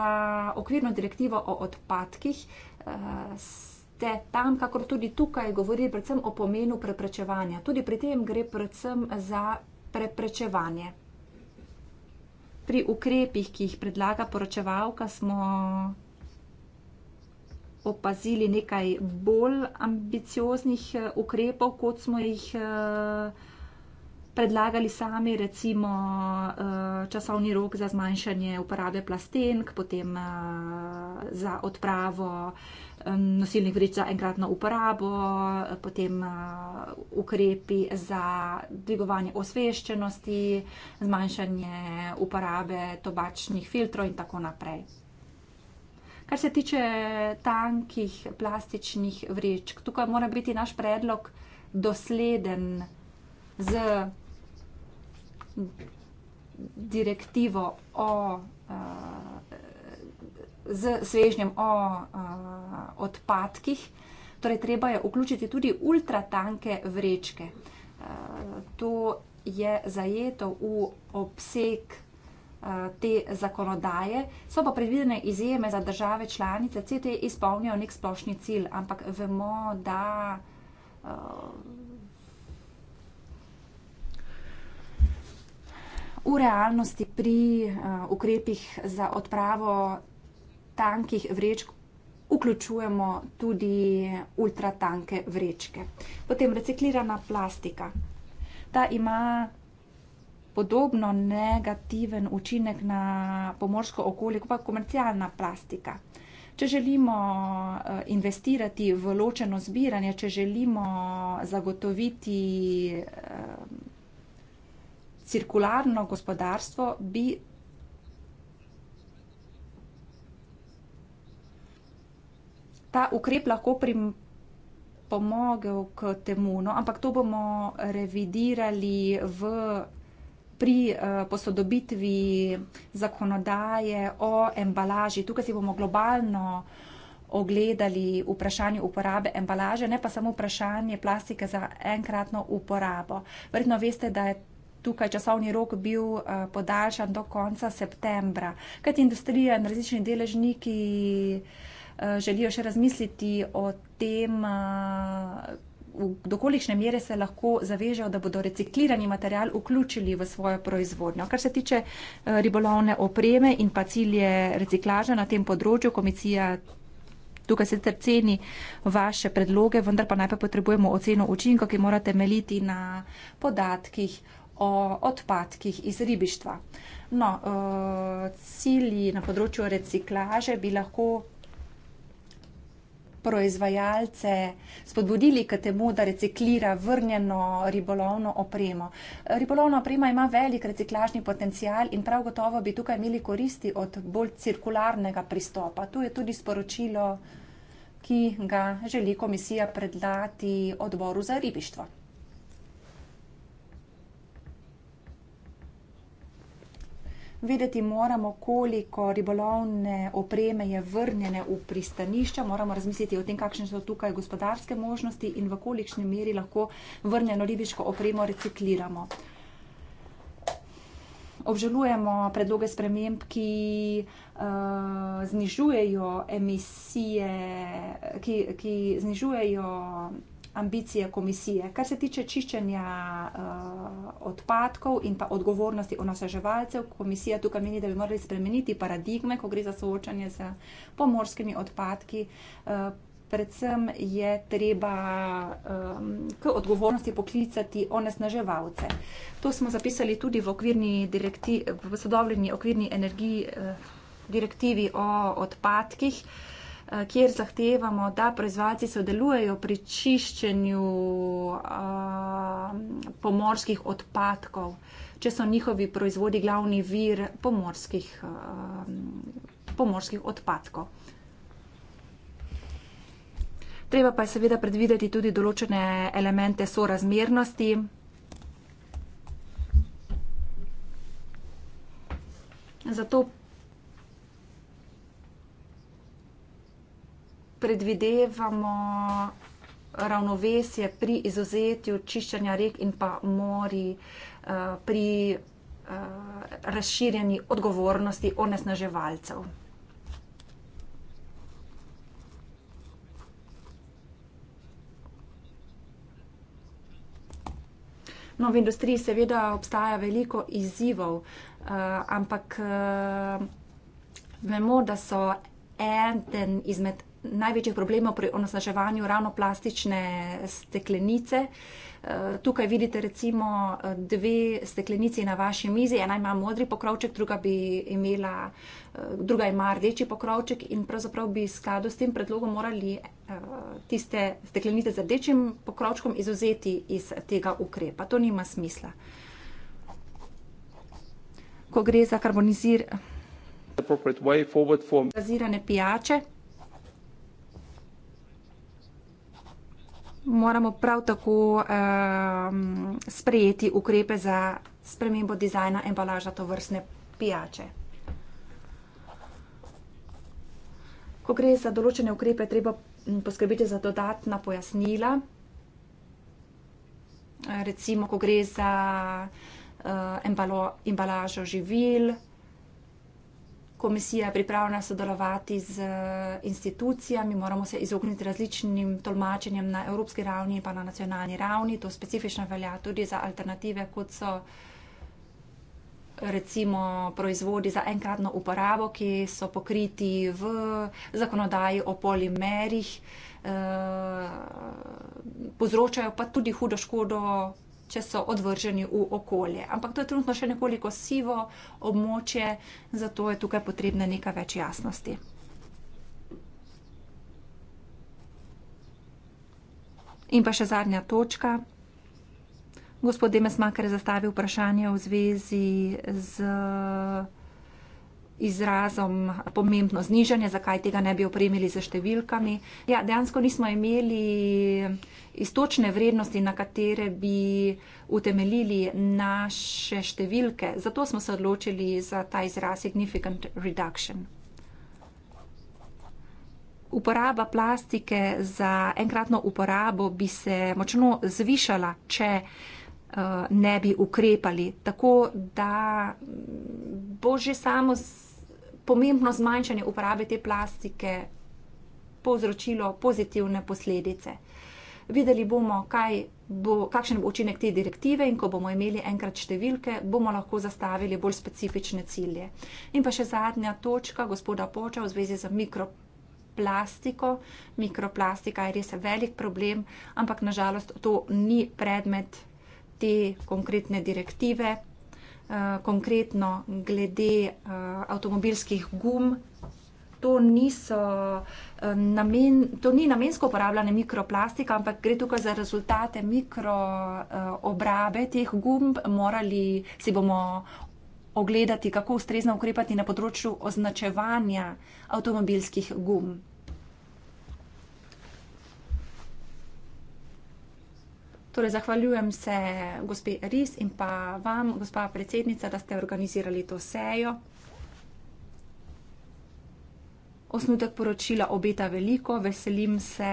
okvirno direktivo o odpadkih, eh, ste tam, kakor tudi tukaj, govorili predvsem o pomenu preprečevanja. Tudi pri tem gre predvsem za preprečevanje. Pri ukrepih, ki jih predlaga poročevalka, smo opazili nekaj bolj ambicioznih eh, ukrepov, kot smo jih. Uh, predlagali sami, recimo eh, časovni rok za zmanjšanje uporabe plastenk, potem eh, za odpravo nosilnih vreč za enkratno uporabo, potem eh, ukrepi za dvigovanje osveščenosti, zmanjšanje uporabe tobačnih filtrov in tako naprej. Kar se tiče tankih plastičnih vrečk, tukaj mora biti naš predlog dosleden z direktivo o, eh, z svežnjem o, o eh, odpadkih, torej treba je vključiti tudi ultratanke vrečke. Eh, to je zajeto v obseg te zakonodaje, so pa predvidene izjeme za države članice, CT e izpolnijo nek splošni cilj, ampak vemo, da v realnosti pri uh, ukrepih za odpravo tankih vrečk vključujemo tudi ultratanke vrečke. Potem reciklirana plastika. Ta ima podobno negativen učinek na pomorsko okolje kot pa komercialna plastika. Če želimo eh, investirati v ločeno zbiranje, če želimo zagotoviti uh, cirkularno gospodarstvo bi ta ukrep lahko prim, pomogel k temu, no, ampak to bomo revidirali v, pri eh, posodobitvi zakonodaje o embalaži. Tukaj si bomo globalno ogledali vprašanje uporabe embalaže, ne pa samo vprašanje plastike za enkratno uporabo. Verjetno veste, da je tukaj časovni rok bil eh, podaljšan do konca septembra. Kajti industrija in različni deležniki eh, želijo še razmisliti o tem, eh, do kolikšne mere se lahko zavežejo, da bodo reciklirani material vključili v svojo proizvodnjo. Kar se tiče ribolovne opreme in pa cilje reciklaža na tem področju, komisija. Tukaj se trceni vaše predloge, vendar pa najprej potrebujemo oceno učinka, ki morate meliti na podatkih o odpadkih iz ribištva. No, eh, cilji na področju reciklaže bi lahko proizvajalce spodbudili k temu, da reciklira vrnjeno ribolovno opremo. Ribolovna oprema ima velik reciklažni potencial in prav gotovo bi tukaj imeli koristi od bolj cirkularnega pristopa. Tu je tudi sporočilo, ki ga želi komisija predlati odboru za ribištvo. Videti moramo, koliko ribolovne opreme je vrnjene v pristanišča, moramo razmisliti o tem, kakšne so tukaj gospodarske možnosti in v kolikšni meri lahko vrnjeno ribiško opremo recikliramo. Obžalujemo predloge sprememb, ki uh, znižujejo emisije, ki, ki znižujejo ambicije komisije. Kar se tiče čiščenja uh, odpadkov in pa odgovornosti onosaževalcev, komisija tukaj meni, da bi morali spremeniti paradigme, ko gre za soočanje z pomorskimi odpadki. Uh, predvsem je treba um, k odgovornosti poklicati onesnaževalce. To smo zapisali tudi v, v sodobljeni okvirni energiji. Uh, direktivi o odpadkih. Uh, Eh, kjer zahtevamo, da proizvajalci sodelujejo pri čiščenju eh, pomorskih odpadkov, če so njihovi proizvodi glavni vir pomorskih, eh, pomorskih odpadkov. Treba pa je seveda predvideti tudi določene elemente sorazmernosti. Zato predvidevamo ravnovesje pri izuzetju čiščenja rek in pa mori, eh, pri eh, razširjeni odgovornosti onesnaževalcev. No, v industriji seveda obstaja veliko izzivov, eh, ampak vemo, da so eden izmed največjih problemov pri onosnaževanju ravno plastične steklenice. Eh, tukaj vidite recimo eh, dve steklenici na vaši mizi, ena ima modri pokrovček, druga, bi imela, eh, druga ima rdeči pokrovček in pravzaprav bi skladu s tem predlogom morali tiste steklenice z rdečim pokrovčkom izuzeti iz tega ukrepa. To nima smisla. Ko gre za karbonizir, gazirane pijače. moramo prav tako um, sprejeti ukrepe za spremembo dizajna embalaža to vrstne pijače. Ko gre za določene ukrepe, treba poskrbeti za dodatna pojasnila. Recimo, ko gre za uh, embalo, embalažo živil, komisija je pripravljena sodelovati z eh, institucijami, moramo se izogniti različnim tolmačenjem na evropski ravni in pa na nacionalni ravni. To specifično velja tudi za alternative, kot so recimo proizvodi za enkratno uporabo, ki so pokriti v zakonodaji o polimerih, eh, povzročajo pa tudi hudo škodo če so odvrženi v okolje. Ampak to je trenutno še nekoliko sivo območje, zato je tukaj potrebna neka več jasnosti. In pa še zadnja točka. Gospod Demes Makar je zastavil vprašanje v zvezi z izrazom pomembno znižanje, zakaj tega ne bi opremili z številkami. Ja, dejansko nismo imeli istočne vrednosti, na katere bi utemeljili naše številke. Zato smo se odločili za ta izraz significant reduction. Uporaba plastike za enkratno uporabo bi se močno zvišala, če eh, ne bi ukrepali. Tako da bo že samo pomembno zmanjšanje uporabe te plastike povzročilo pozitivne posledice. Videli bomo, bo, kakšen bo učinek te direktive in ko bomo imeli enkrat številke, bomo lahko zastavili bolj specifične cilje. In pa še zadnja točka gospoda Poča v zvezi z mikroplastiko. Mikroplastika je res velik problem, ampak nažalost to ni predmet te konkretne direktive, Eh, konkretno glede eh, avtomobilskih gum. To, niso, eh, namen, to ni namensko uporabljanje mikroplastika, ampak gre tukaj za rezultate mikroobrabe teh gum. Morali si bomo ogledati, kako ustrezno ukrepati na področju označevanja avtomobilskih gum. Torej, zahvaljujem se gospe Ris in pa vam, gospa predsednica, da ste organizirali to sejo. Osnutek poročila obeta veliko, veselim se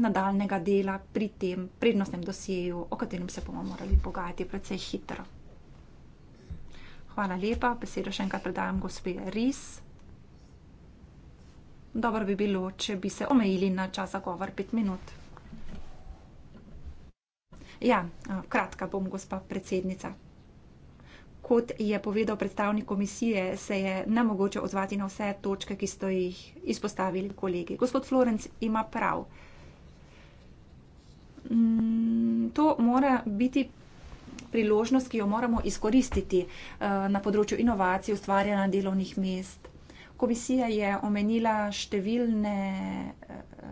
nadaljnega dela pri tem prednostnem dosjeju, o katerem se bomo morali pogajati precej hitro. Hvala lepa, besedo še enkrat predajam gospe Ris. Dobro bi bilo, če bi se omejili na čas za govor pet minut. Ja, kratka bom, gospa predsednica. Kot je povedal predstavnik komisije, se je nemogoče odzvati na vse točke, ki ste jih izpostavili kolegi. Gospod Florenc ima prav. Mm, to mora biti priložnost, ki jo moramo izkoristiti e, na področju inovacij, ustvarjanja delovnih mest. Komisija je omenila številne e,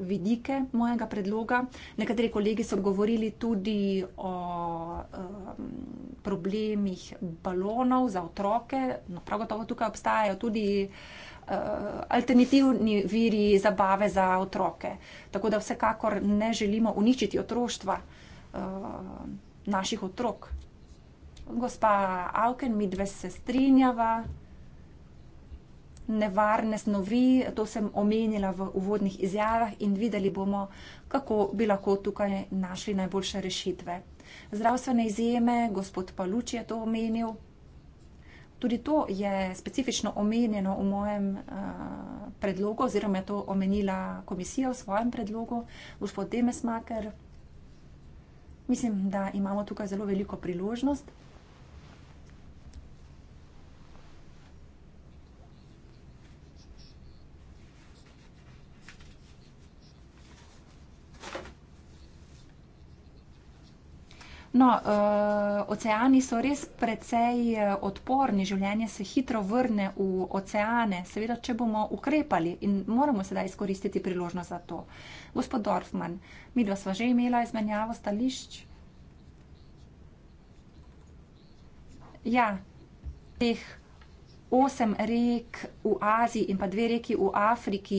vidike mojega predloga. Nekateri kolegi so govorili tudi o um, problemih balonov za otroke. No, prav gotovo tukaj obstajajo tudi uh, alternativni viri zabave za otroke. Tako da vsekakor ne želimo uničiti otroštva uh, naših otrok. Gospa Auken, midve se strinjava nevarne snovi, to sem omenila v uvodnih izjavah in videli bomo, kako bi lahko tukaj našli najboljše rešitve. Zdravstvene izjeme, gospod Paluč je to omenil. Tudi to je specifično omenjeno v mojem uh, predlogu, oziroma je to omenila komisija v svojem predlogu, gospod Demesmaker. Mislim, da imamo tukaj zelo veliko priložnost. No, eh, oceani so res precej eh, odporni, življenje se hitro vrne v oceane, seveda, če bomo ukrepali in moramo sedaj izkoristiti priložnost za to. Gospod Dorfman, mi dva sva že imela izmenjavo stališč. Ja, teh osem rek v Aziji in pa dve reki v Afriki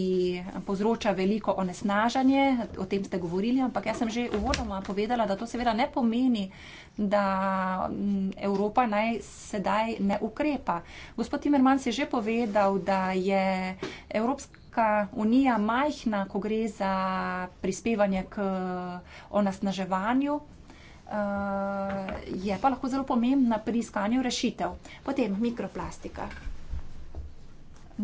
povzroča veliko onesnažanje, o tem ste govorili, ampak jaz sem že uvodoma povedala, da to seveda ne pomeni, da mm, Evropa naj sedaj ne ukrepa. Gospod Timerman si že povedal, da je Evropska unija majhna, ko gre za prispevanje k onesnaževanju. Eh, je pa lahko zelo pomembna pri iskanju rešitev. Potem mikroplastika.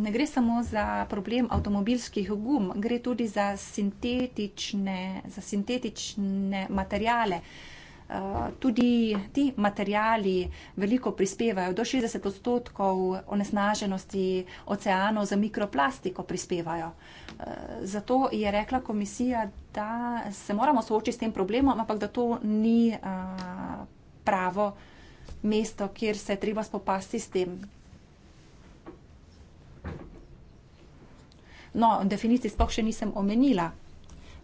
Ne gre samo za problem avtomobilskih gum, gre tudi za sintetične, za sintetične materijale, uh, tudi ti materijali veliko prispevajo, do 60 odstotkov onesnaženosti oceanov za mikroplastiko prispevajo. Zato je rekla komisija, da se moramo soočiti s tem problemom, ampak da to ni pravo mesto, kjer se treba spopasti s tem. No, definicij spoh še nisem omenila.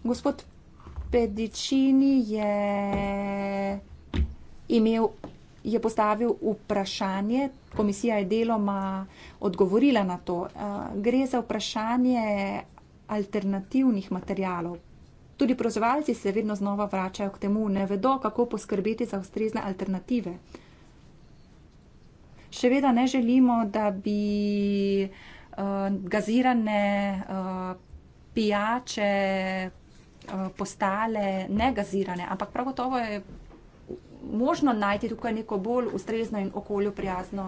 Gospod Pedicini je imel, je postavil vprašanje, komisija je deloma odgovorila na to. Eh, gre za vprašanje alternativnih materijalov. Tudi prozovalci se vedno znova vračajo k temu, ne vedo, kako poskrbeti za ustrezne alternative. Še vedno ne želimo, da bi uh, gazirane uh, pijače Eh, postale negazirane, ampak prav gotovo je možno najti tukaj neko bolj ustrezno in okolju prijazno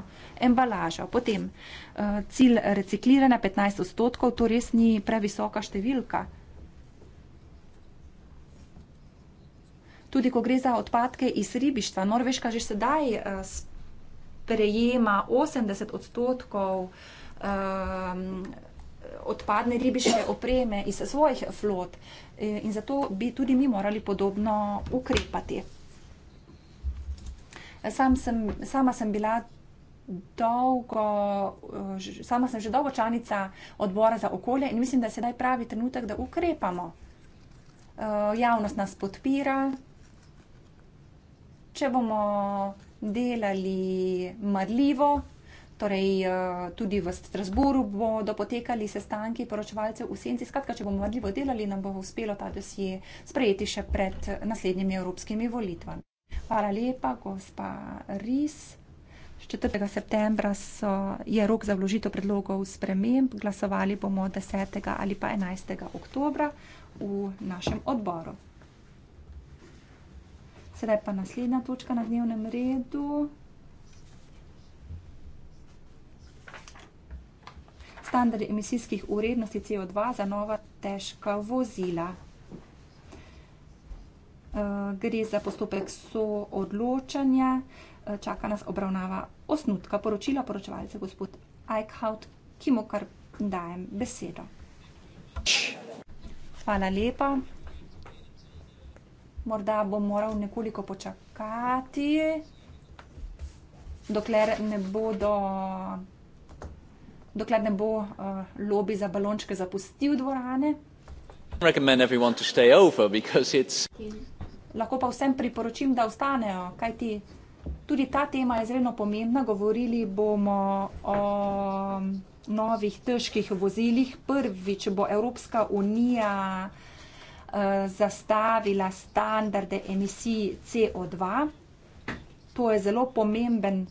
embalažo. Potem eh, cilj recikliranja 15 odstotkov, to res ni previsoka številka. Tudi ko gre za odpadke iz ribištva, Norveška že sedaj eh, sprejema 80 odstotkov odpadne ribiške opreme iz svojih flot e, in zato bi tudi mi morali podobno ukrepati. Sam sem, sama sem bila dolgo, e, sama sem že dolgo članica odbora za okolje in mislim, da je sedaj pravi trenutek, da ukrepamo. E, javnost nas podpira. Če bomo delali marljivo, Torej, eh, tudi v Strasburu bodo potekali sestanki poročevalcev v senci. Skratka, če bomo vrljivo delali, nam bo uspelo ta dosje sprejeti še pred naslednjimi evropskimi volitvami. Hvala lepa, gospa Ris. 4. septembra so, je rok za vložitev predlogov sprememb. Glasovali bomo 10. ali pa 11. oktobra v našem odboru. Sedaj pa naslednja točka na dnevnem redu. standard emisijskih urednosti CO2 za nova težka vozila. Eh, gre za postopek soodločanja, eh, čaka nas obravnava osnutka poročila poročevalca gospod Eickhout, ki mu kar dajem besedo. Hvala lepa. Morda bo moral nekoliko počakati, dokler ne bodo dokler ne bo uh, lobby za balončke zapustil dvorane. Lahko pa vsem priporočim, da ostanejo, kajti tudi ta tema je izredno pomembna. Govorili bomo o um, novih težkih vozilih. Prvič bo Evropska unija uh, zastavila standarde emisij CO2. To je zelo pomemben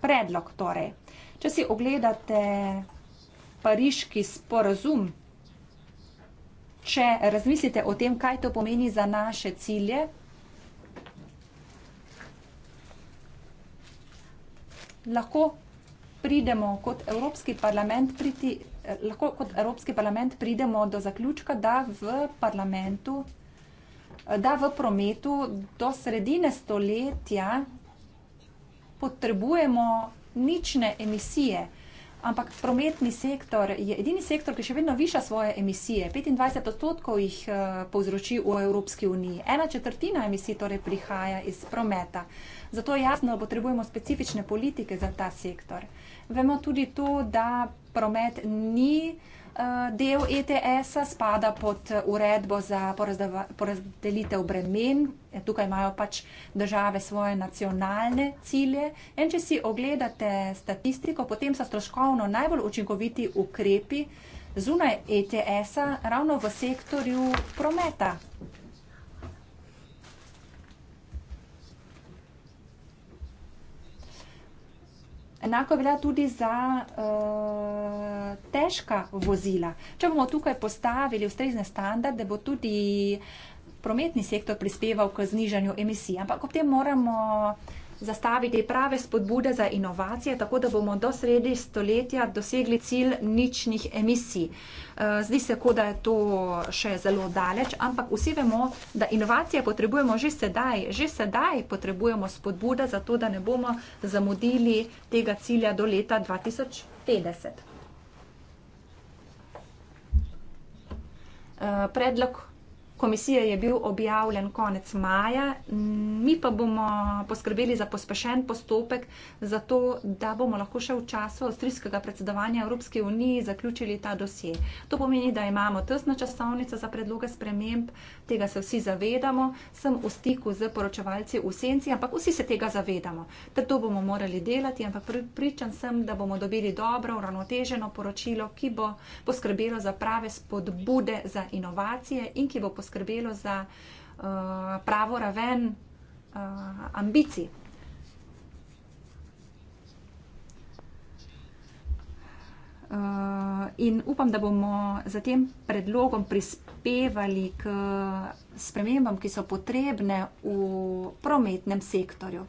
predlog. Torej. Če si ogledate pariški sporazum, če razmislite o tem, kaj to pomeni za naše cilje, lahko pridemo kot Evropski parlament priti, eh, lahko kot Evropski parlament pridemo do zaključka, da v parlamentu, eh, da v prometu do sredine stoletja potrebujemo nične emisije. Ampak prometni sektor je edini sektor, ki še vedno viša svoje emisije. 25 odstotkov jih eh, povzroči v Evropski uniji. Ena četrtina emisij torej prihaja iz prometa. Zato jasno potrebujemo specifične politike za ta sektor. Vemo tudi to, da promet ni. Eh, del ETS-a spada pod uredbo za porazdelitev bremen. Eh, tukaj imajo pač države svoje nacionalne cilje. In če si ogledate statistiko, potem so stroškovno najbolj učinkoviti ukrepi zunaj ETS-a ravno v sektorju prometa. Enako velja tudi za e, težka vozila. Če bomo tukaj postavili ustrezne standarde, bo tudi prometni sektor prispeval k znižanju emisij. Ampak ob tem moramo zastaviti prave spodbude za inovacije, tako da bomo do sredi stoletja dosegli cilj ničnih emisij. Eh, zdi se, kot da je to še zelo daleč, ampak vsi vemo, da inovacije potrebujemo že sedaj. Že sedaj potrebujemo spodbude za to, da ne bomo zamudili tega cilja do leta 2050. Eh, predlog komisije je bil objavljen konec maja, mi pa bomo poskrbeli za pospešen postopek, zato da bomo lahko še v času avstrijskega predsedovanja Evropske unije zaključili ta dosje. To pomeni, da imamo tesno časovnico za predloge sprememb, tega se vsi zavedamo, sem v stiku z poročevalci v senci, ampak vsi se tega zavedamo. To bomo morali delati, ampak pripričan sem, da bomo dobili dobro, uravnoteženo poročilo, ki bo poskrbelo za prave spodbude za inovacije in ki bo poskrbelo poskrbelo za uh, pravo raven uh, ambicij. Uh, in upam, da bomo za tem predlogom prispevali k spremembam, ki so potrebne v prometnem sektorju.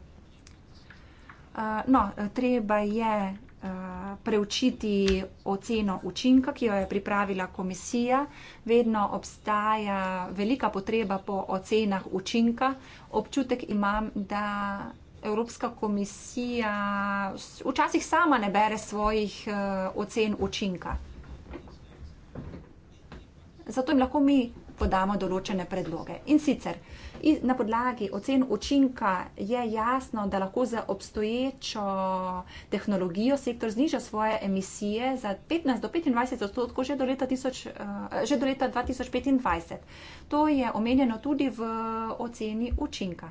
Uh, no, treba je Eh, preučiti oceno učinka, ki jo je pripravila komisija. Vedno obstaja velika potreba po ocenah učinka. Občutek imam, da Evropska komisija včasih sama ne bere svojih eh, ocen učinka. Zato jim lahko mi podamo določene predloge. In sicer, Na podlagi ocen učinka je jasno, da lahko za obstoječo tehnologijo sektor zniža svoje emisije za 15 do 25 odstotkov že do leta, 1000, eh, že do leta 2025. To je omenjeno tudi v oceni učinka.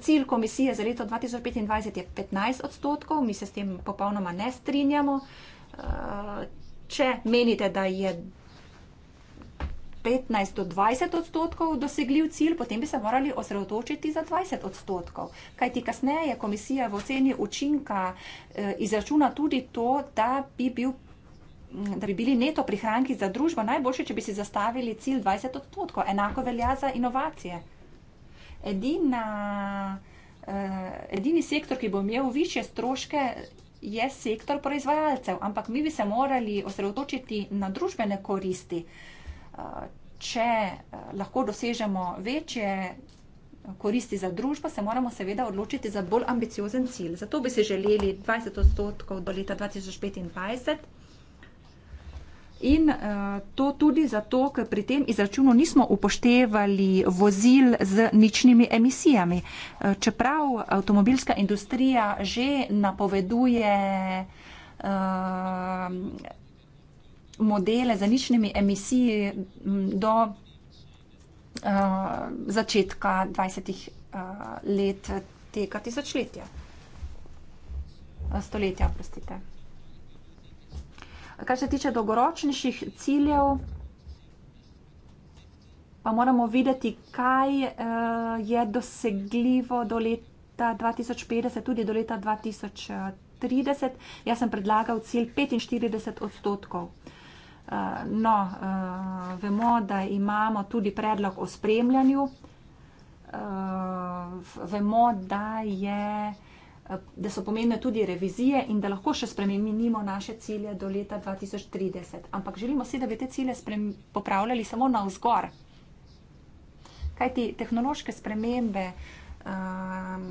Cilj komisije za leto 2025 je 15 odstotkov, mi se s tem popolnoma ne strinjamo. Eh, če menite, da je 15 do 20 odstotkov dosegljiv cilj, potem bi se morali osredotočiti za 20 odstotkov. Kaj ti kasneje je komisija v oceni učinka eh, izračuna tudi to, da bi, bil, mm, da bi bili neto prihranki za družbo najboljše, če bi si zastavili cilj 20 odstotkov. Enako velja za inovacije. Edina, eh, edini sektor, ki bo imel više stroške, je sektor proizvajalcev, ampak mi bi se morali osredotočiti na družbene koristi. Uh, če eh, lahko dosežemo večje koristi za družbo, se moramo seveda odločiti za bolj ambiciozen cilj. Zato bi se želeli 20 odstotkov do leta 2025. In eh, to tudi zato, ker pri tem izračunu nismo upoštevali vozil z ničnimi emisijami. Eh, čeprav avtomobilska industrija že napoveduje uh, modele z ničnimi emisiji do uh, začetka 20. Uh, eh, let tega tisočletja. Eh, stoletja, prostite. Kar se tiče dolgoročnejših ciljev, pa moramo videti, kaj uh, je dosegljivo do leta 2050, tudi do leta 2030. Jaz sem predlagal cilj 45 odstotkov. Eh, no, eh, vemo, da imamo tudi predlog o spremljanju. Eh, vemo, da, je, da so pomembne tudi revizije in da lahko še spremenimo naše cilje do leta 2030. Ampak želimo si, da bi te cilje popravljali samo na vzgor. Kaj ti tehnološke spremembe um,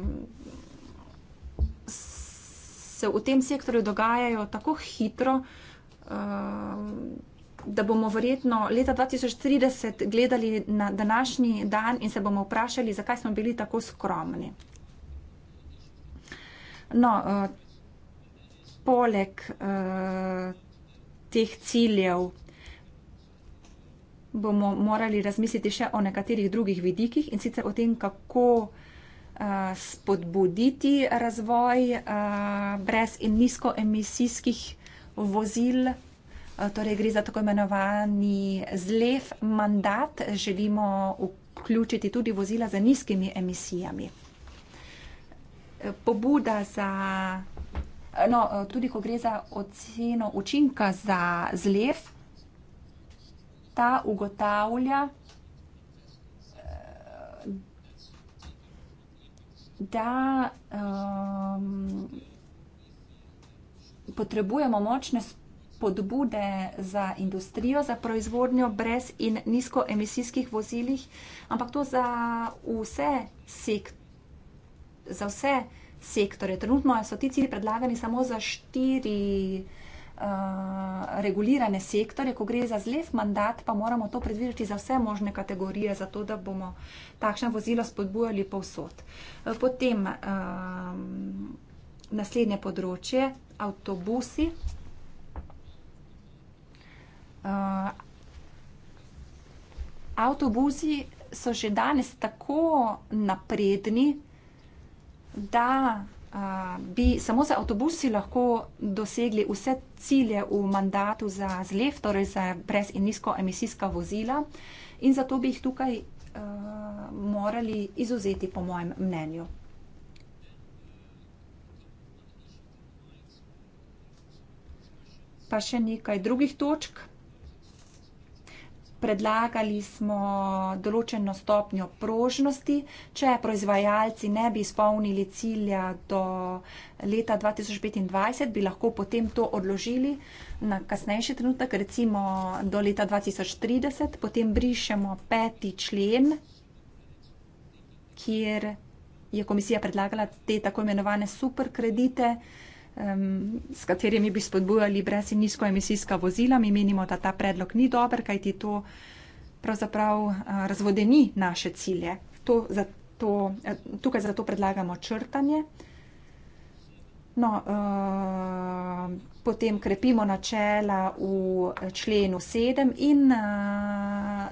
se v tem sektorju dogajajo tako hitro, uh, Um, da bomo verjetno leta 2030 gledali na današnji dan in se bomo vprašali, zakaj smo bili tako skromni. No, uh, poleg uh, teh ciljev bomo morali razmisliti še o nekaterih drugih vidikih in sicer o tem, kako uh, spodbuditi razvoj brez in nizkoemisijskih emisijskih vozil. Eh, torej gre za tako imenovani zlev mandat. Želimo vključiti tudi vozila za nizkimi emisijami. Eh, pobuda za. Eh, no, tudi ko gre za oceno učinka za zlev, ta ugotavlja, da. Um, potrebujemo močne spodbude za industrijo, za proizvodnjo brez in nizkoemisijskih vozilih, ampak to za vse sektorje. Za vse sektore. Trenutno so ti cilji predlagani samo za štiri uh, regulirane sektore. Ko gre za zlev mandat, pa moramo to predvideti za vse možne kategorije, zato da bomo takšna vozila spodbujali povsod. Eh, potem uh, naslednje področje, avtobusi. Eh, avtobusi so že danes tako napredni, da, eh, bi samo z avtobusi lahko dosegli vse cilje v mandatu za ZLEF, torej za brez- in nizkoemisijska vozila, in zato bi jih tukaj, eh, morali izvzeti, po mojem mnenju. pa še nekaj drugih točk. Predlagali smo določeno stopnjo prožnosti. Če proizvajalci ne bi izpolnili cilja do leta 2025, bi lahko potem to odložili na kasnejši trenutek, recimo do leta 2030. Potem brišemo peti člen, kjer je komisija predlagala te tako imenovane superkredite s katerimi bi spodbujali brez in nizkoemisijska vozila. Mi menimo, da ta predlog ni dober, kajti to pravzaprav eh, razvodeni naše cilje. To, zato, eh, tukaj zato predlagamo črtanje. No, eh, potem krepimo načela v členu 7 in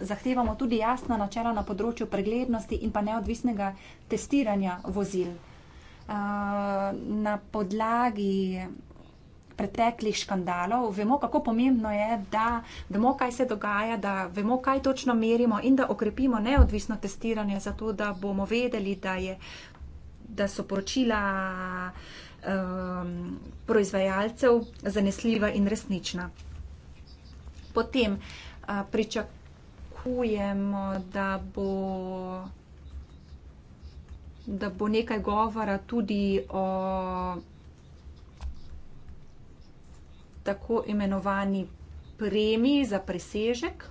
zahtevamo tudi jasna načela na področju preglednosti in pa neodvisnega testiranja vozil. Eh, na podlagi preteklih škandalov, vemo, kako pomembno je, da vemo, kaj se dogaja, da vemo, kaj točno merimo in da okrepimo neodvisno testiranje, zato da bomo vedeli, da, je, da so poročila um, proizvajalcev zanesljiva in resnična. Potem uh, pričakujemo, da bo da bo nekaj govora tudi o tako imenovani premiji za presežek.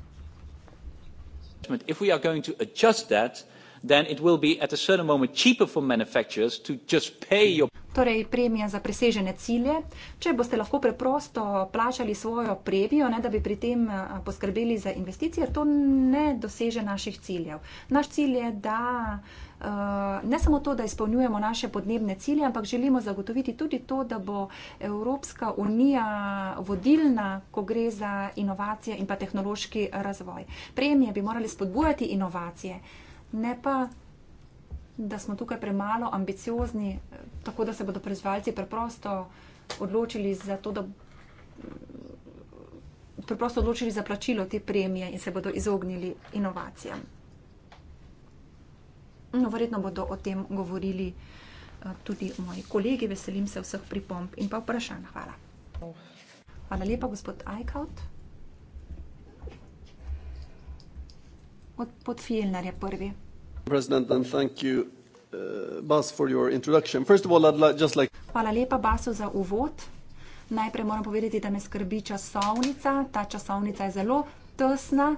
If we are going to adjust that, then it will be at a certain moment cheaper for manufacturers to just pay your. Torej, premija za presežene cilje. Če boste lahko preprosto plačali svojo premijo, ne da bi pri tem poskrbeli za investicije, to ne doseže naših ciljev. Naš cilj je, da uh, Eh, ne samo to, da izpolnjujemo naše podnebne cilje, ampak želimo zagotoviti tudi to, da bo Evropska unija vodilna, ko gre za inovacije in pa tehnološki razvoj. Premije bi morali spodbujati inovacije, ne pa da smo tukaj premalo ambiciozni, eh, tako da se bodo proizvajalci preprosto odločili za to, da mm, preprosto odločili za plačilo te premije in se bodo izognili inovacijam. No, verjetno bodo o tem govorili eh, tudi moji kolegi. Veselim se vseh pripomb in pa vprašanj. Hvala. Hvala lepa, gospod Eichhout. Gospod Fjellner je prvi. Uh, Hvala lepa, Basu, za uvod. Najprej moram povedati, da me skrbi časovnica. Ta časovnica je zelo tesna,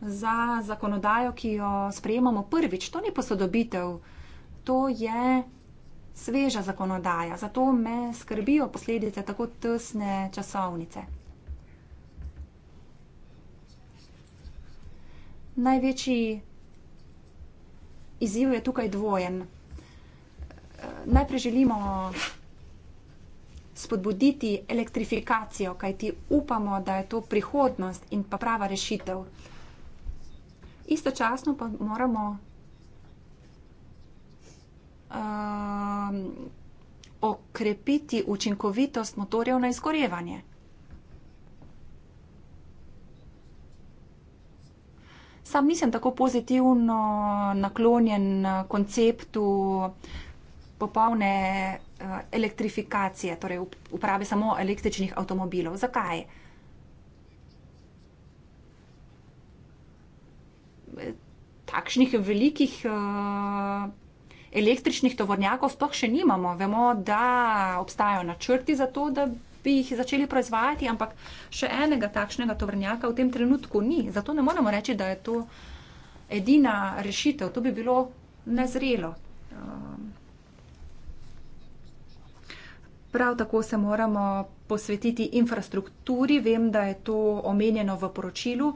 za zakonodajo, ki jo sprejemamo prvič. To ni posodobitev, to je sveža zakonodaja. Zato me skrbijo posledice tako tesne časovnice. Največji izziv je tukaj dvojen. Najprej želimo spodbuditi elektrifikacijo, kajti upamo, da je to prihodnost in pa prava rešitev istočasno pa moramo um, okrepiti učinkovitost motorjev na izgorevanje. Sam nisem tako pozitivno naklonjen konceptu popolne eh, elektrifikacije, torej uporabe samo električnih avtomobilov. Zakaj? takšnih velikih eh, električnih tovornjakov sploh še nimamo. Vemo, da obstajajo načrti za to, da bi jih začeli proizvajati, ampak še enega takšnega tovornjaka v tem trenutku ni. Zato ne moremo reči, da je to edina rešitev. To bi bilo nezrelo. Eh, prav tako se moramo posvetiti infrastrukturi. Vem, da je to omenjeno v poročilu.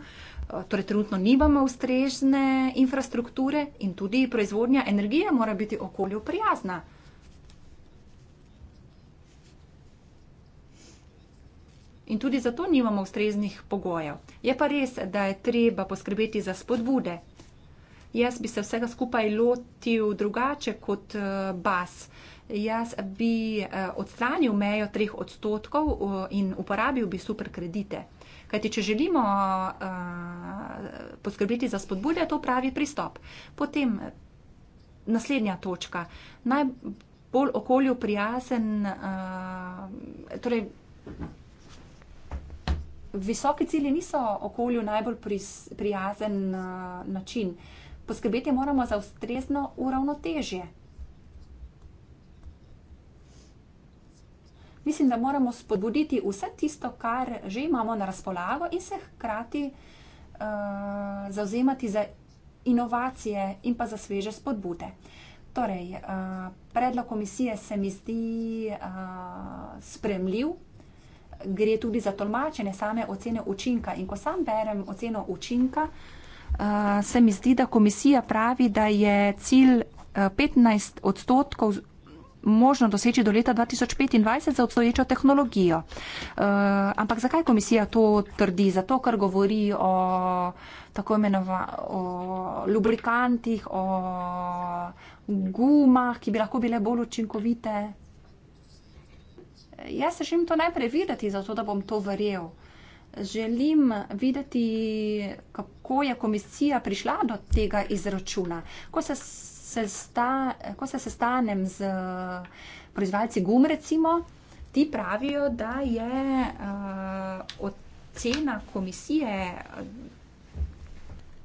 Eh, torej trenutno nimamo ustrezne infrastrukture in tudi proizvodnja energije mora biti okolju prijazna. In tudi zato nimamo ustreznih pogojev. Je pa res, da je treba poskrbeti za spodbude. Jaz bi se vsega skupaj lotil drugače kot eh, bas. Jaz bi eh, odstranil mejo treh odstotkov in uporabil bi superkredite. Kajti, če želimo uh, poskrbeti za spodbude, je to pravi pristop. Potem naslednja točka. Najbolj okolju prijazen, uh, torej. Visoki cilji niso okolju najbolj prijazen eh, način. Poskrbeti moramo za ustrezno uravnotežje. Mislim, da moramo spodbuditi vse tisto, kar že imamo na razpolago, in se hkrati uh, eh, zauzemati za inovacije in pa za sveže spodbude. Torej, uh, predlog komisije se mi zdi uh, spremljiv, gre tudi za tolmačenje same ocene učinka. In ko sam berem oceno učinka, uh, se mi zdi, da komisija pravi, da je cilj uh, 15 odstotkov možno doseči do leta 2025 za obstoječo tehnologijo. Eh, ampak zakaj komisija to trdi? Zato, ker govori o tako imenovanih lubrikantih, o gumah, ki bi lahko bile bolj učinkovite. Jaz se želim to najprej videti, zato da bom to verjel. Želim videti, kako je komisija prišla do tega izračuna. Ko se se, sta, ko se sestanem z eh, proizvajalci gum, recimo, ti pravijo, da je uh, ocena komisije eh,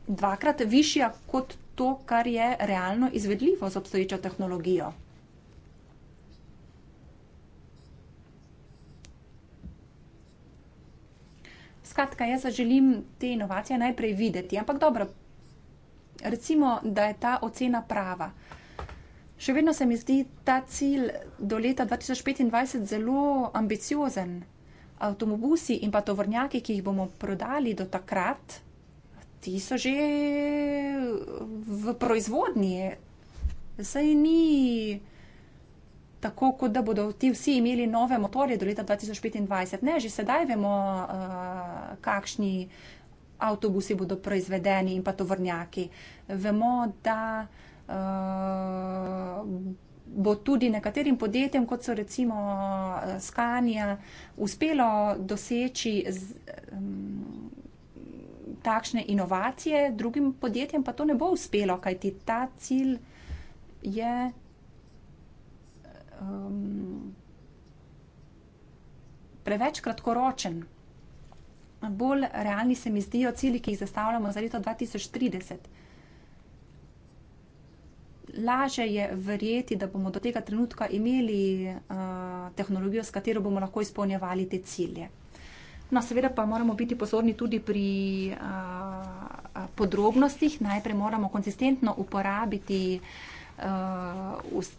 dvakrat višja kot to, kar je realno izvedljivo z obstoječo tehnologijo. Skratka, jaz zaželim te inovacije najprej videti, ampak dobro, recimo, da je ta ocena prava. Še vedno se mi zdi ta cilj do leta 2025 zelo ambiciozen. Avtomobusi in pa tovornjaki, ki jih bomo prodali do takrat, ti so že v proizvodnji. Saj ni tako, kot da bodo ti vsi imeli nove motorje do leta 2025. Ne, že sedaj vemo, uh, kakšni uh, avtobusi bodo proizvedeni in pa tovrnjaki. Vemo, da uh, bo tudi nekaterim podjetjem, kot so recimo eh, Skanja, uspelo doseči z, um, takšne inovacije, drugim podjetjem pa to ne bo uspelo, kajti ta cilj je. Um, ehm, Preveč kratkoročen bolj realni se mi zdijo cilji, ki jih zastavljamo za leto 2030. Laže je verjeti, da bomo do tega trenutka imeli uh, tehnologijo, s katero bomo lahko izpolnjevali te cilje. No, seveda pa moramo biti pozorni tudi pri uh, podrobnostih. Najprej moramo konsistentno uporabiti uh, ustrezno.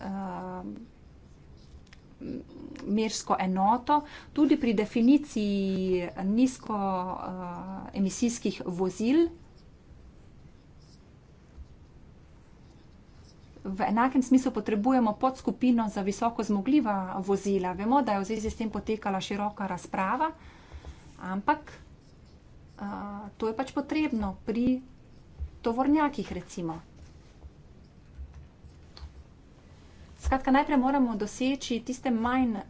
Uh, mersko enoto, tudi pri definiciji nizkoemisijskih eh, vozil. V enakem smislu potrebujemo podskupino za visoko zmogljiva vozila. Vemo, da je v zvezi s tem potekala široka razprava, ampak eh, to je pač potrebno pri tovornjakih recimo. Skratka, najprej moramo doseči tiste manj uh,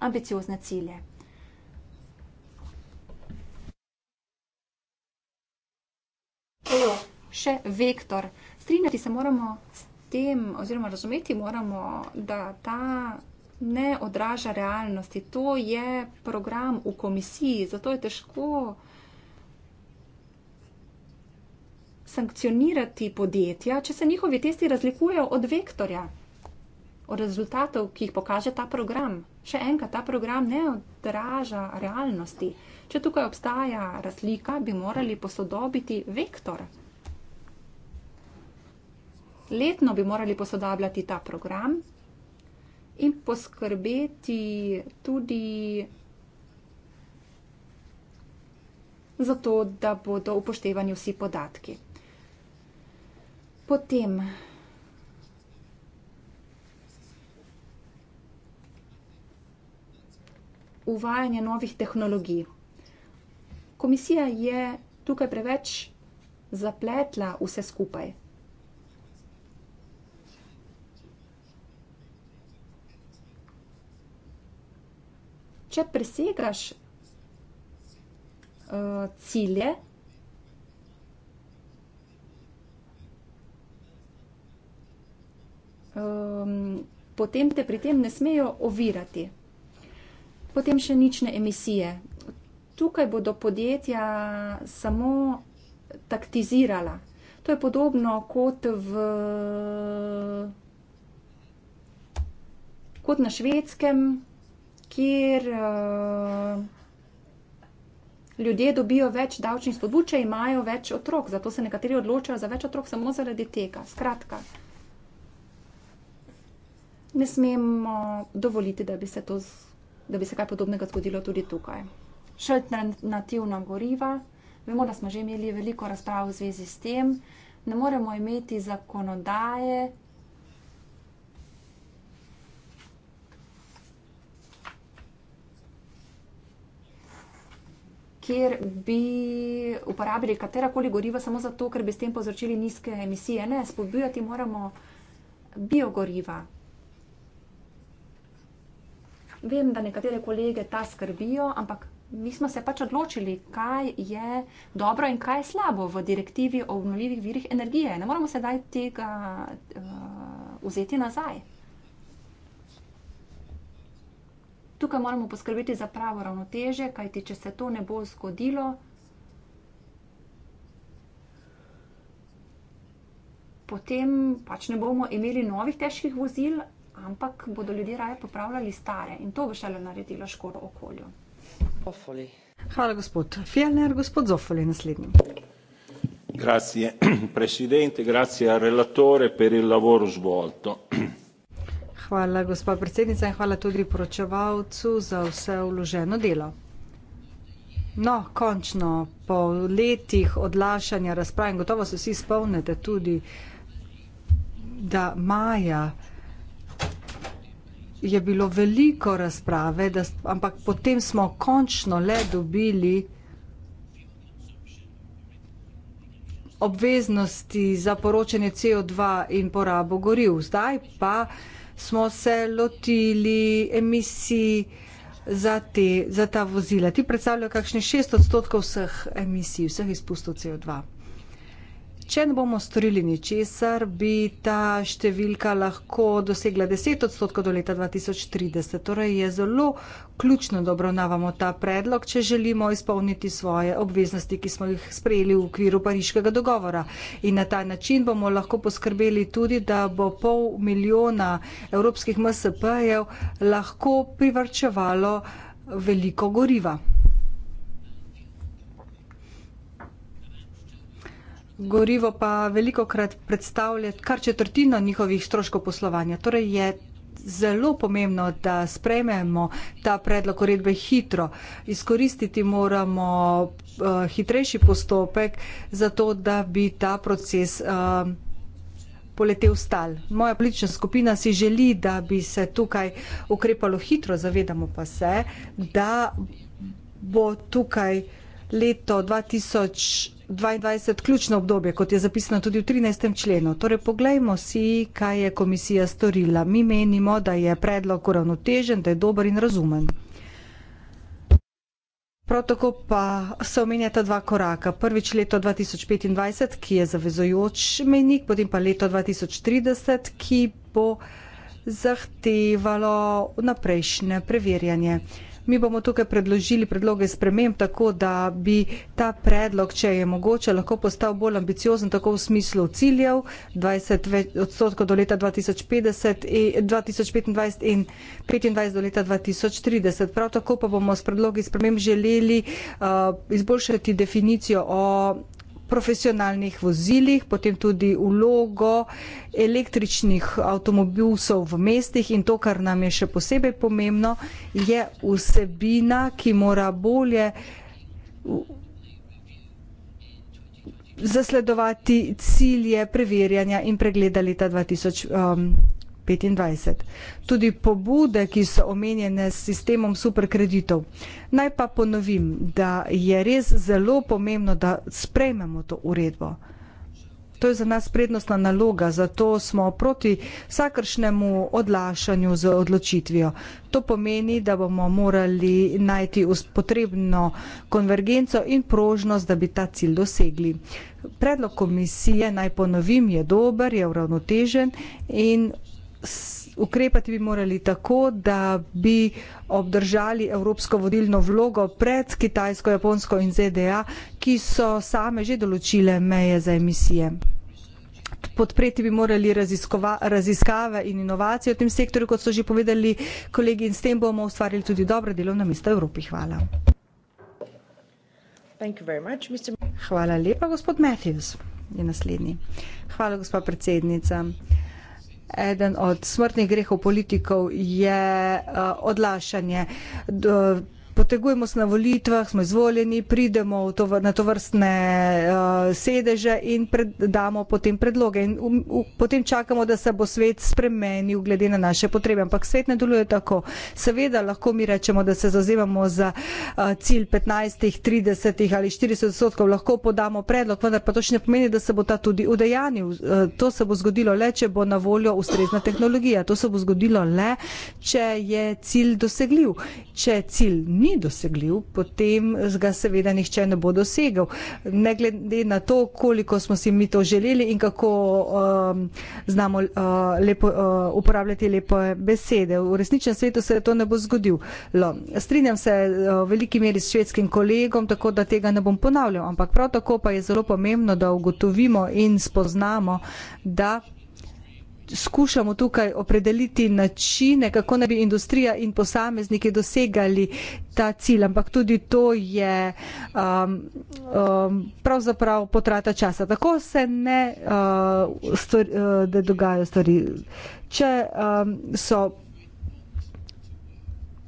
ambiciozne cilje. Hello. Še vektor. Strinjati se moramo s tem, oziroma razumeti moramo, da ta ne odraža realnosti. To je program v komisiji, zato je težko. sankcionirati podjetja, če se njihovi testi razlikujejo od vektorja, od rezultatov, ki jih pokaže ta program. Še enkrat, ta program ne odraža realnosti. Če tukaj obstaja razlika, bi morali posodobiti vektor. Letno bi morali posodabljati ta program in poskrbeti tudi za to, da bodo upoštevani vsi podatki. Potem. Uvajanje novih tehnologij. Komisija je tukaj preveč zapletla vse skupaj. Če presegaš uh, cilje, um, potem te pri tem ne smejo ovirati. Potem še nične emisije. Tukaj bodo podjetja samo taktizirala. To je podobno kot, v, kot na švedskem, kjer uh, ljudje dobijo več davčnih spodbud, če imajo več otrok. Zato se nekateri odločajo za več otrok samo zaradi tega. Skratka, ne smemo dovoliti, da bi se, to, da bi se kaj podobnega zgodilo tudi tukaj. Še alternativna goriva. Vemo, da smo že imeli veliko razprav v zvezi s tem. Ne moremo imeti zakonodaje. Ker bi uporabili katerakoli goriva samo zato, ker bi s tem povzročili nizke emisije. Ne, spodbujati moramo biogoriva, vem, da nekatere kolege ta skrbijo, ampak mi smo se pač odločili, kaj je dobro in kaj je slabo v direktivi o obnovljivih virih energije. Ne moramo sedaj tega uh, vzeti nazaj. Tukaj moramo poskrbeti za pravo ravnoteže, kajti če se to ne bo zgodilo. Potem pač ne bomo imeli novih težkih vozil, ampak bodo ljudje raje popravljali stare in to bo šele naredilo škodo okolju. Zofoli. Hvala, gospod Fjellner. Gospod Zofoli, naslednji. Grazie, presidente, grazie, relatore, per il lavoro svolto. Hvala, gospa predsednica, in hvala tudi poročevalcu za vse vloženo delo. No, končno, po letih odlašanja razprave, in gotovo se vsi spomnite tudi, da maja je bilo veliko razprave, da, ampak potem smo končno le dobili obveznosti za poročanje CO2 in porabo goriv. Zdaj pa smo se lotili emisij za, te, za ta vozila. Ti predstavljajo kakšne 6 odstotkov vseh emisij, vseh izpustov CO2. Če ne bomo storili ničesar, bi ta številka lahko dosegla 10 odstotkov do leta 2030. Torej je zelo ključno, da obravnavamo ta predlog, če želimo izpolniti svoje obveznosti, ki smo jih sprejeli v okviru pariškega dogovora. In na ta način bomo lahko poskrbeli tudi, da bo pol milijona evropskih MSP-jev lahko privrčevalo veliko goriva. gorivo pa veliko krat predstavlja kar četrtino njihovih stroškov poslovanja. Torej je zelo pomembno, da sprejmemo ta predlog uredbe hitro. Izkoristiti moramo uh, hitrejši postopek, zato da bi ta proces. Uh, eh, poletev stal. Moja politična skupina si želi, da bi se tukaj ukrepalo hitro, zavedamo pa se, da bo tukaj uh, leto 2022 ključno obdobje, kot je zapisano tudi v 13. členu. Torej, poglejmo si, kaj je komisija storila. Mi menimo, da je predlog uravnotežen, da je dober in razumen. Prav tako pa se omenjata dva koraka. Prvič leto 2025, ki je zavezojoč menik, potem pa leto 2030, ki bo zahtevalo naprejšnje preverjanje. Mi bomo tukaj predložili predloge sprememb, tako da bi ta predlog, če je mogoče, lahko postal bolj ambiciozen, tako v smislu ciljev 20 odstotkov do leta 2050 e, in, 2025 in 2025 do leta 2030. Prav tako pa bomo s predlogi sprememb želeli uh, izboljšati definicijo o profesionalnih vozilih, potem tudi vlogo električnih avtomobilsov v mestih in to, kar nam je še posebej pomembno, je vsebina, ki mora bolje zasledovati cilje preverjanja in pregledali ta 2000. Um, 2025. Tudi pobude, ki so omenjene s sistemom superkreditov. Naj pa ponovim, da je res zelo pomembno, da sprejmemo to uredbo. To je za nas prednostna naloga, zato smo proti vsakršnemu odlašanju z odločitvijo. To pomeni, da bomo morali najti potrebno konvergenco in prožnost, da bi ta cilj dosegli. Predlog komisije, naj ponovim, je dober, je uravnotežen in ukrepati bi morali tako, da bi obdržali evropsko vodilno vlogo pred Kitajsko, Japonsko in ZDA, ki so same že določile meje za emisije. Podpreti bi morali raziskave in inovacije v tem sektorju, kot so že povedali kolegi, in s tem bomo ustvarili tudi dobre delovna mesta v Evropi. Hvala. Hvala lepa, gospod Matthews je naslednji. Hvala, gospod predsednica eden od smrtnih grehov politikov je eh, odlašanje. Do, potegujemo se na volitvah, smo izvoljeni, pridemo to, na to vrstne uh, eh, sedeže in pred, damo potem predloge. In, um, um, potem čakamo, da se bo svet spremenil glede na naše potrebe. Ampak svet ne deluje tako. Seveda lahko mi rečemo, da se zazivamo za uh, cilj 15, 30 ali 40 odstotkov, lahko podamo predlog, vendar pa to še ne pomeni, da se bo ta tudi udejanil. Uh, eh, to se bo zgodilo le, če bo na voljo ustrezna tehnologija. To se bo zgodilo le, če je cilj dosegljiv. Če cilj ni, ni dosegljiv, potem ga seveda nihče ne bo dosegel. Ne glede na to, koliko smo si mi to želeli in kako um, znamo uh, lepo, uh, uporabljati lepe besede. V resničnem svetu se to ne bo zgodilo. Strinjam se uh, v veliki meri s švedskim kolegom, tako da tega ne bom ponavljal, ampak prav tako pa je zelo pomembno, da ugotovimo in spoznamo, da skušamo tukaj opredeliti načine, kako naj bi industrija in posamezniki dosegali ta cilj, ampak tudi to je um, um, pravzaprav potrata časa. Tako se ne uh, stvari, uh, dogajajo stvari. Če um, so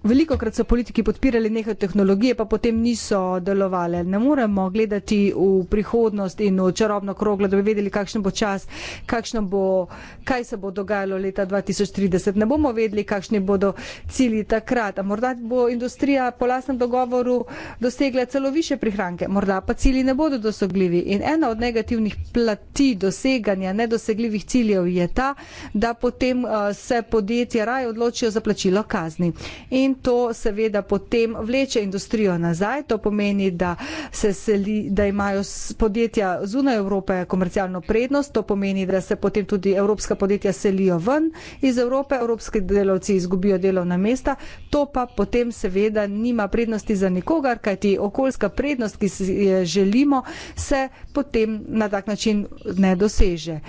Veliko krat so politiki podpirali neke tehnologije, pa potem niso delovale. Ne moremo gledati v prihodnost in v čarobno kroglo, da bi vedeli, kakšen bo čas, kakšno bo, kaj se bo dogajalo leta 2030. Ne bomo vedeli, kakšni bodo cilji takrat. A morda bo industrija po lasnem dogovoru dosegla celo više prihranke, morda pa cilji ne bodo dosegljivi. In ena od negativnih plati doseganja nedosegljivih ciljev je ta, da potem uh, se podjetja raje odločijo za plačilo kazni. In in to seveda potem vleče industrijo nazaj. To pomeni, da, se seli, da imajo podjetja zunaj Evrope komercialno prednost, to pomeni, da se potem tudi evropska podjetja selijo ven iz Evrope, evropski delavci izgubijo delovna mesta. To pa potem seveda nima prednosti za nikogar, kajti okoljska prednost, ki si je želimo, se potem na tak način ne doseže.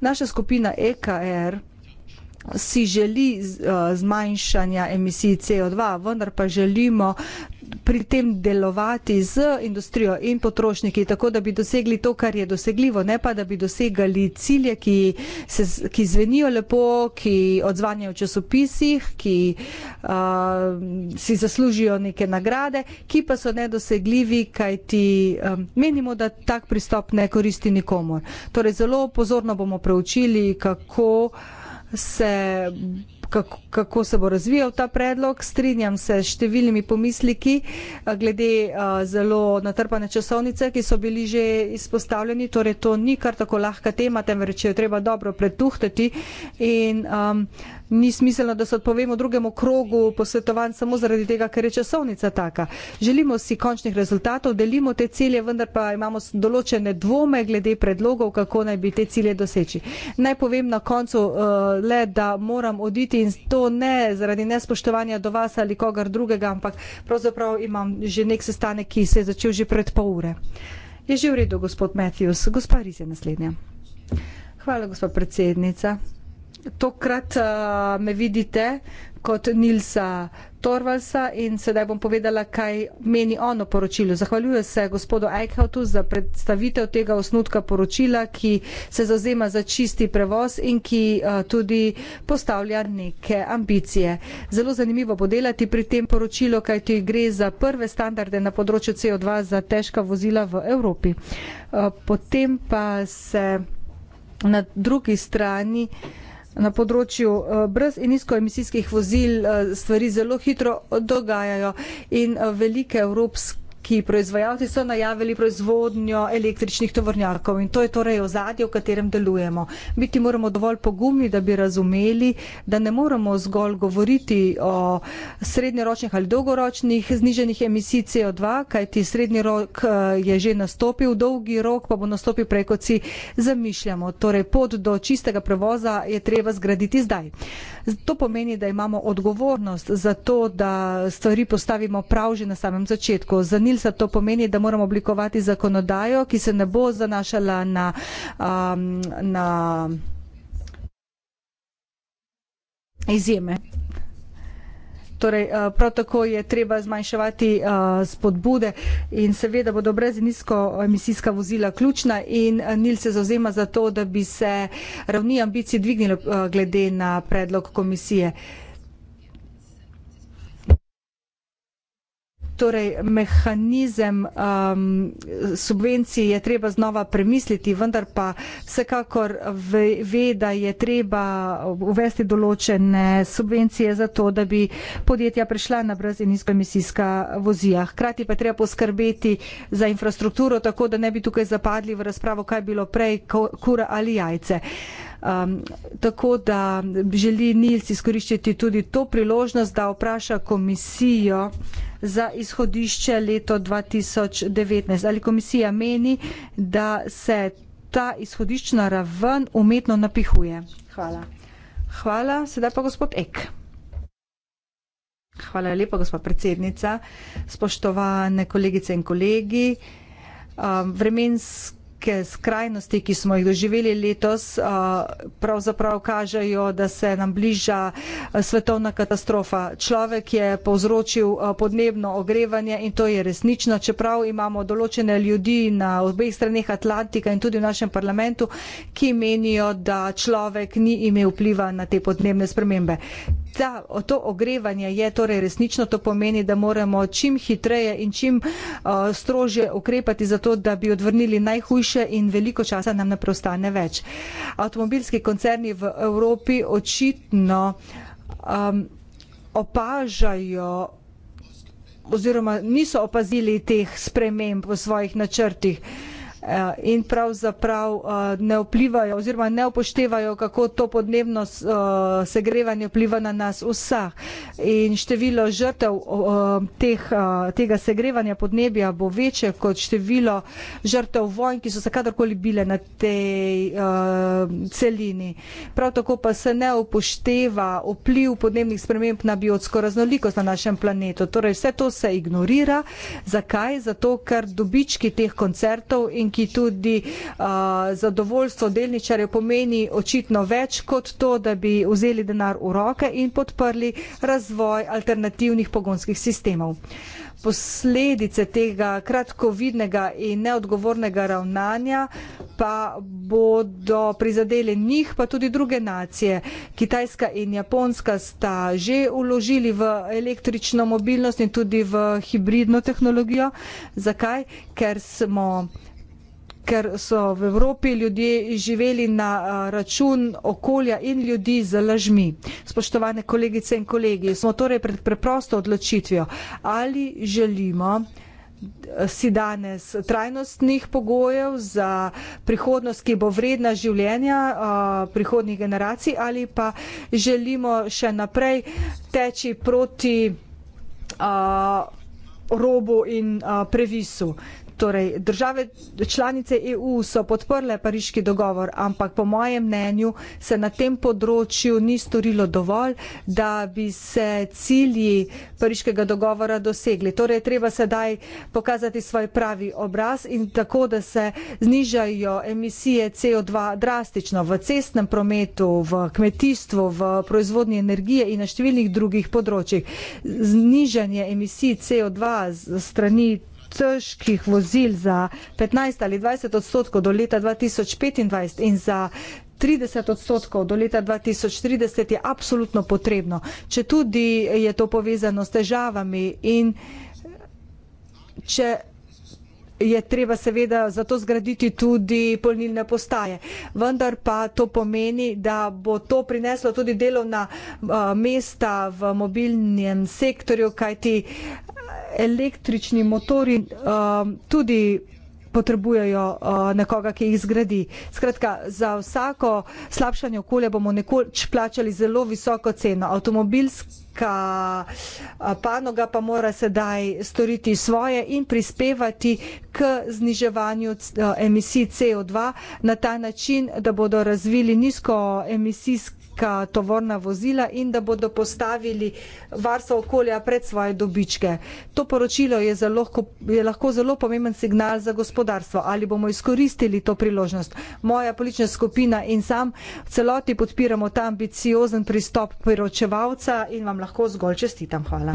Naša skupina EKR si želi eh, zmanjšanja emisij CO2, vendar pa želimo pri tem delovati z industrijo in potrošniki, tako da bi dosegli to, kar je dosegljivo, ne pa da bi dosegali cilje, ki, se, ki zvenijo lepo, ki odzvanjajo v časopisih, ki uh, si zaslužijo neke nagrade, ki pa so nedosegljivi, kaj ti um, eh, menimo, da tak pristop ne koristi nikomor. Torej, zelo pozorno bomo preučili, kako uh, se, kako, kako se bo razvijal ta predlog. Strinjam se s številnimi pomisliki eh, glede eh, zelo natrpane časovnice, ki so bili že izpostavljeni. Torej, to ni kar tako lahka tema, temveč jo treba dobro pretuhtati. In, um, ni smiselno, da se odpovemo drugemu krogu posvetovanj samo zaradi tega, ker je časovnica taka. Želimo si končnih rezultatov, delimo te cilje, vendar pa imamo določene dvome glede predlogov, kako naj bi te cilje doseči. Naj povem na koncu uh, le, da moram oditi in to ne zaradi nespoštovanja do vas ali kogar drugega, ampak pravzaprav imam že nek sestanek, ki se je začel že pred pol ure. Je že v redu, gospod Matthews. Gospa Riz je naslednja. Hvala, gospod predsednica tokrat uh, me vidite kot Nilsa Torvalsa in sedaj bom povedala, kaj meni ono poročilo. Zahvaljujem se gospodu Eichhautu za predstavitev tega osnutka poročila, ki se zazema za čisti prevoz in ki uh, tudi postavlja neke ambicije. Zelo zanimivo bo delati pri tem poročilu, kaj ti gre za prve standarde na področju CO2 za težka vozila v Evropi. Uh, potem pa se na drugi strani. Uh, na področju eh, brez in nizkoemisijskih vozil eh, stvari zelo hitro dogajajo in eh, velike evropske ki proizvajalci so najavili proizvodnjo električnih tovornjakov in to je torej ozadje, v katerem delujemo. Biti moramo dovolj pogumni, da bi razumeli, da ne moramo zgolj govoriti o srednjeročnih ali dolgoročnih zniženih emisij CO2, kajti srednji rok eh, je že nastopil, dolgi rok pa bo nastopil preko si zamišljamo. Torej, pot do čistega prevoza je treba zgraditi zdaj. To pomeni, da imamo odgovornost za to, da stvari postavimo prav že na samem začetku. Zanil nosilca, to pomeni, da moramo oblikovati zakonodajo, ki se ne bo zanašala na. Um, na Izjeme. Torej, uh, prav tako je treba zmanjševati uh, spodbude in seveda bodo brez nizko emisijska vozila ključna in uh, Nil se zauzema za to, da bi se ravni ambicij dvignilo glede na predlog komisije. Torej, mehanizem um, subvencij je treba znova premisliti, vendar pa vsekakor ve, ve, da je treba uvesti določene subvencije za to, da bi podjetja prišla na brez in nizkoemisijska vozija. Hkrati pa treba poskrbeti za infrastrukturo, tako da ne bi tukaj zapadli v razpravo, kaj bilo prej, kura ali jajce. Uh, Um, tako da želi Nils izkoriščiti tudi to priložnost, da vpraša komisijo za izhodišče leto 2019. Ali komisija meni, da se ta izhodiščna raven umetno napihuje? Hvala. Hvala. Sedaj pa gospod Ek. Hvala lepa, gospod predsednica. Spoštovane kolegice in kolegi. Um, vremensk neke skrajnosti, ki smo jih doživeli letos, pravzaprav kažejo, da se nam bliža svetovna katastrofa. Človek je povzročil podnebno ogrevanje in to je resnično, čeprav imamo določene ljudi na obeh stranih Atlantika in tudi v našem parlamentu, ki menijo, da človek ni imel vpliva na te podnebne spremembe. Ta, to ogrevanje je torej resnično, to pomeni, da moramo čim hitreje in čim uh, strožje ukrepati za to, da bi odvrnili najhujše boljše in veliko časa nam ne preostane več. Avtomobilski koncerni v Evropi očitno um, opažajo oziroma niso opazili teh sprememb v svojih načrtih. Eh, in pravzaprav eh, ne vplivajo oziroma ne upoštevajo, kako to podnebno eh, segrevanje vpliva na nas vsa. In število žrtev teh, tega segrevanja podnebja bo večje kot število žrtev vojn, ki so se kadarkoli bile na tej celini. Prav tako pa se ne upošteva vpliv podnebnih sprememb na biotsko raznolikost na našem planetu. Torej vse to se ignorira. Zakaj? Zato, ker dobički teh koncertov in ki tudi uh, zadovoljstvo delničarjev pomeni očitno več kot to, da bi vzeli denar v roke in podprli razvoj alternativnih pogonskih sistemov. Posledice tega kratkovidnega in neodgovornega ravnanja pa bodo prizadeli njih, pa tudi druge nacije. Kitajska in Japonska sta že uložili v električno mobilnost in tudi v hibridno tehnologijo. Zakaj? Ker smo ker so v Evropi ljudje živeli na račun okolja in ljudi z lažmi. Spoštovane kolegice in kolegi, smo torej pred preprosto odločitvijo, ali želimo si danes trajnostnih pogojev za prihodnost, ki bo vredna življenja prihodnih generacij ali pa želimo še naprej teči proti robu in previsu. Torej, države članice EU so podprle pariški dogovor, ampak po mojem mnenju se na tem področju ni storilo dovolj, da bi se cilji pariškega dogovora dosegli. Torej, treba sedaj pokazati svoj pravi obraz in tako, da se znižajo emisije CO2 drastično v cestnem prometu, v kmetijstvu, v proizvodnji energije in na številnih drugih področjih. Znižanje emisij CO2 strani težkih vozil za 15 ali 20 odstotkov do leta 2025 in za 30 odstotkov do leta 2030 je absolutno potrebno. Če tudi je to povezano s težavami in če je treba seveda zato zgraditi tudi polnilne postaje. Vendar pa to pomeni, da bo to prineslo tudi delovna uh, mesta v mobilnem sektorju, kajti uh, električni motori um, tudi potrebujejo uh, nekoga, ki jih zgradi. Skratka, za vsako slabšanje okolja bomo nekoč plačali zelo visoko ceno. Avtomobilska uh, panoga pa mora sedaj storiti svoje in prispevati k zniževanju uh, emisij CO2 na ta način, da bodo razvili nizkoemisijske velika tovorna vozila in da bodo postavili varstvo okolja pred svoje dobičke. To poročilo je, zelo, je lahko zelo pomemben signal za gospodarstvo. Ali bomo izkoristili to priložnost? Moja politična skupina in sam v celoti podpiramo ta ambiciozen pristop poročevalca in vam lahko zgolj čestitam. Hvala.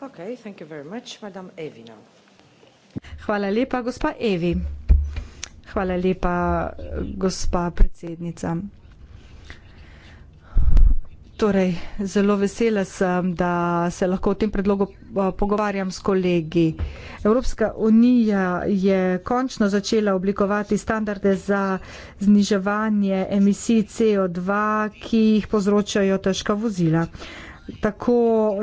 Okay, thank you very much, Madame Evinov. Hvala lepa, gospa Evi. Hvala lepa, gospa predsednica. Torej, zelo vesela sem, da se lahko o tem predlogu eh, pogovarjam s kolegi. Evropska unija je končno začela oblikovati standarde za zniževanje emisij CO2, ki jih povzročajo težka vozila tako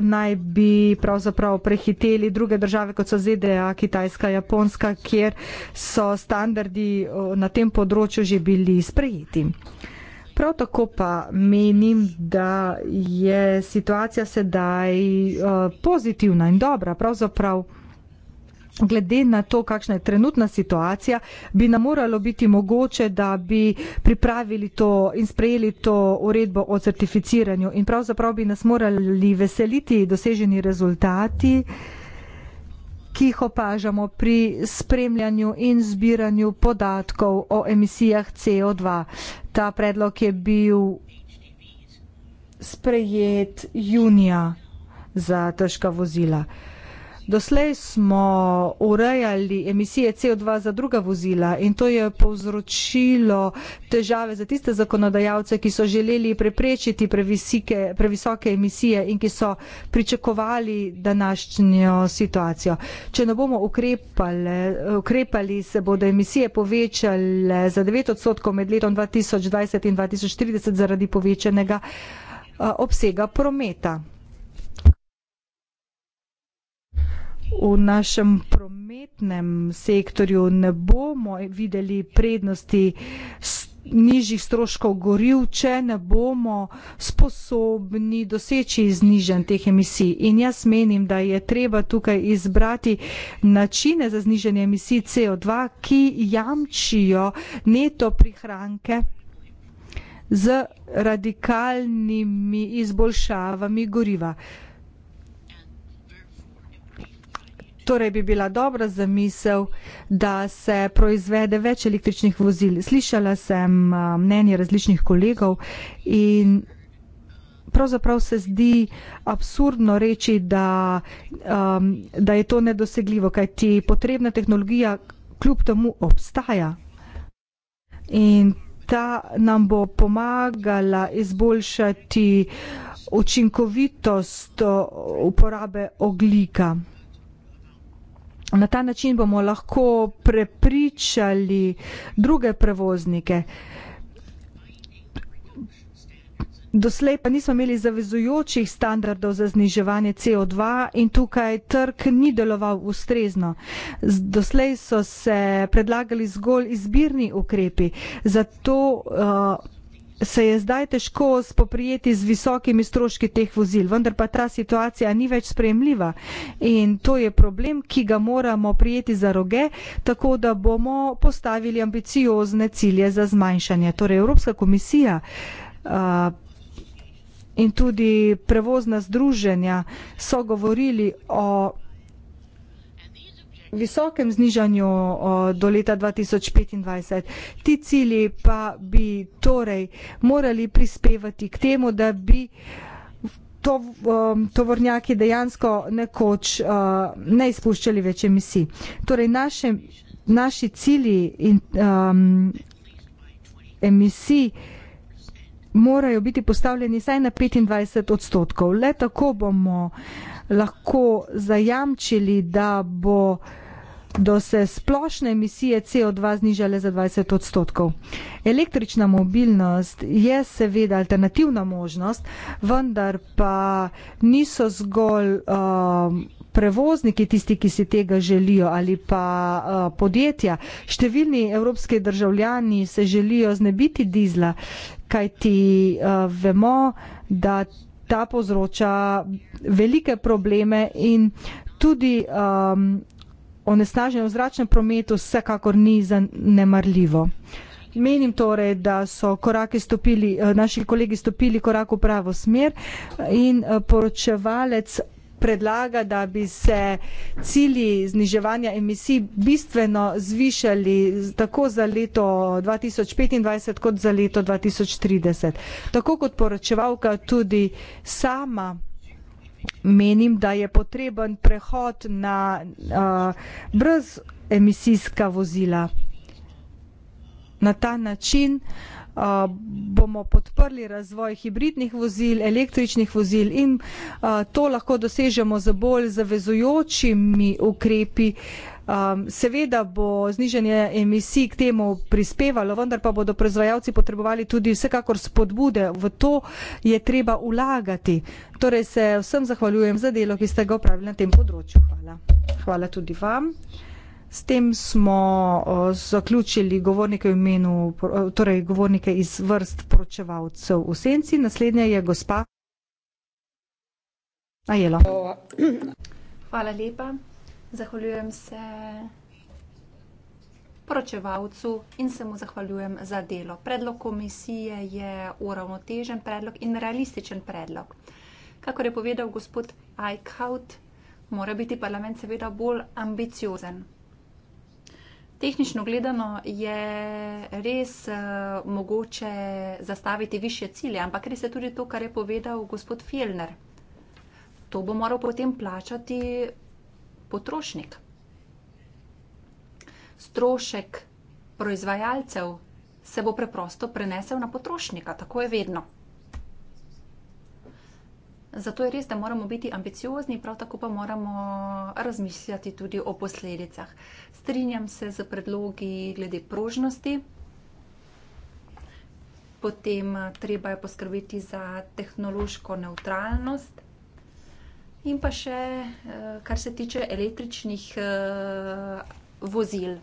naj bi pravzaprav prehiteli druge države, kot so ZDA, Kitajska, Japonska, kjer so standardi na tem področju že bili sprejeti. Prav tako pa menim, da je situacija sedaj pozitivna in dobra. Pravzaprav glede na to, kakšna je trenutna situacija, bi nam moralo biti mogoče, da bi pripravili to in sprejeli to uredbo o certificiranju in pravzaprav bi nas morali veseliti doseženi rezultati, ki jih opažamo pri spremljanju in zbiranju podatkov o emisijah CO2. Ta predlog je bil sprejet junija za težka vozila. Doslej smo urejali emisije CO2 za druga vozila in to je povzročilo težave za tiste zakonodajalce, ki so želeli preprečiti previsike, previsoke emisije in ki so pričakovali današnjo situacijo. Če ne bomo ukrepale, ukrepali, se bodo emisije povečale za 9 odstotkov med letom 2020 in 2030 zaradi povečanega eh, obsega prometa. v našem prometnem sektorju ne bomo videli prednosti nižjih stroškov goril, če ne bomo sposobni doseči znižanj teh emisij. In jaz menim, da je treba tukaj izbrati načine za znižanje emisij CO2, ki jamčijo neto prihranke z radikalnimi izboljšavami goriva. Torej bi bila dobra zamisel, da se proizvede več električnih vozil. Slišala sem uh, mnenje različnih kolegov in pravzaprav se zdi absurdno reči, da, um, da je to nedosegljivo, kaj ti potrebna tehnologija kljub temu obstaja. In ta nam bo pomagala izboljšati učinkovitost uh, uporabe oglika na ta način bomo lahko prepričali druge prevoznike. Doslej pa nismo imeli zavezujočih standardov za zniževanje CO2 in tukaj trg ni deloval ustrezno. Doslej so se predlagali zgolj izbirni ukrepi, zato uh, se je zdaj težko spoprijeti z visokimi stroški teh vozil, vendar pa ta situacija ni več spremljiva in to je problem, ki ga moramo prijeti za roge, tako da bomo postavili ambiciozne cilje za zmanjšanje. Torej, Evropska komisija in tudi prevozna združenja so govorili o visokem znižanju do leta 2025. Ti cilji pa bi torej morali prispevati k temu, da bi to, to vrnjaki dejansko nekoč ne izpuščali več emisij. Torej naše, naši cilji in um, emisij morajo biti postavljeni saj na 25 odstotkov. Le tako bomo uh, lahko zajamčili, da bo do se splošne emisije CO2 znižale za 20 odstotkov. Električna mobilnost je seveda alternativna možnost, vendar pa niso zgolj uh, prevozniki tisti, ki si tega želijo ali pa uh, podjetja. Številni evropski državljani se želijo znebiti dizla, kajti uh, vemo, da ta povzroča velike probleme in tudi um, onesnaženje v zračnem prometu vsekakor ni zanemarljivo. Menim torej, da so stopili, eh, naši kolegi stopili korak v pravo smer in eh, poročevalec predlaga, da bi se cilji zniževanja emisij bistveno zvišali tako za leto 2025 kot za leto 2030. Tako kot poročevalka tudi sama. Menim, da je potreben prehod na uh, eh, brezemisijska vozila. Na ta način uh, bomo podprli razvoj hibridnih vozil, električnih vozil in to lahko dosežemo z bolj zavezujočimi ukrepi. Seveda bo znižanje emisij k temu prispevalo, vendar pa bodo proizvajalci potrebovali tudi vsekakor spodbude. V to je treba ulagati. Torej se vsem zahvaljujem za delo, ki ste ga opravili na tem področju. Hvala. Hvala tudi vam. S tem smo zaključili govornike, imenu, torej govornike iz vrst poročevalcev v senci. Naslednja je gospa Ajela. Hvala lepa. Zahvaljujem se poročevalcu in se mu zahvaljujem za delo. Predlog komisije je uravnotežen predlog in realističen predlog. Kakor je povedal gospod Eichhout, mora biti parlament seveda bolj ambiciozen. Tehnično gledano je res uh, mogoče zastaviti više cilje, ampak res je tudi to, kar je povedal gospod Fjellner. To bo moral potem plačati potrošnik. Strošek proizvajalcev se bo preprosto prenesel na potrošnika, tako je vedno. Zato je res, da moramo biti ambiciozni, prav tako pa moramo razmišljati tudi o posledicah. Strinjam se z predlogi glede prožnosti. Potem eh, treba je poskrbeti za tehnološko neutralnost. In pa še, eh, kar se tiče električnih eh, vozil.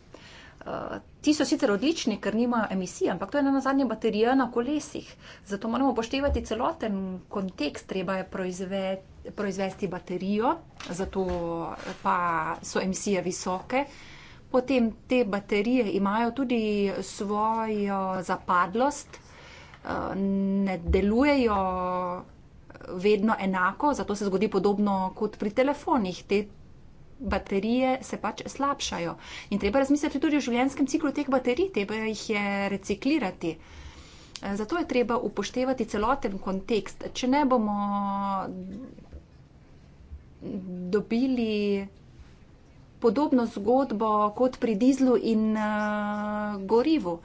Ti so sicer odlični, ker nimajo emisije, ampak to je na zadnje baterija na kolesih. Zato moramo poštevati celoten kontekst, treba je proizve, proizvesti baterijo, zato pa so emisije visoke. Potem te baterije imajo tudi svojo zapadlost, eh, ne delujejo vedno enako, zato se zgodi podobno kot pri telefonih. Te baterije se pač slabšajo. In treba razmisliti tudi o življenjskem ciklu teh baterij, treba jih je reciklirati. Eh, zato je treba upoštevati celoten kontekst. Če ne bomo dobili podobno zgodbo kot pri dizlu in uh, gorivu.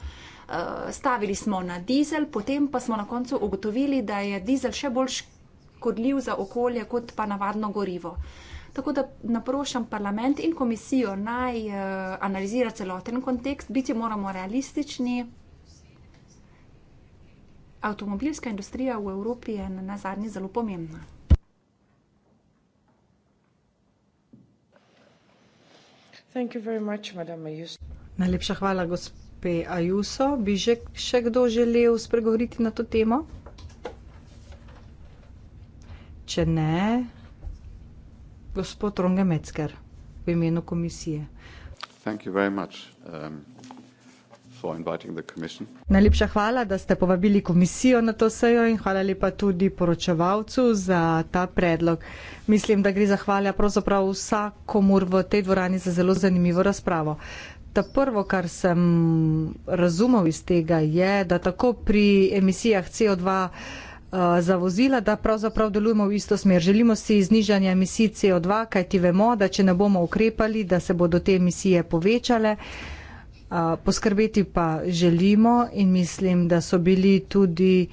Eh, stavili smo na dizel, potem pa smo na koncu ugotovili, da je dizel še bolj škodljiv za okolje kot pa navadno gorivo. Uh, Tako da naprošam parlament in komisijo naj eh, analizira celoten kontekst, biti moramo realistični. Avtomobilska industrija v Evropi je na zadnji zelo pomembna. Najlepša hvala, gospe Ajuso. Bi že še kdo želel spregovoriti na to temo? Če ne, gospod Runge Metzger v imenu komisije. Um, Najlepša hvala, da ste povabili komisijo na to sejo in hvala lepa tudi poročevalcu za ta predlog. Mislim, da gre zahvalja pravzaprav vsakomur v tej dvorani za zelo zanimivo razpravo. Ta prvo, kar sem razumel iz tega, je, da tako pri emisijah CO2 Eh, za vozila, da pravzaprav delujemo v isto smer. Želimo si znižanje emisij CO2, kajti vemo, da če ne bomo ukrepali, da se bodo te emisije povečale. Eh, poskrbeti pa želimo in mislim, da so bili tudi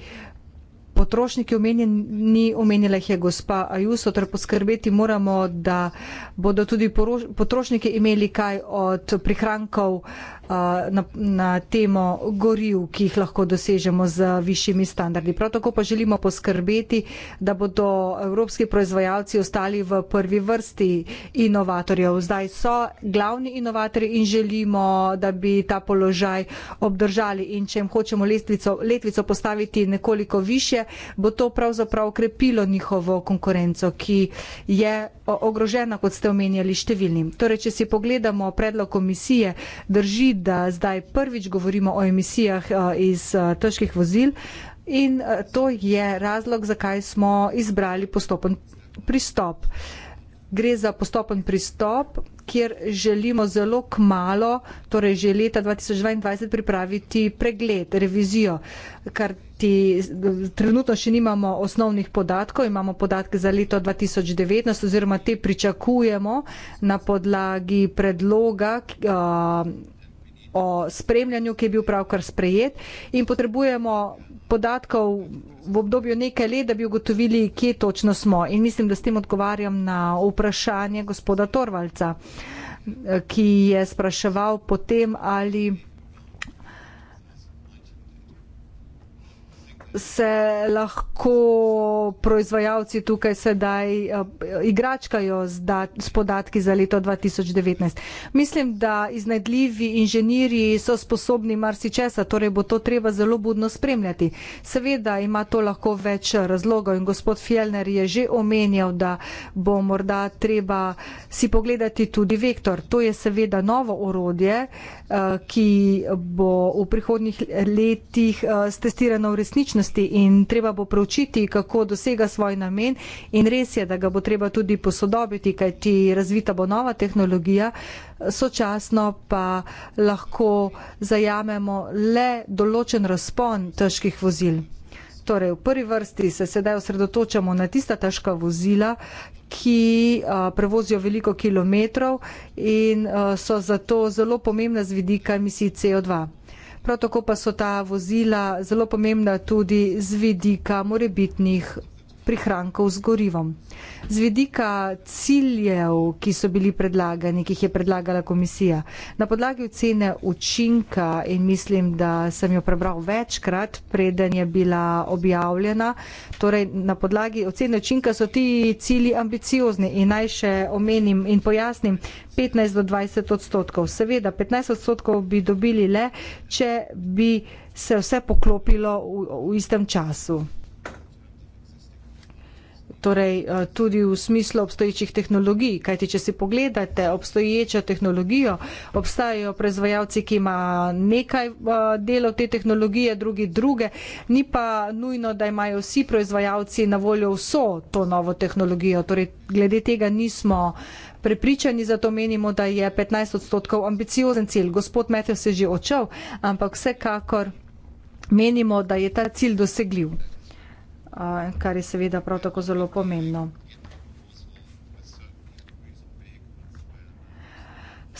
potrošniki omenjeni, omenjala jih je gospa Ajuso, ter torej poskrbeti moramo, da bodo tudi potrošniki imeli kaj od prihrankov uh, Eh, na, na temo goriv, ki jih lahko dosežemo z višjimi standardi. Prav tako pa želimo poskrbeti, da bodo evropski proizvajalci ostali v prvi vrsti inovatorjev. Zdaj so glavni inovatorji in želimo, da bi ta položaj obdržali. In če jim hočemo letvico, letvico postaviti nekoliko više, bo to pravzaprav krepilo njihovo konkurenco, ki je ogrožena, kot ste omenjali, številnim. Torej, če si pogledamo predlog komisije, drži da zdaj prvič govorimo o emisijah eh, iz eh, težkih vozil in eh, to je razlog, zakaj smo izbrali postopen pristop. Gre za postopen pristop, kjer želimo zelo kmalo, torej že leta 2022, pripraviti pregled, revizijo, kar ti trenutno še nimamo osnovnih podatkov, imamo podatke za leto 2019 oziroma te pričakujemo na podlagi predloga. Uh, o spremljanju, ki je bil pravkar sprejet in potrebujemo podatkov v obdobju nekaj let, da bi ugotovili, kje točno smo. In mislim, da s tem odgovarjam na vprašanje gospoda Torvalca, ki je spraševal potem ali. se lahko proizvajalci tukaj sedaj uh, igračkajo z, da, z podatki za leto 2019. Mislim, da iznajdljivi inženirji so sposobni marsičesa, torej bo to treba zelo budno spremljati. Seveda ima to lahko več razlogov in gospod Fjellner je že omenjal, da bo morda treba si pogledati tudi vektor. To je seveda novo orodje. Uh, Eh, ki bo v prihodnjih letih eh, testirana v resničnosti in treba bo preučiti, kako dosega svoj namen in res je, da ga bo treba tudi posodobiti, kajti razvita bo nova tehnologija, sočasno pa lahko zajamemo le določen razpon težkih vozil torej v prvi vrsti se sedaj osredotočamo na tista težka vozila, ki a, prevozijo veliko kilometrov in a, so zato zelo pomembna z vidika emisij CO2. Prav tako pa so ta vozila zelo pomembna tudi z vidika morebitnih prihrankov z gorivom. Z vidika ciljev, ki so bili predlagani, ki jih je predlagala komisija, na podlagi ocene učinka in mislim, da sem jo prebral večkrat, preden je bila objavljena, torej na podlagi ocene učinka so ti cilji ambiciozni in naj še omenim in pojasnim 15 do 20 odstotkov. Seveda, 15 odstotkov bi dobili le, če bi se vse poklopilo v, v istem času torej eh, tudi v smislu obstoječih tehnologij. Kajti, če si pogledate obstoječo tehnologijo, obstajajo proizvajalci, ki ima nekaj eh, delov te tehnologije, drugi druge, ni pa nujno, da imajo vsi proizvajalci na voljo vso to novo tehnologijo. Torej, glede tega nismo. Prepričani zato menimo, da je 15 odstotkov ambiciozen cilj. Gospod Metev se je že očel, ampak vsekakor menimo, da je ta cilj dosegljiv kar je seveda prav tako zelo pomembno.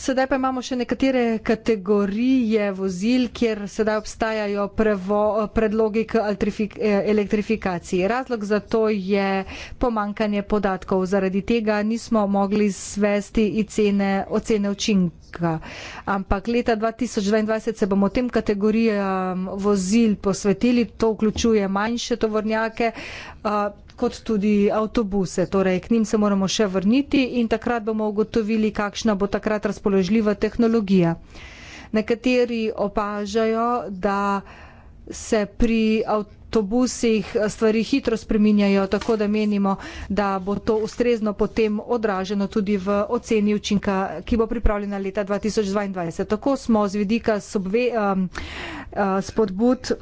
Sedaj pa imamo še nekatere kategorije vozil, kjer sedaj obstajajo prevo, predlogi k elektrifikaciji. Razlog za to je pomankanje podatkov. Zaradi tega nismo mogli svesti cene, ocene učinka. Ampak leta 2022 se bomo tem kategorijam vozil posvetili. To vključuje manjše tovornjake kot tudi avtobuse. Torej, k njim se moramo še vrniti in takrat bomo ugotovili, kakšna bo takrat razpoložljiva tehnologija. Nekateri opažajo, da se pri avtobusih stvari hitro spreminjajo, tako da menimo, da bo to ustrezno potem odraženo tudi v oceni učinka, ki bo pripravljena leta 2022. Tako smo z vidika subve, um, uh, spodbud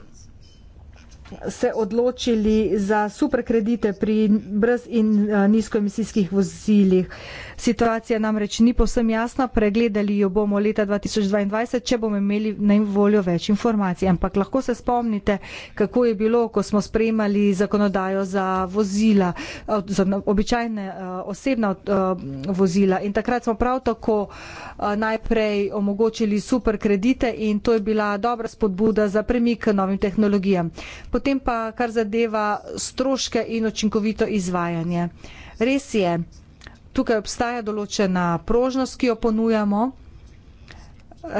se odločili za superkredite pri brez in eh, nizkoemisijskih vozilih. Uh, Situacija namreč ni povsem jasna, pregledali jo bomo leta 2022, če bomo imeli na voljo več informacij. Ampak lahko se spomnite, kako je bilo, ko smo sprejemali zakonodajo za vozila, za no, običajne eh, osebna eh, vozila. In takrat smo prav tako eh, najprej omogočili super kredite in to je bila dobra spodbuda za premik novim tehnologijam. Potem pa kar zadeva stroške in učinkovito izvajanje. Res je, tukaj obstaja določena prožnost, ki jo ponujamo.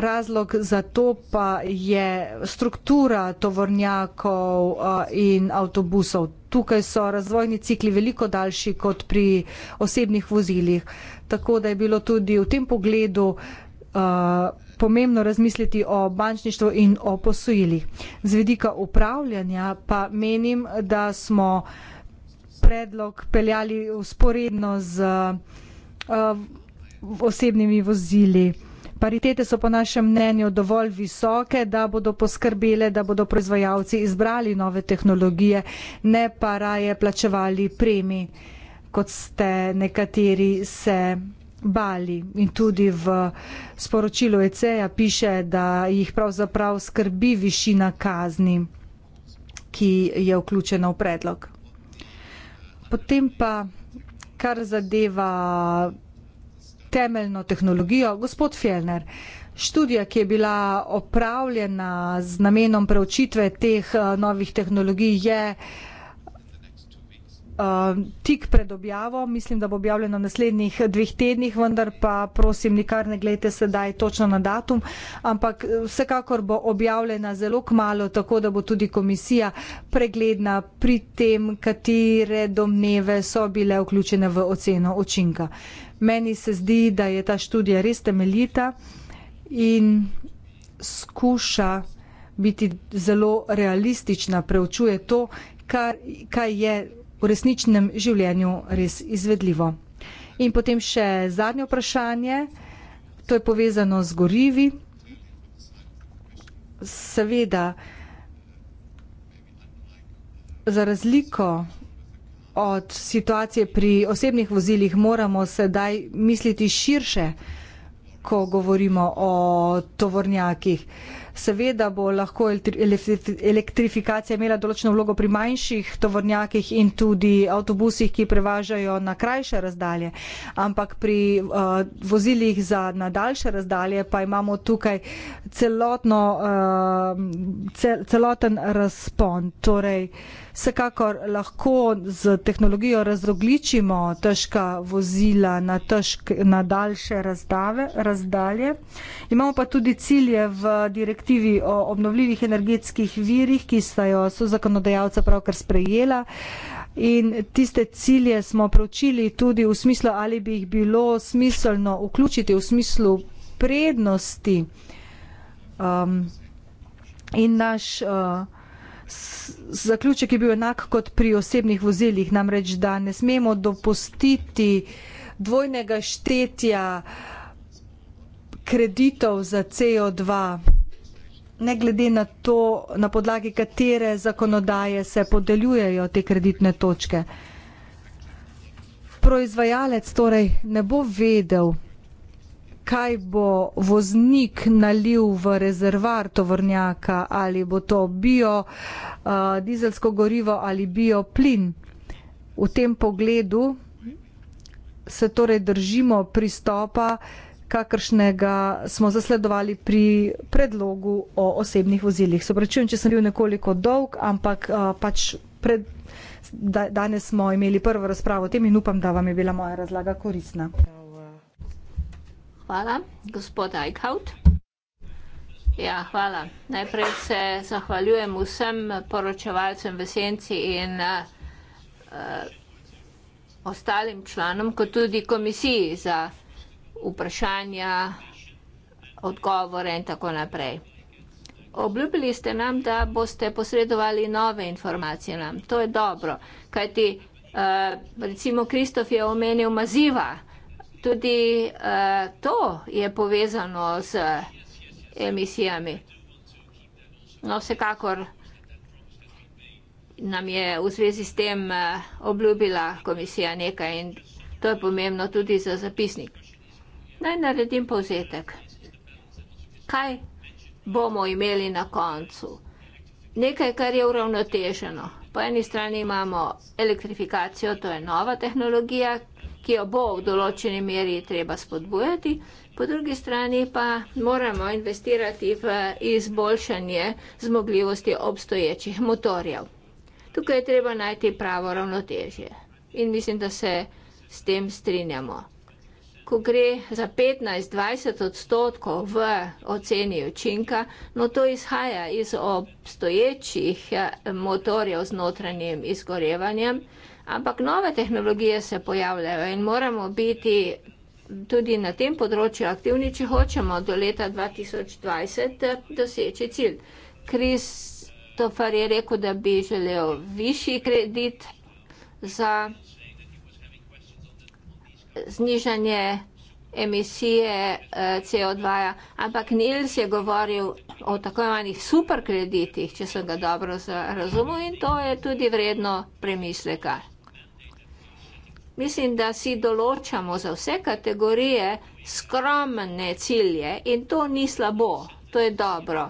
Razlog za to pa je struktura tovornjakov uh, in avtobusov. Tukaj so razvojni cikli veliko daljši kot pri osebnih vozilih. Tako da je bilo tudi v tem pogledu uh, pomembno razmisliti o bančništvu in o posojilih. Z vedika upravljanja pa menim, da smo predlog peljali usporedno z eh, osebnimi vozili. Paritete so po našem mnenju dovolj visoke, da bodo poskrbele, da bodo proizvajalci izbrali nove tehnologije, ne pa raje plačevali premi, kot ste nekateri se bali. In tudi v sporočilu ECE-ja piše, da jih pravzaprav skrbi višina kazni, ki je vključena v predlog potem pa, kar zadeva temeljno tehnologijo, gospod Fjellner, študija, ki je bila opravljena z namenom preučitve teh eh, novih tehnologij, je uh, uh, tik pred objavo, mislim, da bo objavljeno v naslednjih dveh tednih, vendar pa prosim, nikar ne gledajte sedaj točno na datum, ampak eh, vsekakor bo objavljena zelo kmalo, tako da bo tudi komisija pregledna pri tem, katere domneve so bile vključene v oceno učinka. Meni se zdi, da je ta študija res temeljita in skuša biti zelo realistična, preučuje to, kar, kaj je v resničnem življenju res izvedljivo. In potem še zadnje vprašanje, to je povezano z gorivi. Seveda, za razliko od situacije pri osebnih vozilih moramo sedaj misliti širše, ko govorimo o tovornjakih. Uh, Seveda bo lahko elektrifikacija imela določeno vlogo pri manjših tovornjakih in tudi avtobusih, ki prevažajo na krajše razdalje, ampak pri uh, vozilih za nadaljše razdalje pa imamo tukaj celotno, uh, cel, celoten razpon. Torej, uh, Vsekakor lahko z tehnologijo razogličimo težka vozila na, težk, na daljše razdave, razdalje. Imamo pa tudi cilje v direktivi o obnovljivih energetskih virih, ki sta jo so zakonodajalca pravkar sprejela. In tiste cilje smo preučili tudi v smislu, ali bi jih bilo smiselno vključiti v smislu prednosti um, in naš. Uh, zaključek je bil enak kot pri osebnih vozilih, namreč, da ne smemo dopustiti dvojnega štetja kreditov za CO2, ne glede na to, na podlagi katere zakonodaje se podeljujejo te kreditne točke. Proizvajalec torej ne bo vedel, kaj bo voznik nalil v rezervar tovornjaka, ali bo to bio uh, dizelsko gorivo ali bio plin. V tem pogledu se torej držimo pristopa, kakršnega smo zasledovali pri predlogu o osebnih vozilih. Soprečujem, če sem bil nekoliko dolg, ampak uh, pač pred. Danes smo imeli prvo razpravo o tem in upam, da vam je bila moja razlaga koristna. Hvala, gospod Eichhout. Ja, hvala. Najprej se zahvaljujem vsem poročevalcem v Senci in uh, ostalim članom, kot tudi komisiji za vprašanja, odgovore in tako naprej. Obljubili ste nam, da boste posredovali nove informacije nam. To je dobro, kajti uh, recimo Kristof je omenil maziva. Tudi uh, to je povezano z emisijami. No, vsekakor nam je v zvezi s tem uh, obljubila komisija nekaj in to je pomembno tudi za zapisnik. Naj naredim povzetek. Kaj bomo imeli na koncu? Nekaj, kar je uravnoteženo. Po eni strani imamo elektrifikacijo, to je nova tehnologija, ki jo bo v določeni meri treba spodbujati, po drugi strani pa moramo investirati v izboljšanje zmogljivosti obstoječih motorjev. Tukaj je treba najti pravo ravnotežje in mislim, da se s tem strinjamo. Ko gre za 15-20 odstotkov v oceni učinka, no to izhaja iz obstoječih eh, motorjev z notranjim izgorevanjem. Ampak nove tehnologije se pojavljajo in moramo biti tudi na tem področju aktivni, če hočemo do leta 2020 eh, doseči cilj. Kristofar je rekel, da bi želel višji kredit za znižanje emisije eh, CO2, ampak Nils je govoril o tako imenih superkreditih, če sem ga dobro razumel, in to je tudi vredno premisleka mislim, da si določamo za vse kategorije skromne cilje in to ni slabo, to je dobro.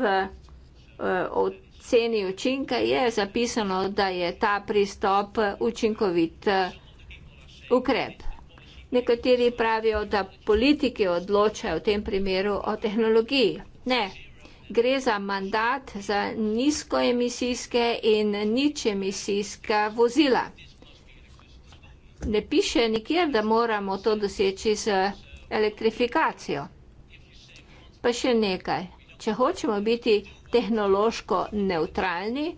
V uh, oceni učinka je zapisano, da je ta pristop učinkovit uh, ukrep. Nekateri pravijo, da politiki odločajo v tem primeru o tehnologiji. Ne, gre za mandat za nizkoemisijske in ničemisijska vozila ne piše nikjer, da moramo to doseči z elektrifikacijo. Pa še nekaj. Če hočemo biti tehnološko neutralni,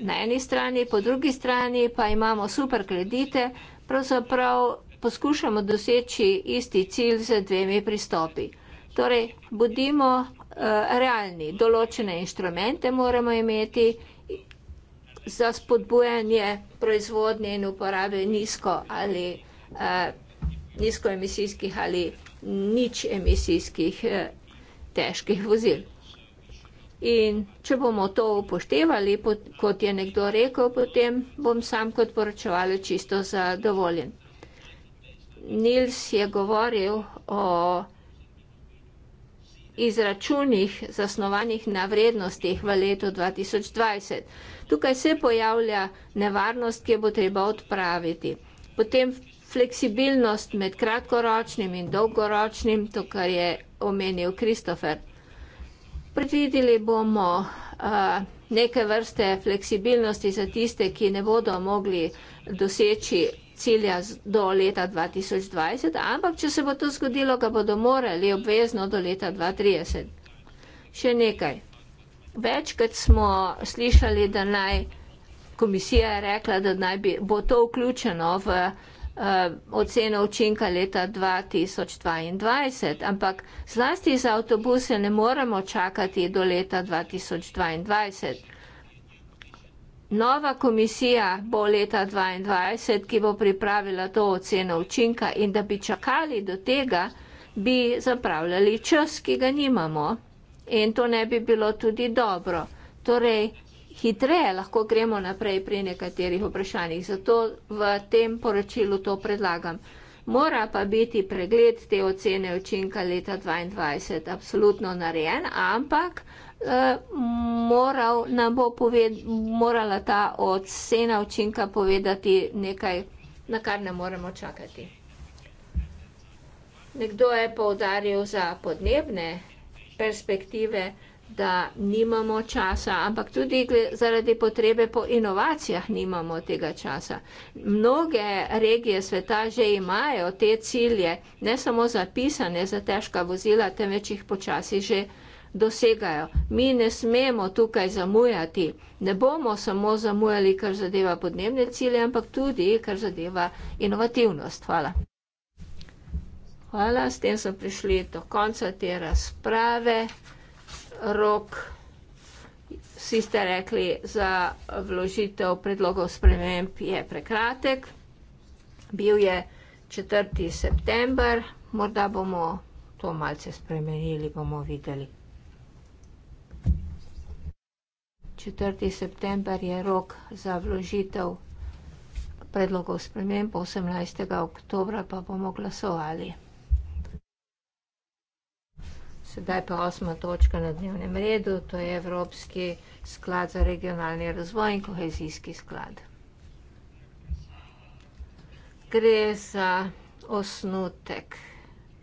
na eni strani, po drugi strani pa imamo super kredite, pravzaprav poskušamo doseči isti cilj z dvemi pristopi. Torej, bodimo uh, realni, določene inštrumente moramo imeti za spodbujanje proizvodnje in uporabe nizko ali eh, nizkoemisijskih ali nič emisijskih eh, težkih vozil. In če bomo to upoštevali, kot je nekdo rekel, potem bom sam kot poročevalo čisto zadovoljen. Nils je govoril o vsega, izračunih, zasnovanih na vrednostih v letu 2020. Tukaj se pojavlja nevarnost, ki jo bo treba odpraviti. Potem fleksibilnost med kratkoročnim in dolgoročnim, to, kar je omenil Kristofer. Predvideli bomo uh, neke vrste fleksibilnosti za tiste, ki ne bodo mogli doseči cilja do leta 2020, ampak če se bo to zgodilo, ga bodo morali obvezno do leta 2030. Še nekaj. Večkrat smo slišali, da naj komisija je rekla, da naj bi, bo to vključeno v uh, oceno učinka leta 2022, ampak zlasti za avtobuse ne moremo čakati do leta 2022 nova komisija bo leta 2022, ki bo pripravila to oceno učinka in da bi čakali do tega, bi zapravljali čas, ki ga nimamo in to ne bi bilo tudi dobro. Torej, hitreje lahko gremo naprej pri nekaterih vprašanjih, zato v tem poročilu to predlagam. Mora pa biti pregled te ocene učinka leta 2022 absolutno narejen, ampak moral nam bo poved, morala ta ocena učinka povedati nekaj, na kar ne moremo čakati. Nekdo je povdaril za podnebne perspektive, da nimamo časa, ampak tudi zaradi potrebe po inovacijah nimamo tega časa. Mnoge regije sveta že imajo te cilje, ne samo zapisane za težka vozila, temveč jih počasi že dosegajo. Mi ne smemo tukaj zamujati. Ne bomo samo zamujali, kar zadeva podnebne cilje, ampak tudi, kar zadeva inovativnost. Hvala. Hvala, s tem smo prišli do konca te razprave. Rok, vsi ste rekli, za vložitev predlogov sprememb je prekratek. Bil je 4. september, morda bomo to malce spremenili, bomo videli. četrti september je rok za vložitev predlogov sprememb, osemnajstega oktobra pa bomo glasovali. Sedaj pa osma točka na dnevnem redu, to je Evropski sklad za regionalni razvoj in kohezijski sklad. Gre za osnutek,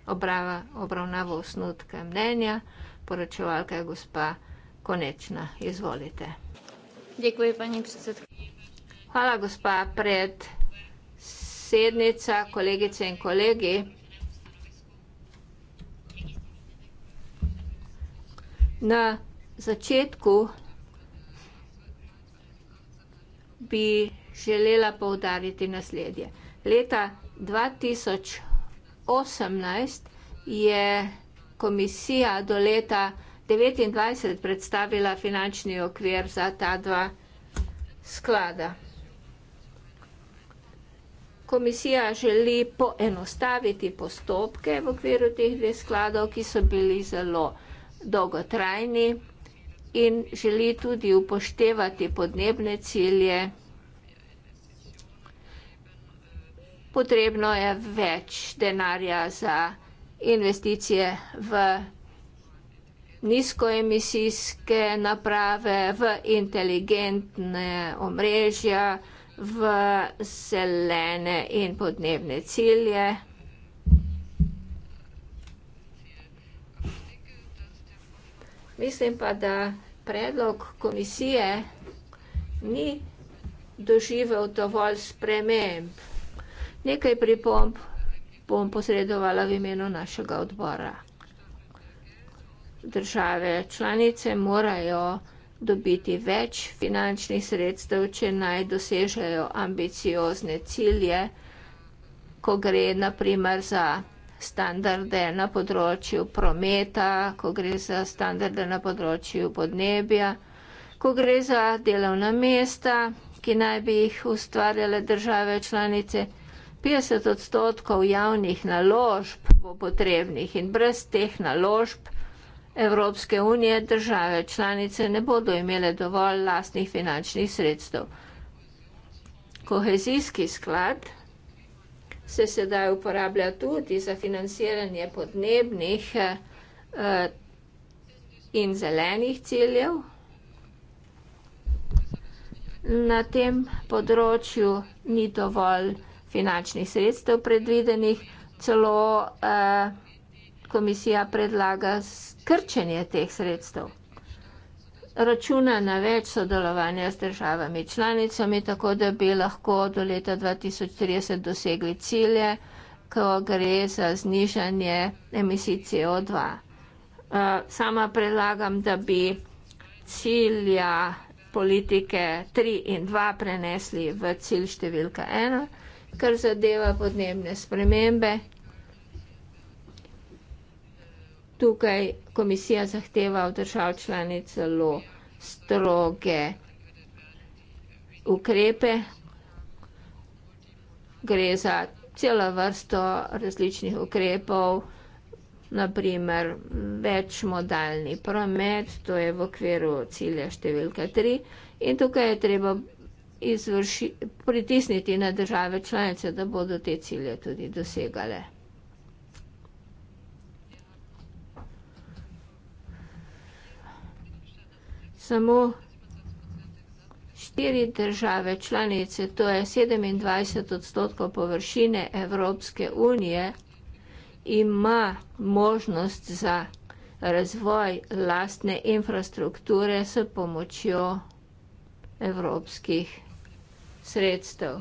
obrava, obravnava osnutka mnenja, poročevalka je gospa Konečna, izvolite. Děkuji, paní předsedkyně. Hvala, gospa predsednica, kolegice in kolegi. Na začetku bi želela povdariti naslednje. Leta 2018 je komisija do leta 2018 devetindvajset predstavila finančni okvir za ta dva sklada. Komisija želi poenostaviti postopke v okviru teh dveh skladov, ki so bili zelo dolgotrajni in želi tudi upoštevati podnebne cilje. Potrebno je več denarja za investicije v nizkoemisijske naprave, v inteligentne omrežja, v zelene in podnebne cilje. Mislim pa, da predlog komisije ni doživel dovolj sprememb. Nekaj pripomb bom posredovala v imenu našega odbora države članice morajo dobiti več finančnih sredstev, če naj dosežejo ambiciozne cilje, ko gre na primer za standarde na področju prometa, ko gre za standarde na področju podnebja, ko gre za delovna mesta, ki naj bi jih ustvarjale države članice. 50 odstotkov javnih naložb bo potrebnih in brez teh naložb Evropske unije države članice ne bodo imele dovolj lastnih finančnih sredstev. Kohezijski sklad se sedaj uporablja tudi za financiranje podnebnih eh, eh, in zelenih ciljev. Na tem področju ni dovolj finančnih sredstev predvidenih, celo vsega, eh, komisija predlaga skrčenje teh sredstev. Računa na več sodelovanja z državami članicami, tako da bi lahko do leta 2030 dosegli cilje, ko gre za znižanje emisij CO2. Sama predlagam, da bi cilja politike 3 in 2 prenesli v cilj številka 1, kar zadeva podnebne spremembe, tukaj komisija zahteva od držav članic zelo stroge ukrepe. Gre za celo vrsto različnih ukrepov, naprimer večmodalni promet, to je v okviru cilja številka tri, in tukaj je treba pritisniti na države članice, da bodo te cilje tudi dosegale. samo štiri države članice, to je sedemindvajset odstotkov površine Evropske unije, ima možnost za razvoj lastne infrastrukture s pomočjo evropskih sredstev.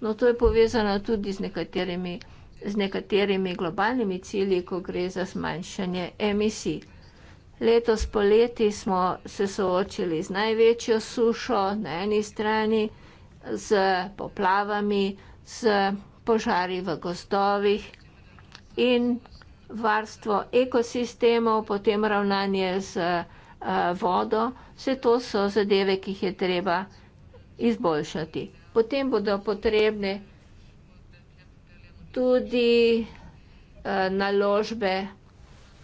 No, to je povezano tudi z nekaterimi z nekaterimi globalnimi cilji, ko gre za zmanjšanje emisij. Letos poleti smo se soočili z največjo sušo na eni strani, z poplavami, z požari v gozdovih in varstvo ekosistemov, potem ravnanje z eh, vodo. Vse to so zadeve, ki jih je treba izboljšati. Potem bodo potrebne tudi eh, naložbe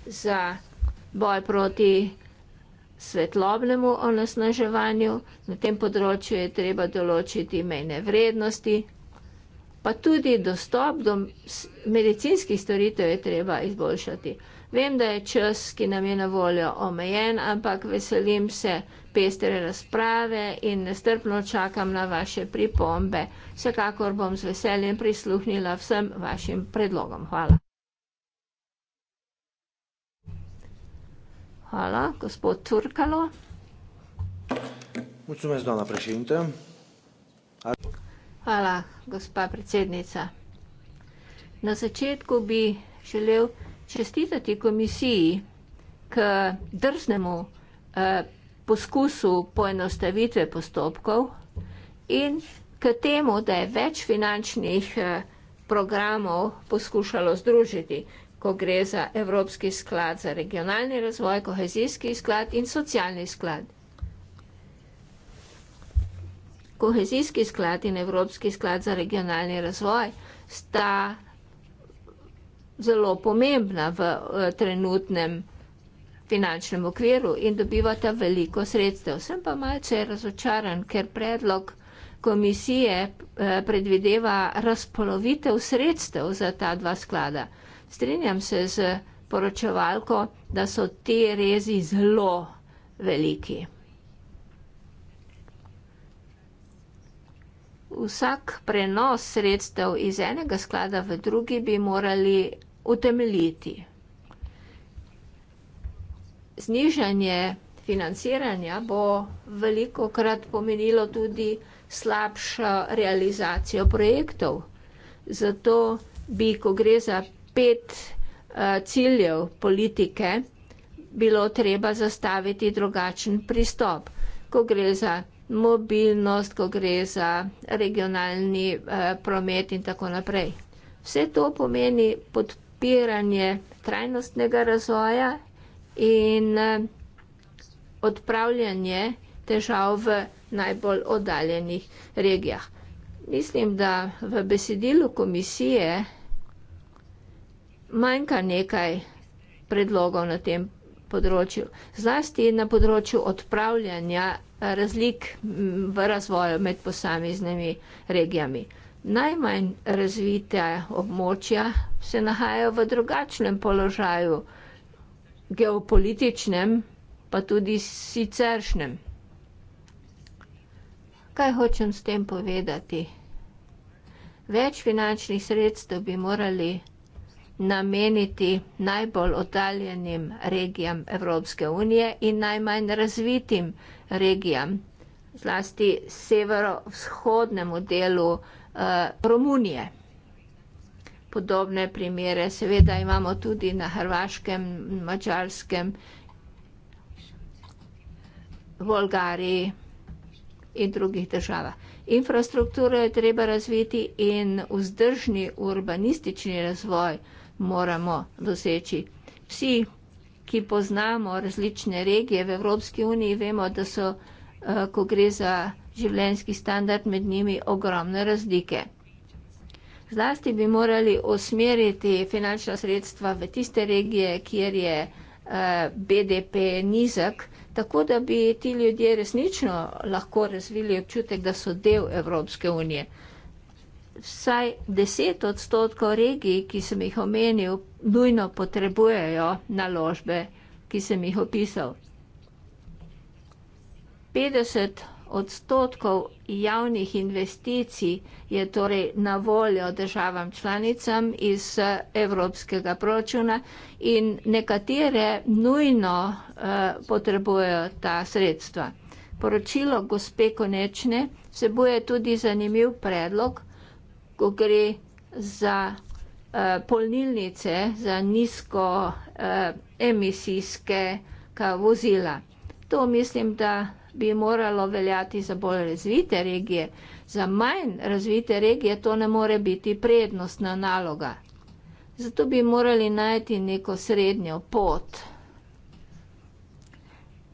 za boj proti svetlobnemu onesnaževanju, na tem področju je treba določiti mejne vrednosti, pa tudi dostop do medicinskih storitev je treba izboljšati. Vem, da je čas, ki nam je na voljo omejen, ampak veselim se pestre razprave in nestrpno čakam na vaše pripombe. Vsekakor bom z veseljem prisluhnila vsem vašim predlogom. Hvala. Hvala. Gospod Turkalo. Mulțumesc, doamna președinte. Hvala, gospa predsednica. Na začetku bi želel čestitati komisiji k drznemu eh, poskusu poenostavitve postopkov in k temu, da je več finančnih eh, programov poskušalo združiti ko gre za Evropski sklad za regionalni razvoj, kohezijski sklad in socialni sklad. Kohezijski sklad in Evropski sklad za regionalni razvoj sta zelo pomembna v eh, trenutnem finančnem okviru in dobivata veliko sredstev. Sem pa malce razočaran, ker predlog komisije eh, predvideva razpolovitev sredstev za ta dva sklada. Strenjam se z poročevalko, da so te rezi zelo veliki. Vsak prenos sredstev iz enega sklada v drugi bi morali utemeljiti. Znižanje financiranja bo veliko krat pomenilo tudi slabšo realizacijo projektov. Zato bi, ko gre za pet eh, ciljev politike bilo treba zastaviti drugačen pristop, ko gre za mobilnost, ko gre za regionalni eh, promet in tako naprej. Vse to pomeni podpiranje trajnostnega razvoja in eh, odpravljanje težav v najbolj oddaljenih regijah. Mislim, da v besedilu komisije manjka nekaj predlogov na tem področju. Zlasti na področju odpravljanja eh, razlik v razvoju med posameznimi regijami. Najmanj razvita območja se nahajajo v drugačnem položaju, geopolitičnem, pa tudi siceršnjem. Kaj hočem s tem povedati? Več finančnih sredstev bi morali nameniti najbolj oddaljenim regijam Evropske unije in najmanj razvitim regijam, zlasti severovzhodnemu delu uh, Romunije. Podobne primere seveda imamo tudi na Hrvaškem, Mačarskem, Bolgariji in drugih državah. Infrastrukturo je treba razviti in vzdržni urbanistični razvoj uh, moramo doseči. Vsi, ki poznamo različne regije v Evropski uniji, vemo, da so, eh, ko gre za življenjski standard, med njimi ogromne razlike. Zlasti bi morali usmeriti finančna sredstva v tiste regije, kjer je eh, BDP nizek, tako da bi ti ljudje resnično lahko razvili občutek, da so del Evropske unije vsaj 10 odstotkov regij, ki sem jih omenil, nujno potrebujejo naložbe, ki sem jih opisal. 50 odstotkov javnih investicij je torej na voljo državam članicam iz eh, evropskega proračuna in nekatere nujno uh, potrebujejo ta sredstva. Poročilo gospe Konečne vsebuje tudi zanimiv predlog, ko gre za uh, polnilnice, za nizko uh, emisijske vozila. To mislim, da bi moralo veljati za bolj razvite regije. Za manj razvite regije to ne more biti prednostna naloga. Zato bi morali najti neko srednjo pot,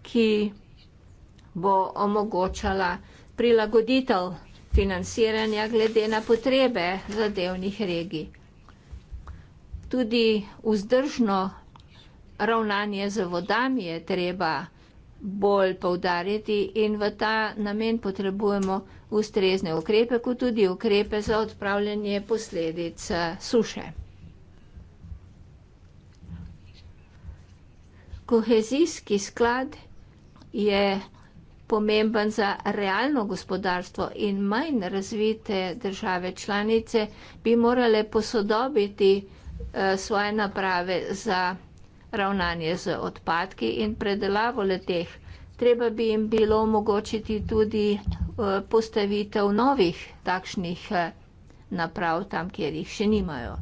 ki bo omogočala prilagoditev financiranja glede na potrebe zadevnih regij. Tudi vzdržno ravnanje z vodami je treba bolj povdariti in v ta namen potrebujemo ustrezne ukrepe, kot tudi ukrepe za odpravljanje posledic eh, suše. Kohezijski sklad je pomemben za realno gospodarstvo in manj razvite države članice bi morale posodobiti eh, svoje naprave za ravnanje z odpadki in predelavo leteh. Treba bi jim bilo omogočiti tudi eh, postavitev novih takšnih eh, naprav tam, kjer jih še nimajo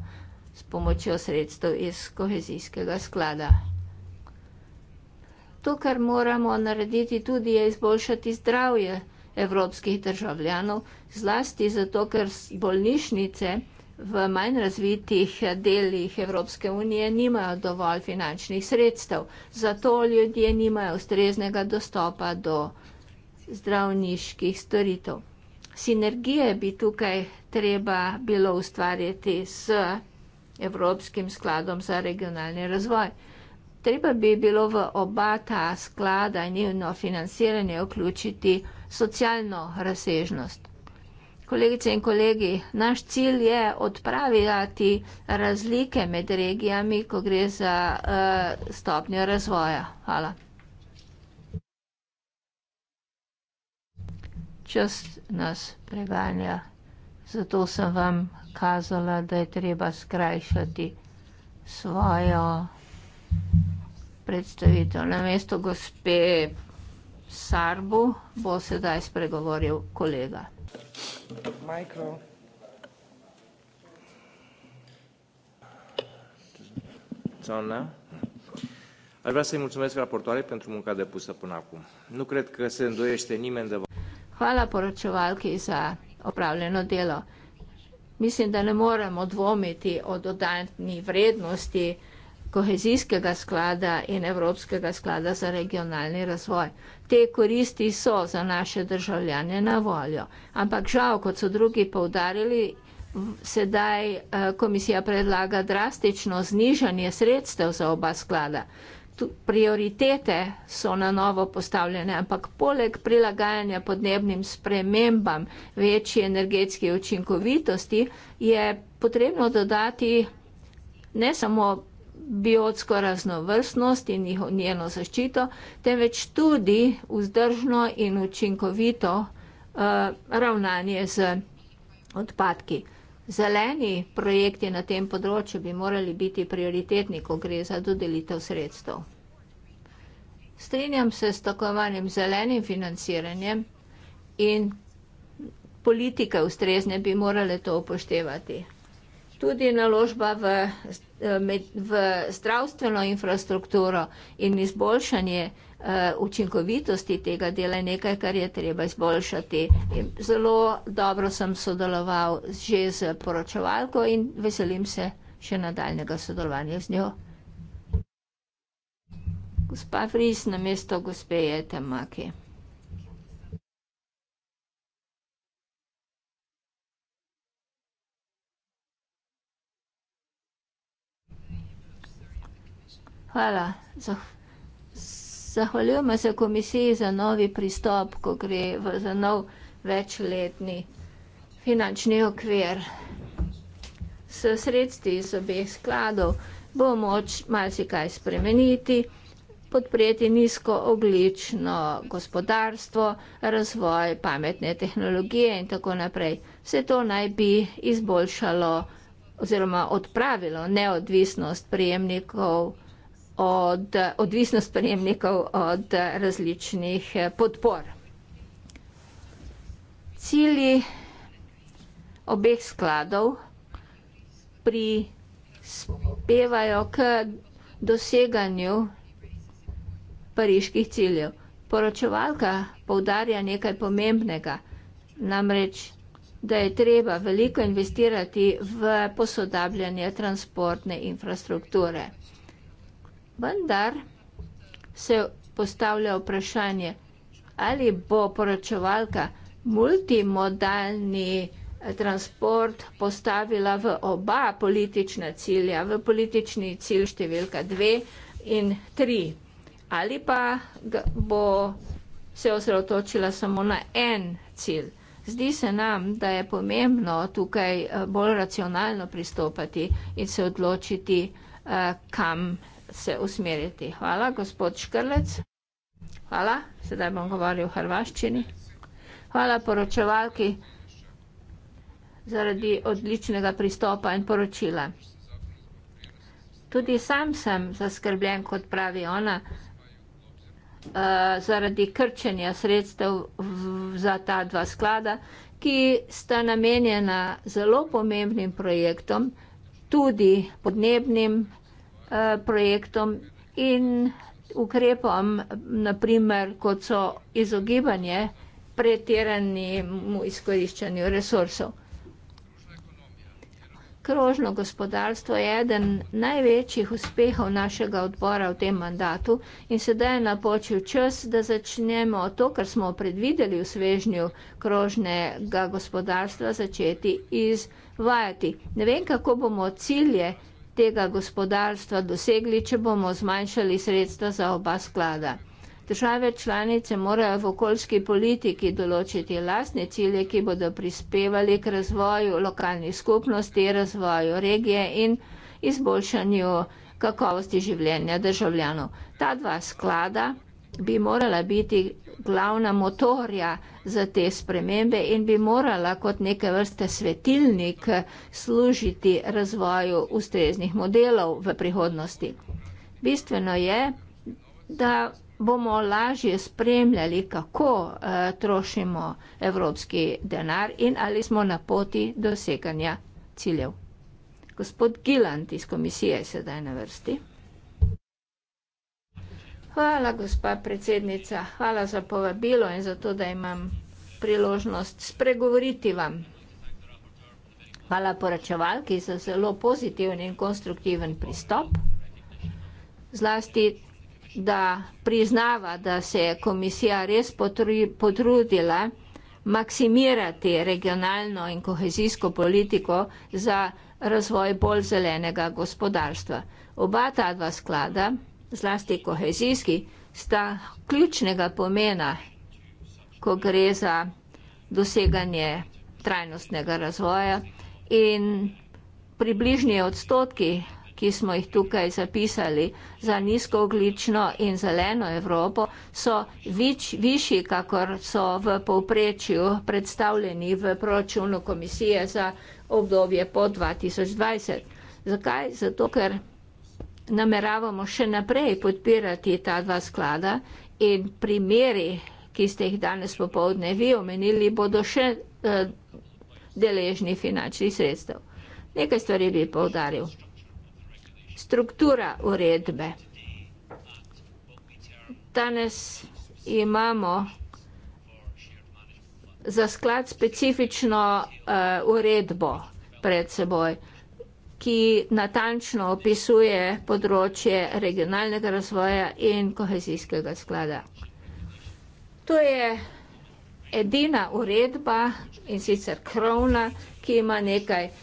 s pomočjo sredstev iz kohezijskega sklada. To, kar moramo narediti tudi, je izboljšati zdravje evropskih državljanov, zlasti zato, ker bolnišnice v manj razvitih delih Evropske unije nimajo dovolj finančnih sredstev. Zato ljudje nimajo ustreznega dostopa do zdravniških storitev. Sinergije bi tukaj treba bilo ustvarjati s Evropskim skladom za regionalni razvoj. Treba bi bilo v oba ta sklada in njeno financiranje vključiti socialno razsežnost. Kolegice in kolegi, naš cilj je odpravljati razlike med regijami, ko gre za uh, stopnjo razvoja. Hvala. Čas nas preganja, zato sem vam kazala, da je treba skrajšati svojo. Thank you predstavitev. Na mesto gospe Sarbu bo sedaj spregovoril kolega. Mikro. Zona. Aș vrea să-i mulțumesc raportoare pentru munca depusă până acum. Nu cred că se îndoiește nimeni de... Hvala poročevalki za opravljeno delo. Mislim, da ne moremo dvomiti o dodatni vrednosti kohezijskega sklada in Evropskega sklada za regionalni razvoj. Te koristi so za naše državljane na voljo, ampak žal, kot so drugi povdarili, sedaj eh, komisija predlaga drastično znižanje sredstev za oba sklada. Prioritete so na novo postavljene, ampak poleg prilagajanja podnebnim spremembam večje energetske učinkovitosti je potrebno dodati ne samo biotsko raznovrstnost in njiho, njeno zaščito, temveč tudi vzdržno in učinkovito uh, ravnanje z odpadki. Zeleni projekti na tem področju bi morali biti prioritetni, ko gre za dodelitev sredstev. Strenjam se s takovanjem zelenim financiranjem in politike ustrezne bi morale to upoštevati tudi naložba v, eh, v zdravstveno infrastrukturo in izboljšanje eh, učinkovitosti tega dela je nekaj, kar je treba izboljšati. In zelo dobro sem sodeloval že z poročevalko in veselim se še nadaljnega sodelovanja z njo. Gospa Fris, na mesto gospe Jete Maki. Hvala. Zah zahvaljujemo se komisiji za novi pristop, ko gre v, za nov večletni finančni okvir. S sredstvi iz obeh skladov bo moč marsikaj spremeniti, podpreti nizkooglično gospodarstvo, razvoj pametne tehnologije in tako naprej. Vse to naj bi izboljšalo oziroma odpravilo neodvisnost prijemnikov od odvisnost prejemnikov od različnih eh, podpor. Cilji obeh skladov prispevajo k doseganju pariških ciljev. Poročevalka poudarja nekaj pomembnega, namreč, da je treba veliko investirati v posodabljanje transportne infrastrukture. Vendar se postavlja vprašanje, ali bo poročevalka multimodalni eh, transport postavila v oba politična cilja, v politični cilj številka dve in tri. Ali pa ga bo se osredotočila samo na en cilj. Zdi se nam, da je pomembno tukaj eh, bolj racionalno pristopati in se odločiti, eh, kam se usmeriti. Hvala, gospod Škrlec. Hvala, sedaj bom govoril v hrvaščini. Hvala poročevalki zaradi odličnega pristopa in poročila. Tudi sam sem zaskrbljen, kot pravi ona, uh, zaradi krčenja sredstev v, v, za ta dva sklada, ki sta namenjena zelo pomembnim projektom, tudi podnebnim, Eh, projektom in ukrepom, naprimer, kot so izogibanje pretiranemu izkoriščanju resursov. Krožno gospodarstvo je eden največjih uspehov našega odbora v tem mandatu in sedaj je napočil čas, da začnemo to, kar smo predvideli v svežnju krožnega gospodarstva, začeti izvajati. Ne vem, kako bomo cilje tega gospodarstva dosegli, če bomo zmanjšali sredstva za oba sklada. Države članice morajo v okoljski politiki določiti lastne cilje, ki bodo prispevali k razvoju lokalnih skupnosti, razvoju regije in izboljšanju kakovosti življenja državljanov. Ta dva sklada bi morala biti glavna motorja za te spremembe in bi morala kot neke vrste svetilnik služiti razvoju ustreznih modelov v prihodnosti. Bistveno je, da bomo lažje spremljali, kako uh, trošimo evropski denar in ali smo na poti doseganja ciljev. Gospod Giland iz komisije je sedaj na vrsti. Hvala, gospa predsednica. Hvala za povabilo in za to, da imam priložnost spregovoriti vam. Hvala poročevalki za zelo pozitiven in konstruktiven pristop, zlasti da priznava, da se je komisija res potrudila maksimirati regionalno in kohezijsko politiko za razvoj bolj zelenega gospodarstva. Oba ta dva sklada zlasti kohezijski, sta ključnega pomena, ko gre za doseganje trajnostnega razvoja in približni odstotki, ki smo jih tukaj zapisali za nizkooglično in zeleno Evropo, so vič, višji, kakor so v povprečju predstavljeni v proračunu komisije za obdobje po 2020. Zakaj? Zato, ker nameravamo še naprej podpirati ta dva sklada in primeri, ki ste jih danes popovdne vi omenili, bodo še uh, deležni finančnih sredstev. Nekaj stvari bi povdaril. Struktura uredbe. Danes imamo za sklad specifično uh, uredbo pred seboj ki natančno opisuje področje regionalnega razvoja in kohezijskega sklada. To je edina uredba in sicer krovna, ki ima nekaj uh,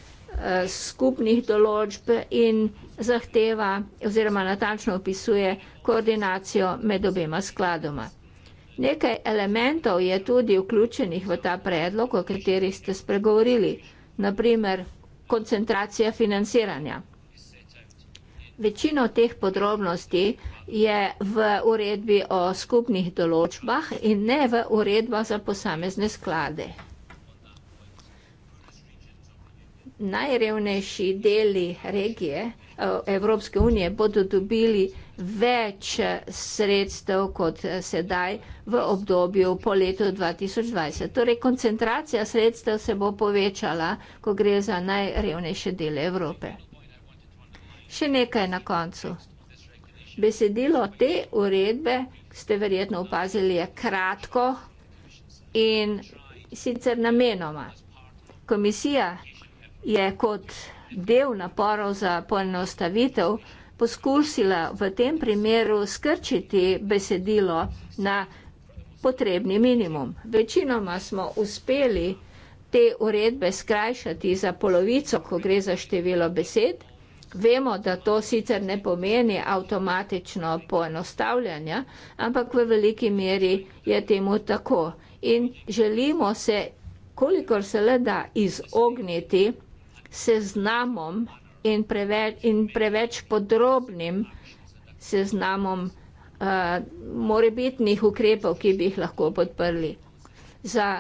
skupnih določb in zahteva oziroma natančno opisuje koordinacijo med obema skladoma. Nekaj elementov je tudi vključenih v ta predlog, o katerih ste spregovorili. Naprimer, koncentracija financiranja. Večino teh podrobnosti je v uredbi o skupnih določbah in ne v uredbah za posamezne sklade najrevnejši deli regije eh, Evropske unije bodo dobili več eh, sredstev kot eh, sedaj v obdobju po letu 2020. Torej, koncentracija sredstev se bo povečala, ko gre za najrevnejše dele Evrope. Še nekaj na koncu. Besedilo te uredbe, ste verjetno opazili, je kratko in sicer namenoma. Komisija je kot del naporov za poenostavitev poskusila v tem primeru skrčiti besedilo na potrebni minimum. Večinoma smo uspeli te uredbe skrajšati za polovico, ko gre za število besed. Vemo, da to sicer ne pomeni avtomatično poenostavljanje, ampak v veliki meri je temu tako. In želimo se, kolikor se le da, izogniti seznamom in, preve, in preveč podrobnim seznamom uh, morebitnih ukrepov, ki bi jih lahko podprli. Za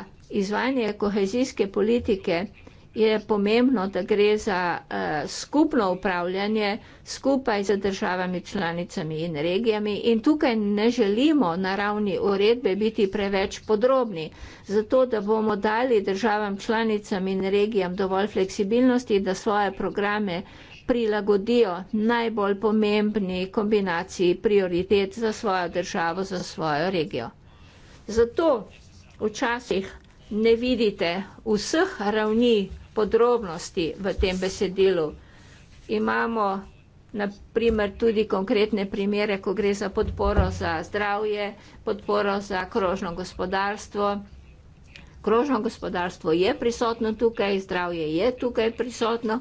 izvajanje kohezijske politike je pomembno, da gre za uh, skupno upravljanje skupaj z državami, članicami in regijami. In tukaj ne želimo na ravni uredbe biti preveč podrobni, zato da bomo dali državam, članicam in regijam dovolj fleksibilnosti, da svoje programe prilagodijo najbolj pomembni kombinaciji prioritet za svojo državo, za svojo regijo. Zato včasih ne vidite vseh ravni podrobnosti v tem besedilu. Imamo naprimer tudi konkretne primere, ko gre za podporo za zdravje, podporo za krožno gospodarstvo, krožno gospodarstvo je prisotno tukaj, zdravje je tukaj prisotno,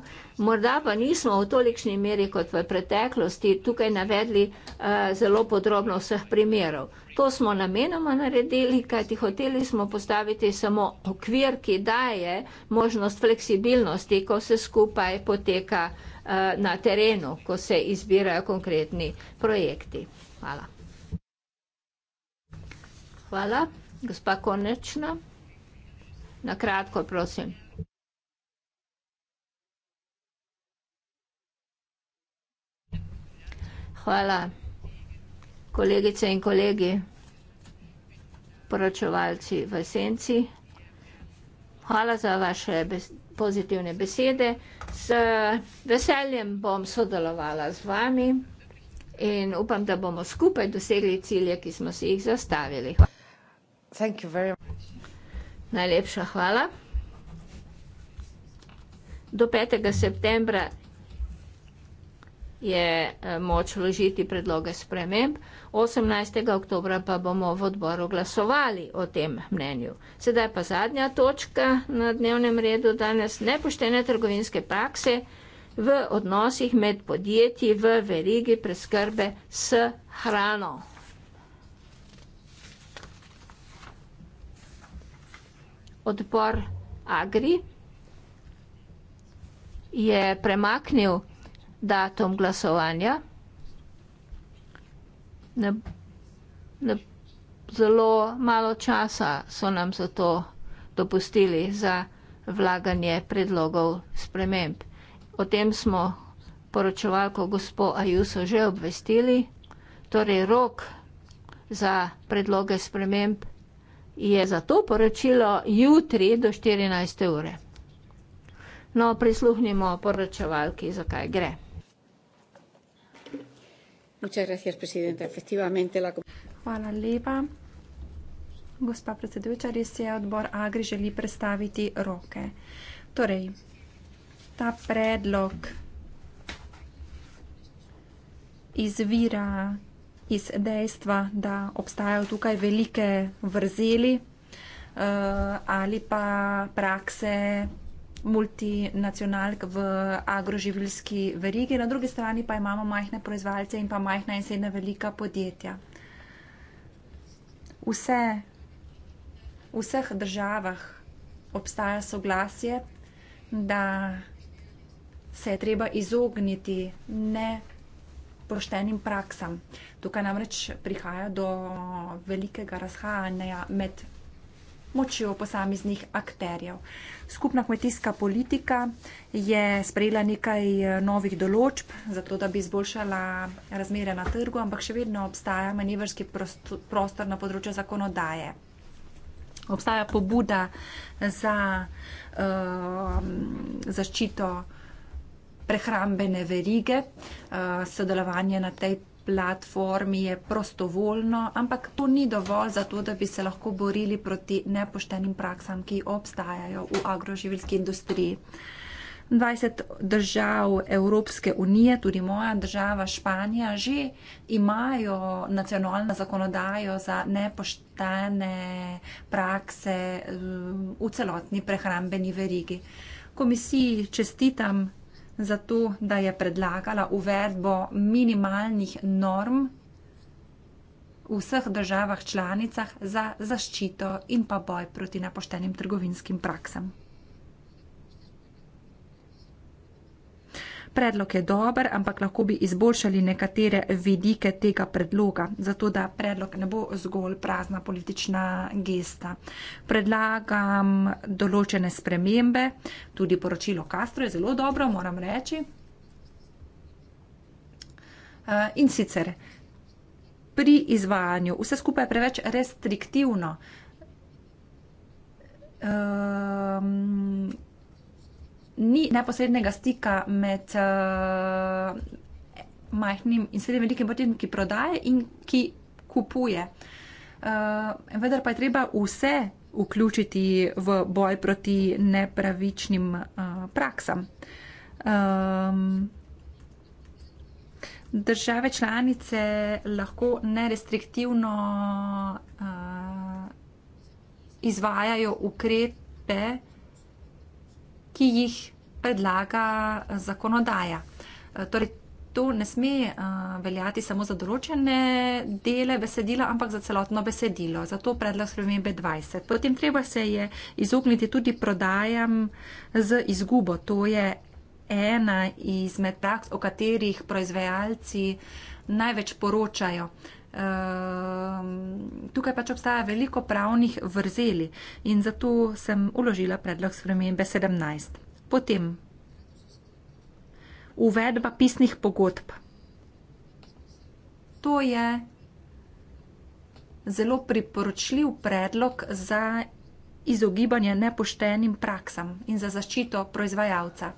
morda pa nismo v tolikšni meri kot v preteklosti tukaj navedli eh, zelo podrobno vseh primerov. To smo namenoma naredili, kajti hoteli smo postaviti samo okvir, ki daje možnost fleksibilnosti, ko se skupaj poteka eh, na terenu, ko se izbirajo konkretni projekti. Hvala. Hvala. Gospa Konečna. Na kratko, prosim. Hvala, kolegice in kolegi, poročevalci v senci. Hvala za vaše bes pozitivne besede. Z veseljem bom sodelovala z vami in upam, da bomo skupaj dosegli cilje, ki smo si jih zastavili. Hvala. Thank you very much. Najlepša hvala. Do 5. septembra je eh, moč vložiti predloge sprememb, 18. oktobra pa bomo v odboru glasovali o tem mnenju. Sedaj pa zadnja točka na dnevnem redu danes, nepoštene trgovinske prakse v odnosih med podjetji v verigi preskrbe s hrano. odbor Agri je premaknil datum glasovanja na, na zelo malo časa so nam za to dopustili za vlaganje predlogov sprememb. O tem smo poročevalko gospo Ajuso že obvestili, torej rok za predloge sprememb je za to poročilo jutri do 14. ure. No, prisluhnimo poročevalki, zakaj gre. Hvala lepa. Gospa predsedujoča, res je odbor Agri želi predstaviti roke. Torej, ta predlog izvira iz dejstva, da obstajajo tukaj velike vrzeli eh, ali pa prakse multinacionalk v agroživilski verigi, na drugi strani pa imamo majhne proizvajalce in pa majhna in sedna velika podjetja. Vse, v vseh državah obstaja soglasje, da se je treba izogniti ne sproštenim praksam. Tukaj namreč prihaja do velikega razhajanja med močjo posameznih akterjev. Skupna kmetijska politika je sprejela nekaj eh, novih določb, zato da bi izboljšala razmere na trgu, ampak še vedno obstaja manevrski prostor na področju zakonodaje. Obstaja pobuda za uh, zaščito prehrambene verige. Eh, sodelovanje na tej platformi je prostovoljno, ampak to ni dovolj za to, da bi se lahko borili proti nepoštenim praksam, ki obstajajo v agroživilski industriji. 20 držav Evropske unije, tudi moja država Španija, že imajo nacionalno zakonodajo za nepoštene prakse eh, v celotni prehrambeni verigi. Komisiji čestitam zato da je predlagala uvedbo minimalnih norm v vseh državah članicah za zaščito in pa boj proti nepoštenim trgovinskim praksam. Predlog je dober, ampak lahko bi izboljšali nekatere vidike tega predloga, zato da predlog ne bo zgolj prazna politična gesta. Predlagam določene spremembe, tudi poročilo Castro je zelo dobro, moram reči. Eh, in sicer pri izvajanju vse skupaj je preveč restriktivno. Ehm, ni neposrednega stika med uh, majhnim in srednjim velikim podjetjem, ki prodaje in ki kupuje. Uh, vendar pa je treba vse vključiti v boj proti nepravičnim uh, praksam. Um, Države članice lahko nerestriktivno uh, izvajajo ukrepe, uh, ki jih predlaga eh, zakonodaja. Eh, torej, to ne sme eh, veljati samo za določene dele besedila, ampak za celotno besedilo. Zato predlog spremembe 20. Potem treba se je izogniti tudi prodajam z izgubo. To je ena izmed taks, o katerih proizvajalci največ poročajo. Ehm, tukaj pač obstaja veliko pravnih vrzeli in zato sem uložila predlog spremembe 17. Potem uvedba pisnih pogodb. To je zelo priporočljiv predlog za izogibanje nepoštenim praksam in za zaščito proizvajalca.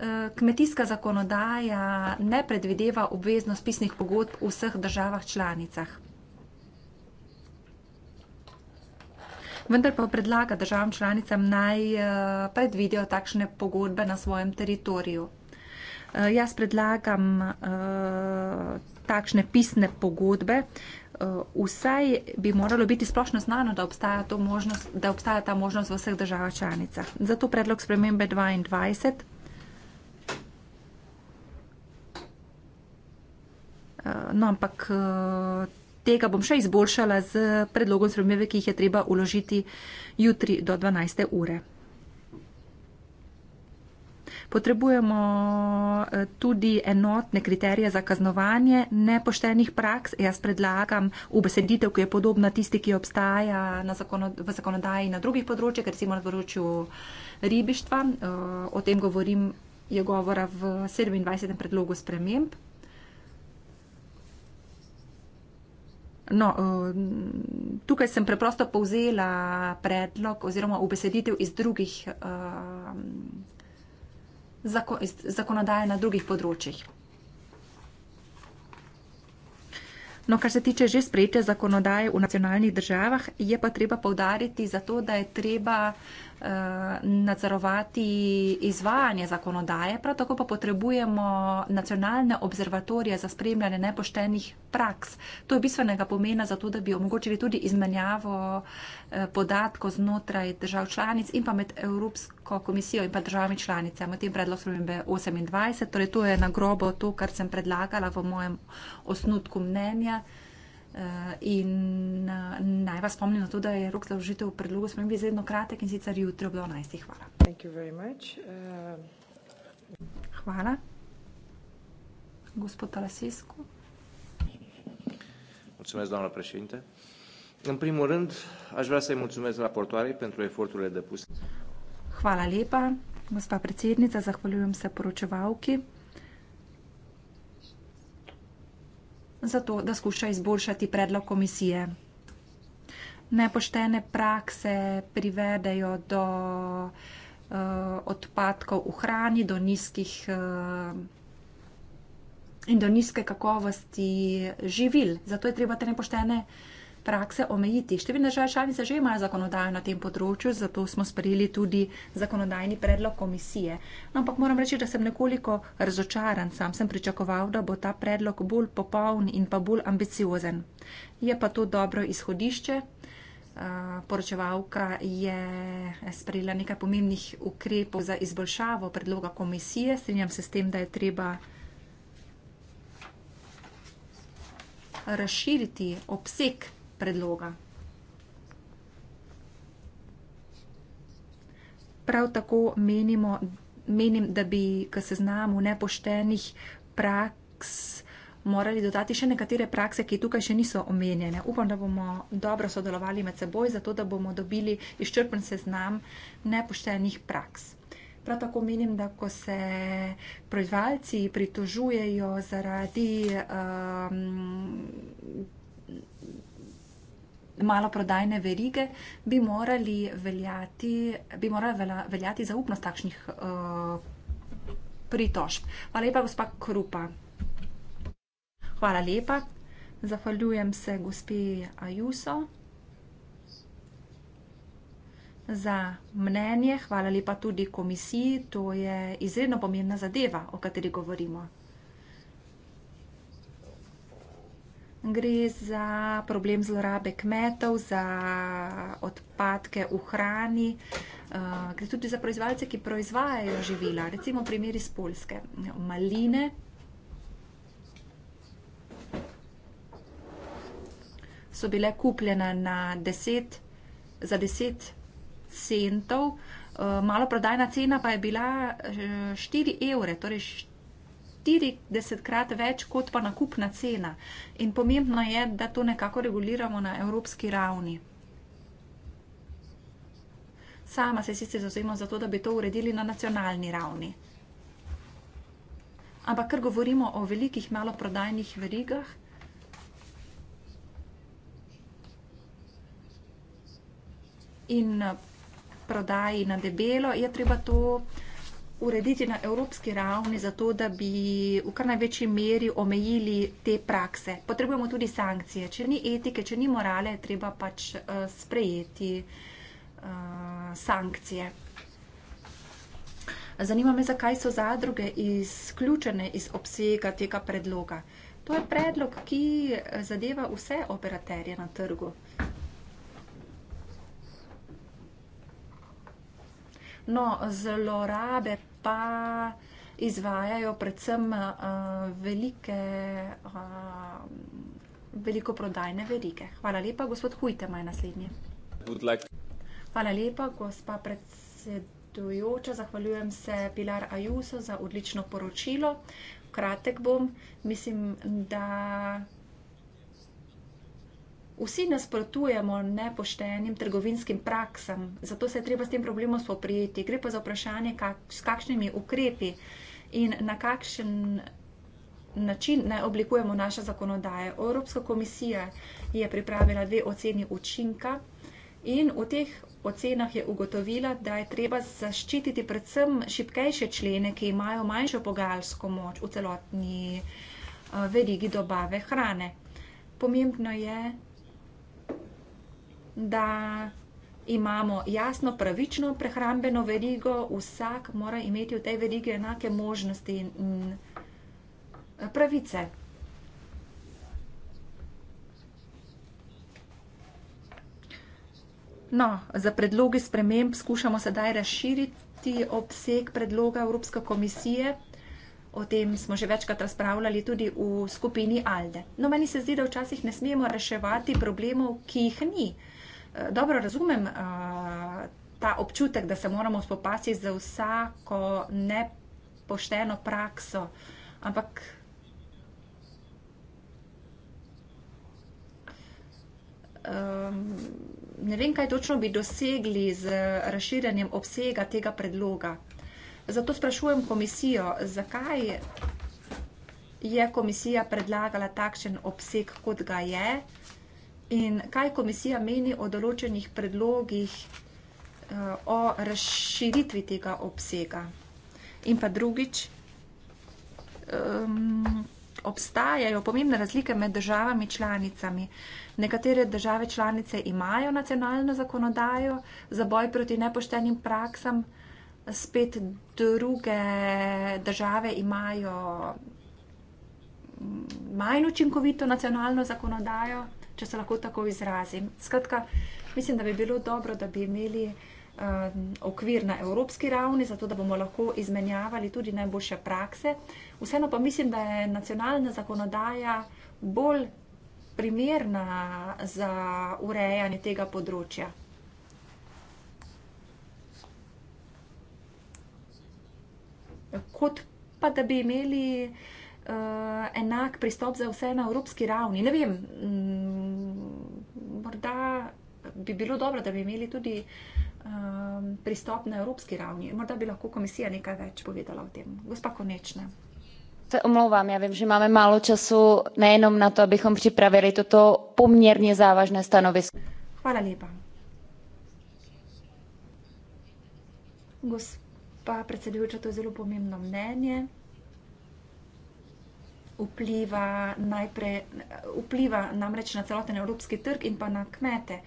Eh, kmetijska zakonodaja ne predvideva obveznost pisnih pogodb v vseh državah članicah. Vendar pa predlaga državam članicam naj eh, predvidijo takšne pogodbe na svojem teritoriju. Eh, jaz predlagam takšne pisne pogodbe. Vsaj bi moralo biti splošno znano, da obstaja, možnost, da obstaja ta možnost v vseh državah članicah. Zato predlog spremembe 22. Eh, no, ampak eh, tega bom še izboljšala z predlogom spremembe, ki jih je treba uložiti jutri do 12. ure. Potrebujemo eh, tudi enotne kriterije za kaznovanje nepoštenih praks. Jaz predlagam ubeseditev, ki je podobna tisti, ki obstaja v zakonodaji na drugih področjih, recimo na področju ribištva. O tem govorim, je govora v 27. predlogu sprememb. No, eh, tukaj sem preprosto povzela predlog oziroma ubeseditev iz drugih eh, iz zakonodaje na drugih področjih. No, kar se tiče že sprejete zakonodaje v nacionalnih državah, je pa treba povdariti za to, da je treba uh, Eh, nadzorovati izvajanje zakonodaje, prav tako pa potrebujemo nacionalne observatorije za spremljanje nepoštenih praks. To je bistvenega pomena za to, da bi omogočili tudi izmenjavo eh, podatkov znotraj držav članic in pa med Evropsko komisijo in pa državami članicami. O tem predlog službe 28, torej to je na grobo to, kar sem predlagala v mojem osnutku mnenja. Eh, in uh, naj vas spomnim na to, da je rok za vložitev predlogu spremembe izredno kratek in sicer jutri ob 12. Hvala. Uh... Hvala. Gospod Talasijsko. Mulțumesc, doamnă președinte. În primul rând, aș vrea să-i mulțumesc raportoarei pentru eforturile depuse. Hvala lepa, gospa predsednica, zahvaljujem se poročevalki. zato, da skuša izboljšati predlog komisije. Nepoštene prakse privedejo do uh, odpadkov v hrani, do nizkih uh, in do nizke kakovosti živil. Zato je treba te nepoštene prakse prakse omejiti. Številne države članice že imajo zakonodajo na tem področju, zato smo sprejeli tudi zakonodajni predlog komisije. No, ampak moram reči, da sem nekoliko razočaran. Sam sem pričakoval, da bo ta predlog bolj popoln in pa bolj ambiciozen. Je pa to dobro izhodišče. Poročevalka je sprejela nekaj pomembnih ukrepov za izboljšavo predloga komisije. Strenjam se s tem, da je treba razširiti obseg predloga. Prav tako menimo, menim, da bi k seznamu nepoštenih praks morali dodati še nekatere prakse, ki tukaj še niso omenjene. Upam, da bomo dobro sodelovali med seboj, zato da bomo dobili izčrpen seznam nepoštenih praks. Prav tako menim, da ko se proizvajalci pritožujejo zaradi um, maloprodajne verige, bi, veljati, bi morala vela, veljati zaupnost takšnih uh, pritožb. Hvala lepa, gospa Krupa. Hvala lepa. Zahvaljujem se gospe Ajuso za mnenje. Hvala lepa tudi komisiji. To je izredno pomembna zadeva, o kateri govorimo. Gre za problem zlorabe kmetov, za odpadke v hrani, eh, gre tudi za proizvajalce, ki proizvajajo živila, recimo primer iz Polske, maline. So bile kupljene deset, za 10 centov, eh, maloprodajna cena pa je bila 4 eh, evre, torej 40krat več kot pa nakupna cena. In pomembno je, da to nekako reguliramo na evropski ravni. Sama se sicer zauzemam za to, da bi to uredili na nacionalni ravni. Ampak ker govorimo o velikih maloprodajnih verigah, In eh, prodaji na debelo je treba to urediti na evropski ravni, zato da bi v kar največji meri omejili te prakse. Potrebujemo tudi sankcije. Če ni etike, če ni morale, treba pač eh, sprejeti eh, sankcije. Zanima me, zakaj so zadruge izključene iz obsega tega predloga. To je predlog, ki eh, zadeva vse operaterje na trgu. No, zlorabe pa izvajajo predvsem uh, velike, uh, eh, veliko prodajne verige. Hvala lepa, gospod Hujte, maj naslednji. Hvala lepa, gospa predsedujoča. Zahvaljujem se Pilar Ajuso za odlično poročilo. Kratek bom. Mislim, da. Vsi nasprotujemo nepoštenim trgovinskim praksam, zato se je treba s tem problemom soprijeti. Gre pa za vprašanje, kak, s kakšnimi ukrepi in na kakšen način naj oblikujemo naše zakonodaje. Evropska komisija je pripravila dve oceni učinka in v teh ocenah je ugotovila, da je treba zaščititi predvsem šipkejše člene, ki imajo manjšo pogalsko moč v celotni eh, verigi dobave hrane. Pomembno je, da imamo jasno, pravično prehrambeno verigo, vsak mora imeti v tej verigi enake možnosti in eh, pravice. No, za predlogi sprememb skušamo sedaj razširiti obseg predloga Evropske komisije. O tem smo že večkrat razpravljali tudi v skupini Alde. No, meni se zdi, da včasih ne smemo reševati problemov, ki jih ni. Eh, dobro razumem uh, ta občutek, da se moramo spopasti z vsako nepošteno prakso, ampak um, ne vem, kaj točno bi dosegli z razširjanjem obsega tega predloga. Zato sprašujem komisijo, zakaj je komisija predlagala takšen obseg, kot ga je in kaj komisija meni o določenih predlogih eh, o razširitvi tega obsega. In pa drugič, um, obstajajo pomembne razlike med državami članicami. Nekatere države članice imajo nacionalno zakonodajo za boj proti nepoštenim praksam, spet druge države imajo manj učinkovito nacionalno zakonodajo če se lahko tako izrazim. Skratka, mislim, da bi bilo dobro, da bi imeli um, okvir na evropski ravni, zato da bomo lahko izmenjavali tudi najboljše prakse. Vseeno pa mislim, da je nacionalna zakonodaja bolj primerna za urejanje tega področja. Kot pa da bi imeli uh, enak pristop za vse na evropski ravni. Ne vem, mm, morda bi bilo dobro, da bi imeli tudi um, pristop na evropski ravni. Morda bi lahko komisija nekaj več povedala o tem. Gospa Konečna. Se omlouvám, já vím, že máme málo času nejenom na to, abychom připravili toto poměrně závažné stanovisko. Hvala lepa. Gospa predsedujoča, to je zelo pomembno mnenje vpliva najprej, vpliva namreč na celoten evropski trg in pa na kmete.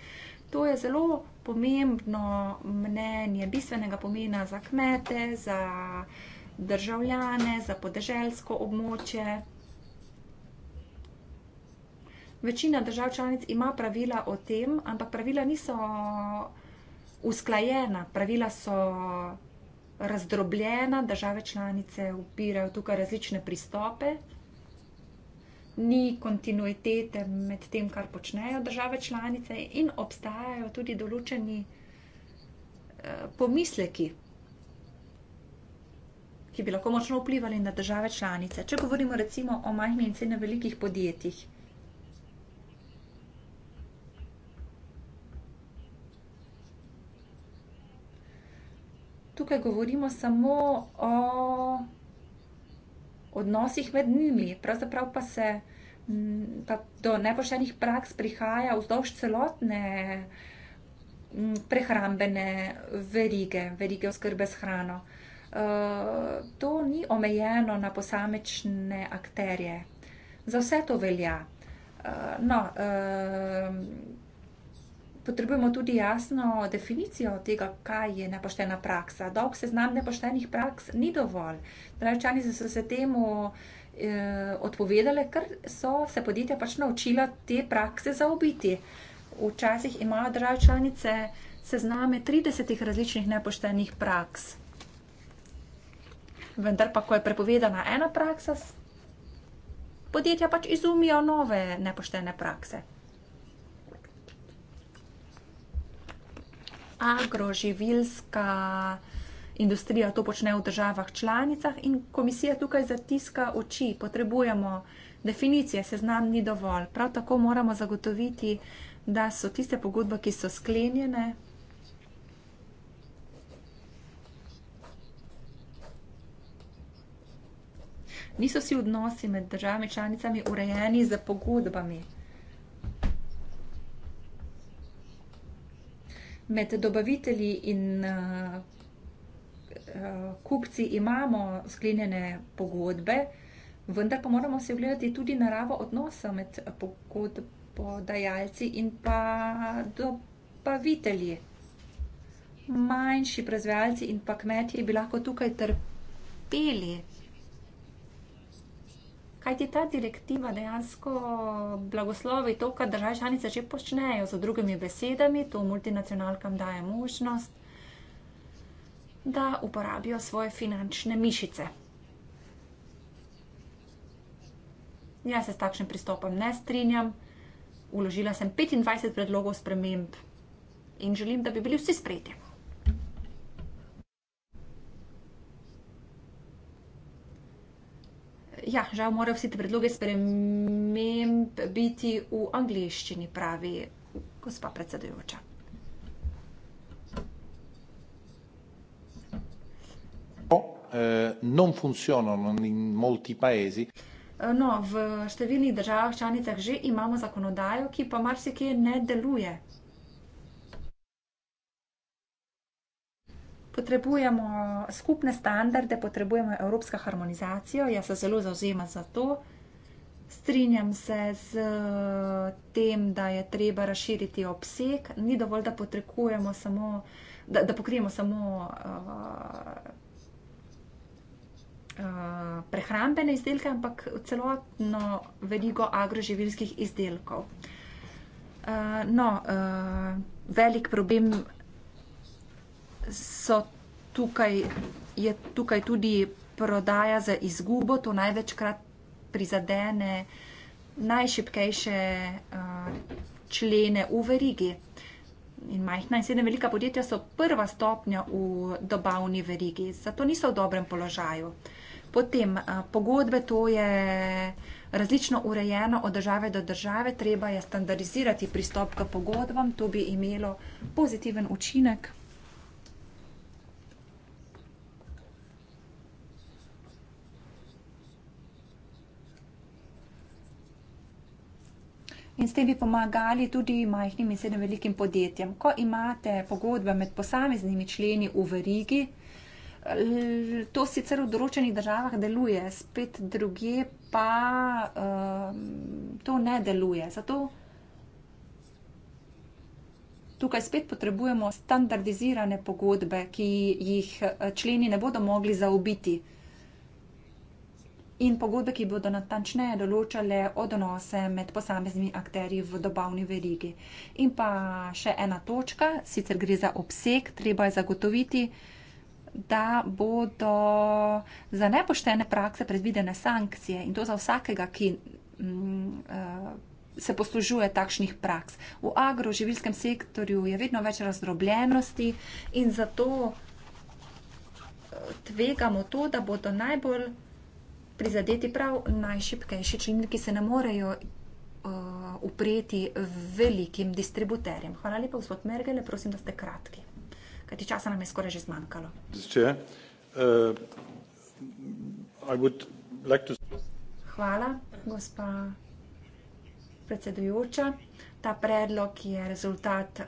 To je zelo pomembno mnenje, bistvenega pomena za kmete, za državljane, za podeželsko območje. Večina držav članic ima pravila o tem, ampak pravila niso usklajena, pravila so razdrobljena, države članice upirajo tukaj različne pristope ni kontinuitete med tem, kar počnejo države članice, in obstajajo tudi določeni eh, pomisleki, ki bi lahko močno vplivali na države članice. Če govorimo recimo o majhnih in srednje velikih podjetjih. Tukaj govorimo samo o odnosih med njimi, pravzaprav pa se pa mm, do nepoštenih praks prihaja vzdolž celotne mm, prehrambene verige, verige oskrbe s hrano. Eh, to ni omejeno na posamečne akterje. Za vse to velja. Eh, no, eh, potrebujemo tudi jasno definicijo tega, kaj je nepoštena praksa. Dolg seznam nepoštenih praks ni dovolj. Rečani so se temu e, eh, odpovedali, ker so se podjetja pač naučila te prakse zaobiti. Včasih imajo države članice sezname 30 različnih nepoštenih praks. Vendar pa, ko je prepovedana ena praksa, podjetja pač izumijo nove nepoštene prakse. agroživilska industrija to počne v državah članicah in komisija tukaj zatiska oči. Potrebujemo definicije, se znam, ni dovolj. Prav tako moramo zagotoviti, da so tiste pogodbe, ki so sklenjene, niso vsi odnosi med državami članicami urejeni z pogodbami. med dobavitelji in eh, eh, kupci imamo sklenjene pogodbe, vendar pa moramo se ogledati tudi naravo odnosa med pogodbodajalci in pa dobavitelji. Manjši proizvajalci in pa kmetje bi lahko tukaj trpeli. Kaj ti ta direktiva dejansko blagoslovi to, kar države članice že počnejo, z drugimi besedami, to multinacionalkam daje možnost, da uporabijo svoje finančne mišice. Jaz se s takšnim pristopom ne strinjam. Uložila sem 25 predlogov sprememb in želim, da bi bili vsi sprejeti. ja, žal morajo vsi te predloge sprememb biti v angliščini, pravi gospa predsedujoča. No, eh, eh, no, v številnih državah članicah že imamo zakonodajo, ki pa marsikje ne deluje. potrebujemo skupne standarde, potrebujemo evropsko harmonizacijo. Jaz se zelo zauzemam za to. Strinjam se z tem, da je treba razširiti obseg. Ni dovolj, da, samo, da, da pokrijemo samo uh, uh, prehrambene izdelke, ampak celotno verigo agroživilskih izdelkov. Uh, no, uh, velik problem so tukaj, je tukaj tudi prodaja za izgubo, to največkrat prizadene najšipkejše člene v verigi. In majhna in srednja velika podjetja so prva stopnja v dobavni verigi, zato niso v dobrem položaju. Potem pogodbe, to je različno urejeno od države do države, treba je standardizirati pristop k pogodbam, to bi imelo pozitiven učinek. in s tem bi pomagali tudi majhnim in srednjim velikim podjetjem. Ko imate pogodbe med posameznimi členi v verigi, to sicer v določenih državah deluje, spet druge pa um, to ne deluje. Zato tukaj spet potrebujemo standardizirane pogodbe, ki jih eh, členi ne bodo mogli zaobiti in pogodbe, ki bodo natančneje določale odnose med posameznimi akterji v dobavni verigi. In pa še ena točka, sicer gre za obseg, treba je zagotoviti, da bodo za nepoštene prakse predvidene sankcije in to za vsakega, ki. Mm, uh, se poslužuje takšnih praks. V agroživilskem sektorju je vedno več razdrobljenosti in zato eh, tvegamo to, da bodo najbolj prizadeti prav najšipkejši člini, ki se ne morejo uh, upreti velikim distributerjem. Hvala lepa, gospod Mergele, prosim, da ste kratki, kajti časa nam je skoraj že zmanjkalo. Če, uh, like to... Hvala, gospa predsedujoča. Ta predlog je rezultat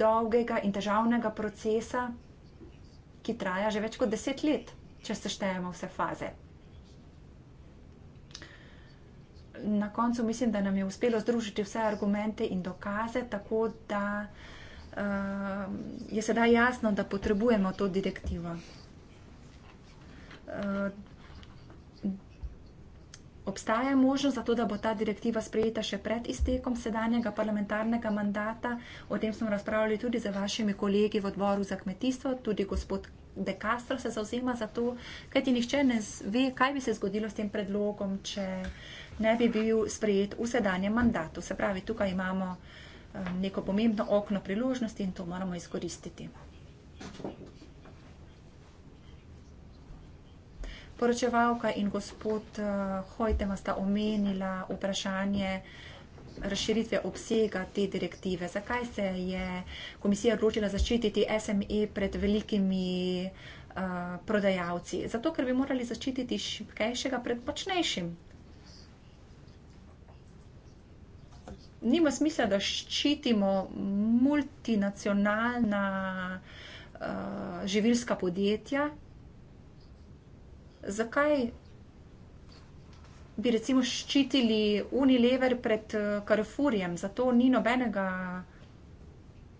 dolgega in težavnega procesa, ki traja že več kot deset let, če seštejemo vse faze. na koncu mislim, da nam je uspelo združiti vse argumente in dokaze, tako da uh, je sedaj jasno, da potrebujemo to direktivo. Uh, Obstaja možnost za to, da bo ta direktiva sprejeta še pred iztekom sedanjega parlamentarnega mandata. O tem smo razpravljali tudi z vašimi kolegi v odboru za kmetijstvo. Tudi gospod De Castro se zauzema za to, kajti nihče ne ve, kaj bi se zgodilo s tem predlogom, če uh, ne bi bil sprejet v sedanjem mandatu. Se pravi, tukaj imamo eh, neko pomembno okno priložnosti in to moramo izkoristiti. Poročevalka in gospod eh, Hojtema sta omenila vprašanje razširitve obsega te direktive. Zakaj se je komisija odločila zaščititi SME pred velikimi uh, prodajalci? Zato, ker bi morali zaščititi šipkejšega pred močnejšim. nima smisla, da ščitimo multinacionalna uh, živilska podjetja. Zakaj bi recimo ščitili Unilever pred Karfurjem? Eh, Zato ni nobenega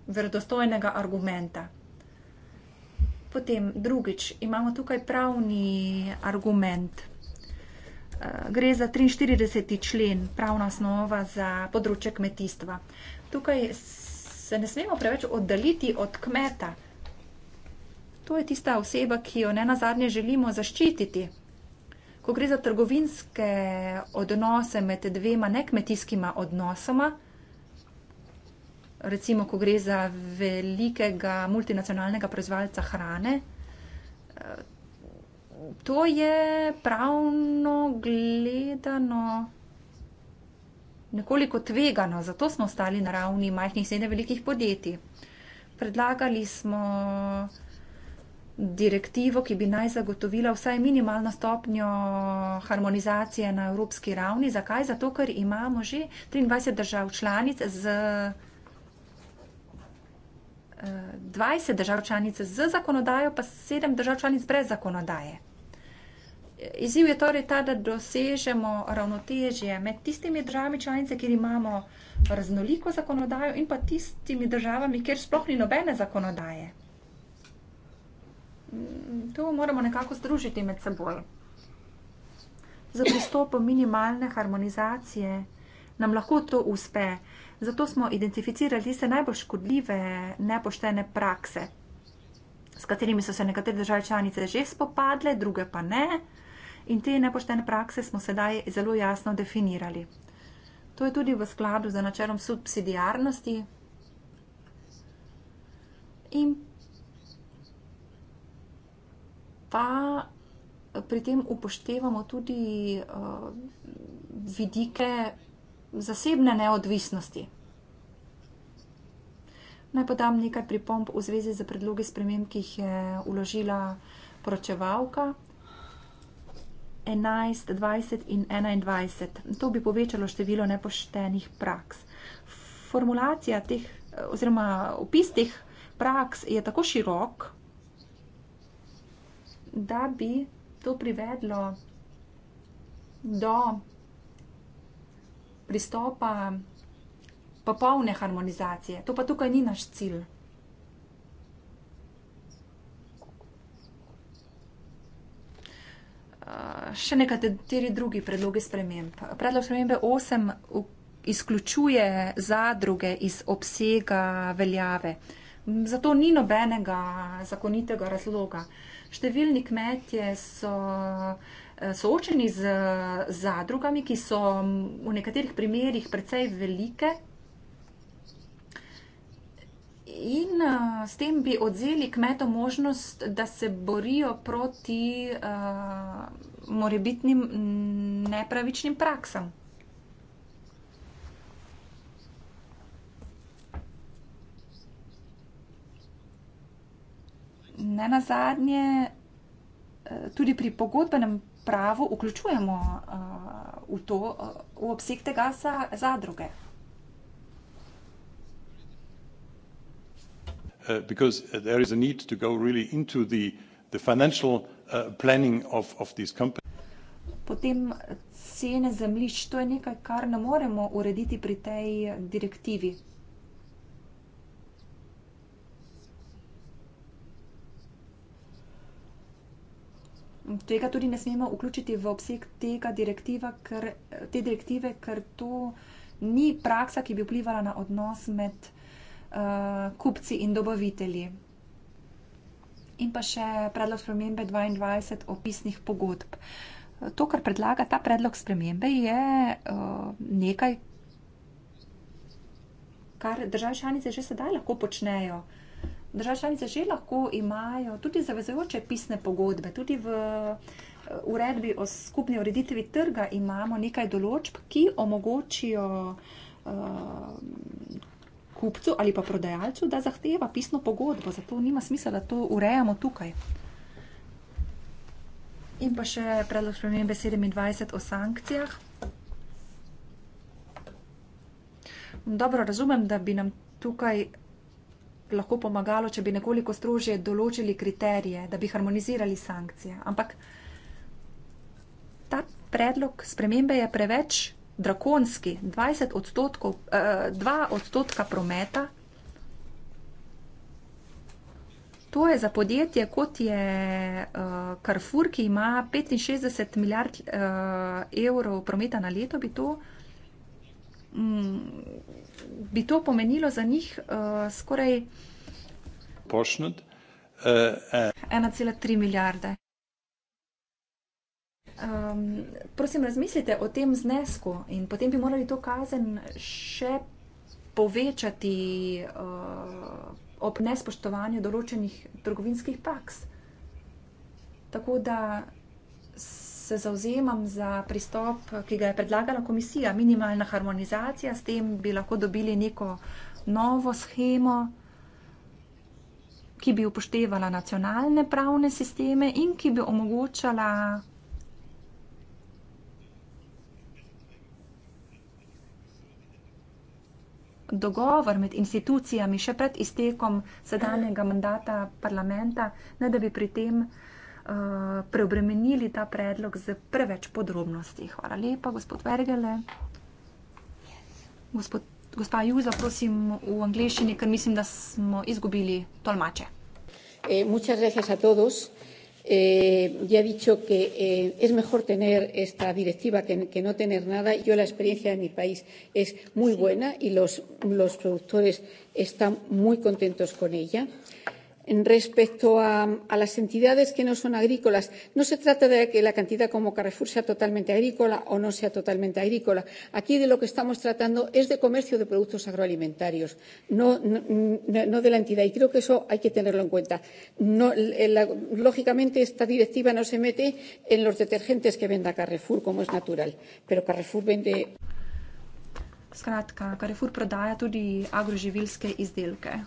verodostojnega argumenta. Potem drugič, imamo tukaj pravni argument. Eh, gre za 43. člen pravna osnova za področje kmetijstva. Tukaj se ne smemo preveč oddaliti od kmeta. To je tista oseba, ki jo ne nazadnje želimo zaščititi. Ko gre za trgovinske odnose med dvema nekmetijskima odnosoma, recimo, ko gre za velikega multinacionalnega proizvajalca hrane, eh, To je pravno gledano nekoliko tvegano, zato smo ostali na ravni majhnih in velikih podjetij. Predlagali smo direktivo, ki bi naj zagotovila vsaj minimalno stopnjo harmonizacije na evropski ravni. Zakaj? Zato, ker imamo že 23 držav članic z. 20 eh, držav članic z zakonodajo, pa 7 držav članic brez zakonodaje. Izziv je torej ta, da dosežemo ravnotežje med tistimi državami članice, kjer imamo raznoliko zakonodajo in pa tistimi državami, kjer sploh ni nobene zakonodaje. Mm, to moramo nekako združiti med seboj. Za pristopom minimalne harmonizacije nam lahko to uspe. Zato smo identificirali se najbolj škodljive, nepoštene prakse, s katerimi so se nekatere države članice že spopadle, druge pa ne in te nepoštene prakse smo sedaj zelo jasno definirali. To je tudi v skladu z načelom subsidijarnosti in pa pri tem upoštevamo tudi uh, vidike zasebne neodvisnosti. Naj podam nekaj pripomp v zvezi z predlogi sprememb, ki jih je uložila poročevalka. 11, 20 in 21. To bi povečalo število nepoštenih praks. Formulacija teh, oziroma opis teh praks je tako širok, da bi to privedlo do pristopa popolne harmonizacije. To pa tukaj ni naš cilj. Eh, še nekateri drugi predlogi sprememb. Predlog spremembe 8 izključuje zadruge iz obsega veljave. Zato ni nobenega zakonitega razloga. Številni kmetje so eh, soočeni z zadrugami, ki so v nekaterih primerjih precej velike, In uh, s tem bi odzeli kmeto možnost, da se borijo proti uh, morebitnim nepravičnim praksam. Ne na zadnje, eh, tudi pri pogodbenem pravu vključujemo uh, v, to, uh, v obseg tega za, zadruge. Uh, because there is a need to go really into the financial uh, planning of these companies. Potem cene zemljišč, to je nekaj, kar ne moremo urediti pri tej direktivi. Tega tudi ne smemo vključiti v obseg tega direktiva, ker, te direktive, ker to ni praksa, ki bi vplivala na odnos med uh, kupci in dobavitelji. In pa še predlog spremembe 22 opisnih pogodb. To, kar predlaga ta predlog spremembe, je uh, nekaj, kar države članice že sedaj lahko počnejo. Države članice že lahko imajo tudi zavezujoče pisne pogodbe, tudi v eh, uredbi o skupni ureditvi trga imamo nekaj določb, ki omogočijo uh, kupcu ali pa prodajalcu, da zahteva pisno pogodbo. Zato nima smisla, da to urejamo tukaj. In pa še predlog spremembe 27 o sankcijah. Dobro razumem, da bi nam tukaj lahko pomagalo, če bi nekoliko strožje določili kriterije, da bi harmonizirali sankcije. Ampak ta predlog spremembe je preveč drakonski, 20 odstotkov, eh, 2 odstotka prometa. To je za podjetje, kot je eh, Carrefour, ki ima 65 milijard eh, evrov prometa na leto, bi to, mm, bi to pomenilo za njih eh, skoraj. 1,3 eh, eh. milijarde um, prosim, razmislite o tem znesku in potem bi morali to kazen še povečati uh, ob nespoštovanju določenih trgovinskih praks. Tako da se zauzemam za pristop, ki ga je predlagala komisija, minimalna harmonizacija, s tem bi lahko dobili neko novo schemo, ki bi upoštevala nacionalne pravne sisteme in ki bi omogočala dogovor med institucijami še pred iztekom sedanjega mandata parlamenta, ne da bi pri tem uh, preobremenili ta predlog z preveč podrobnosti. Hvala lepa, gospod Vergele. Gospod, gospa Juza, prosim v angliščini, ker mislim, da smo izgubili tolmače. Eh, Eh, ya he dicho que eh, es mejor tener esta directiva que, que no tener nada. Yo la experiencia de mi país es muy sí. buena y los, los productores están muy contentos con ella en respecto a, a las entidades que no son agrícolas, no se trata de que la cantidad como Carrefour sea totalmente agrícola o no sea totalmente agrícola. Aquí de lo que estamos tratando es de comercio de productos agroalimentarios, no, no, no, no de la entidad. Y creo que eso hay que tenerlo en cuenta. No, la, lógicamente, esta directiva no se mete en los detergentes que venda Carrefour, como es natural, pero Carrefour vende. Skratka, Carrefour prodaja tudi agroživilske izdelke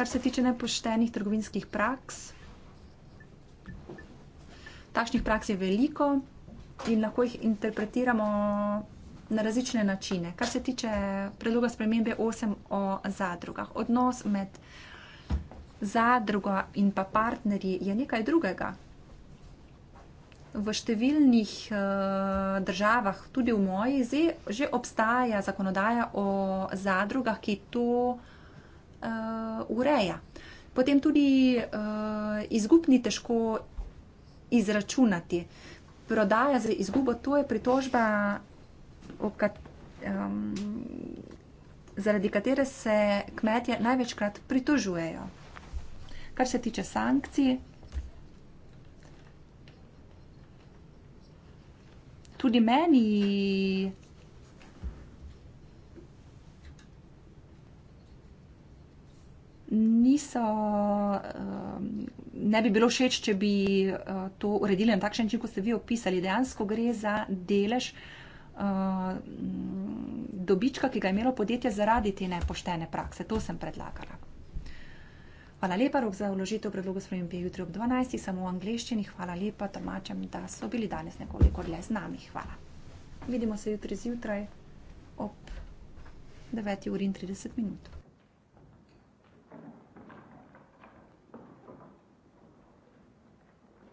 kar se tiče nepoštenih trgovinskih praks. Takšnih praks je veliko in lahko jih interpretiramo na različne načine. Kar se tiče predloga spremembe 8 o zadrugah, odnos med zadruga in pa partnerji je nekaj drugega. V številnih uh, državah, tudi v moji, zdaj že obstaja zakonodaja o zadrugah, ki to uh, uh, ureja. Potem tudi uh, eh, izgub ni težko izračunati. Prodaja za izgubo, to je pritožba, kat, um, zaradi katere se kmetje največkrat pritožujejo. Kar se tiče sankcij, tudi meni. niso, ehm, ne bi bilo všeč, če bi eh, to uredili na takšen način, kot ste vi opisali. Dejansko gre za delež ehm, dobička, ki ga je imelo podjetje zaradi te nepoštene prakse. To sem predlagala. Hvala lepa, rok za vložitev predloga spremembe je jutri ob 12. samo v angleščini. Hvala lepa, tolmačem, da so bili danes nekoliko dlje z nami. Hvala. Vidimo se jutri zjutraj ob 9.30 minut.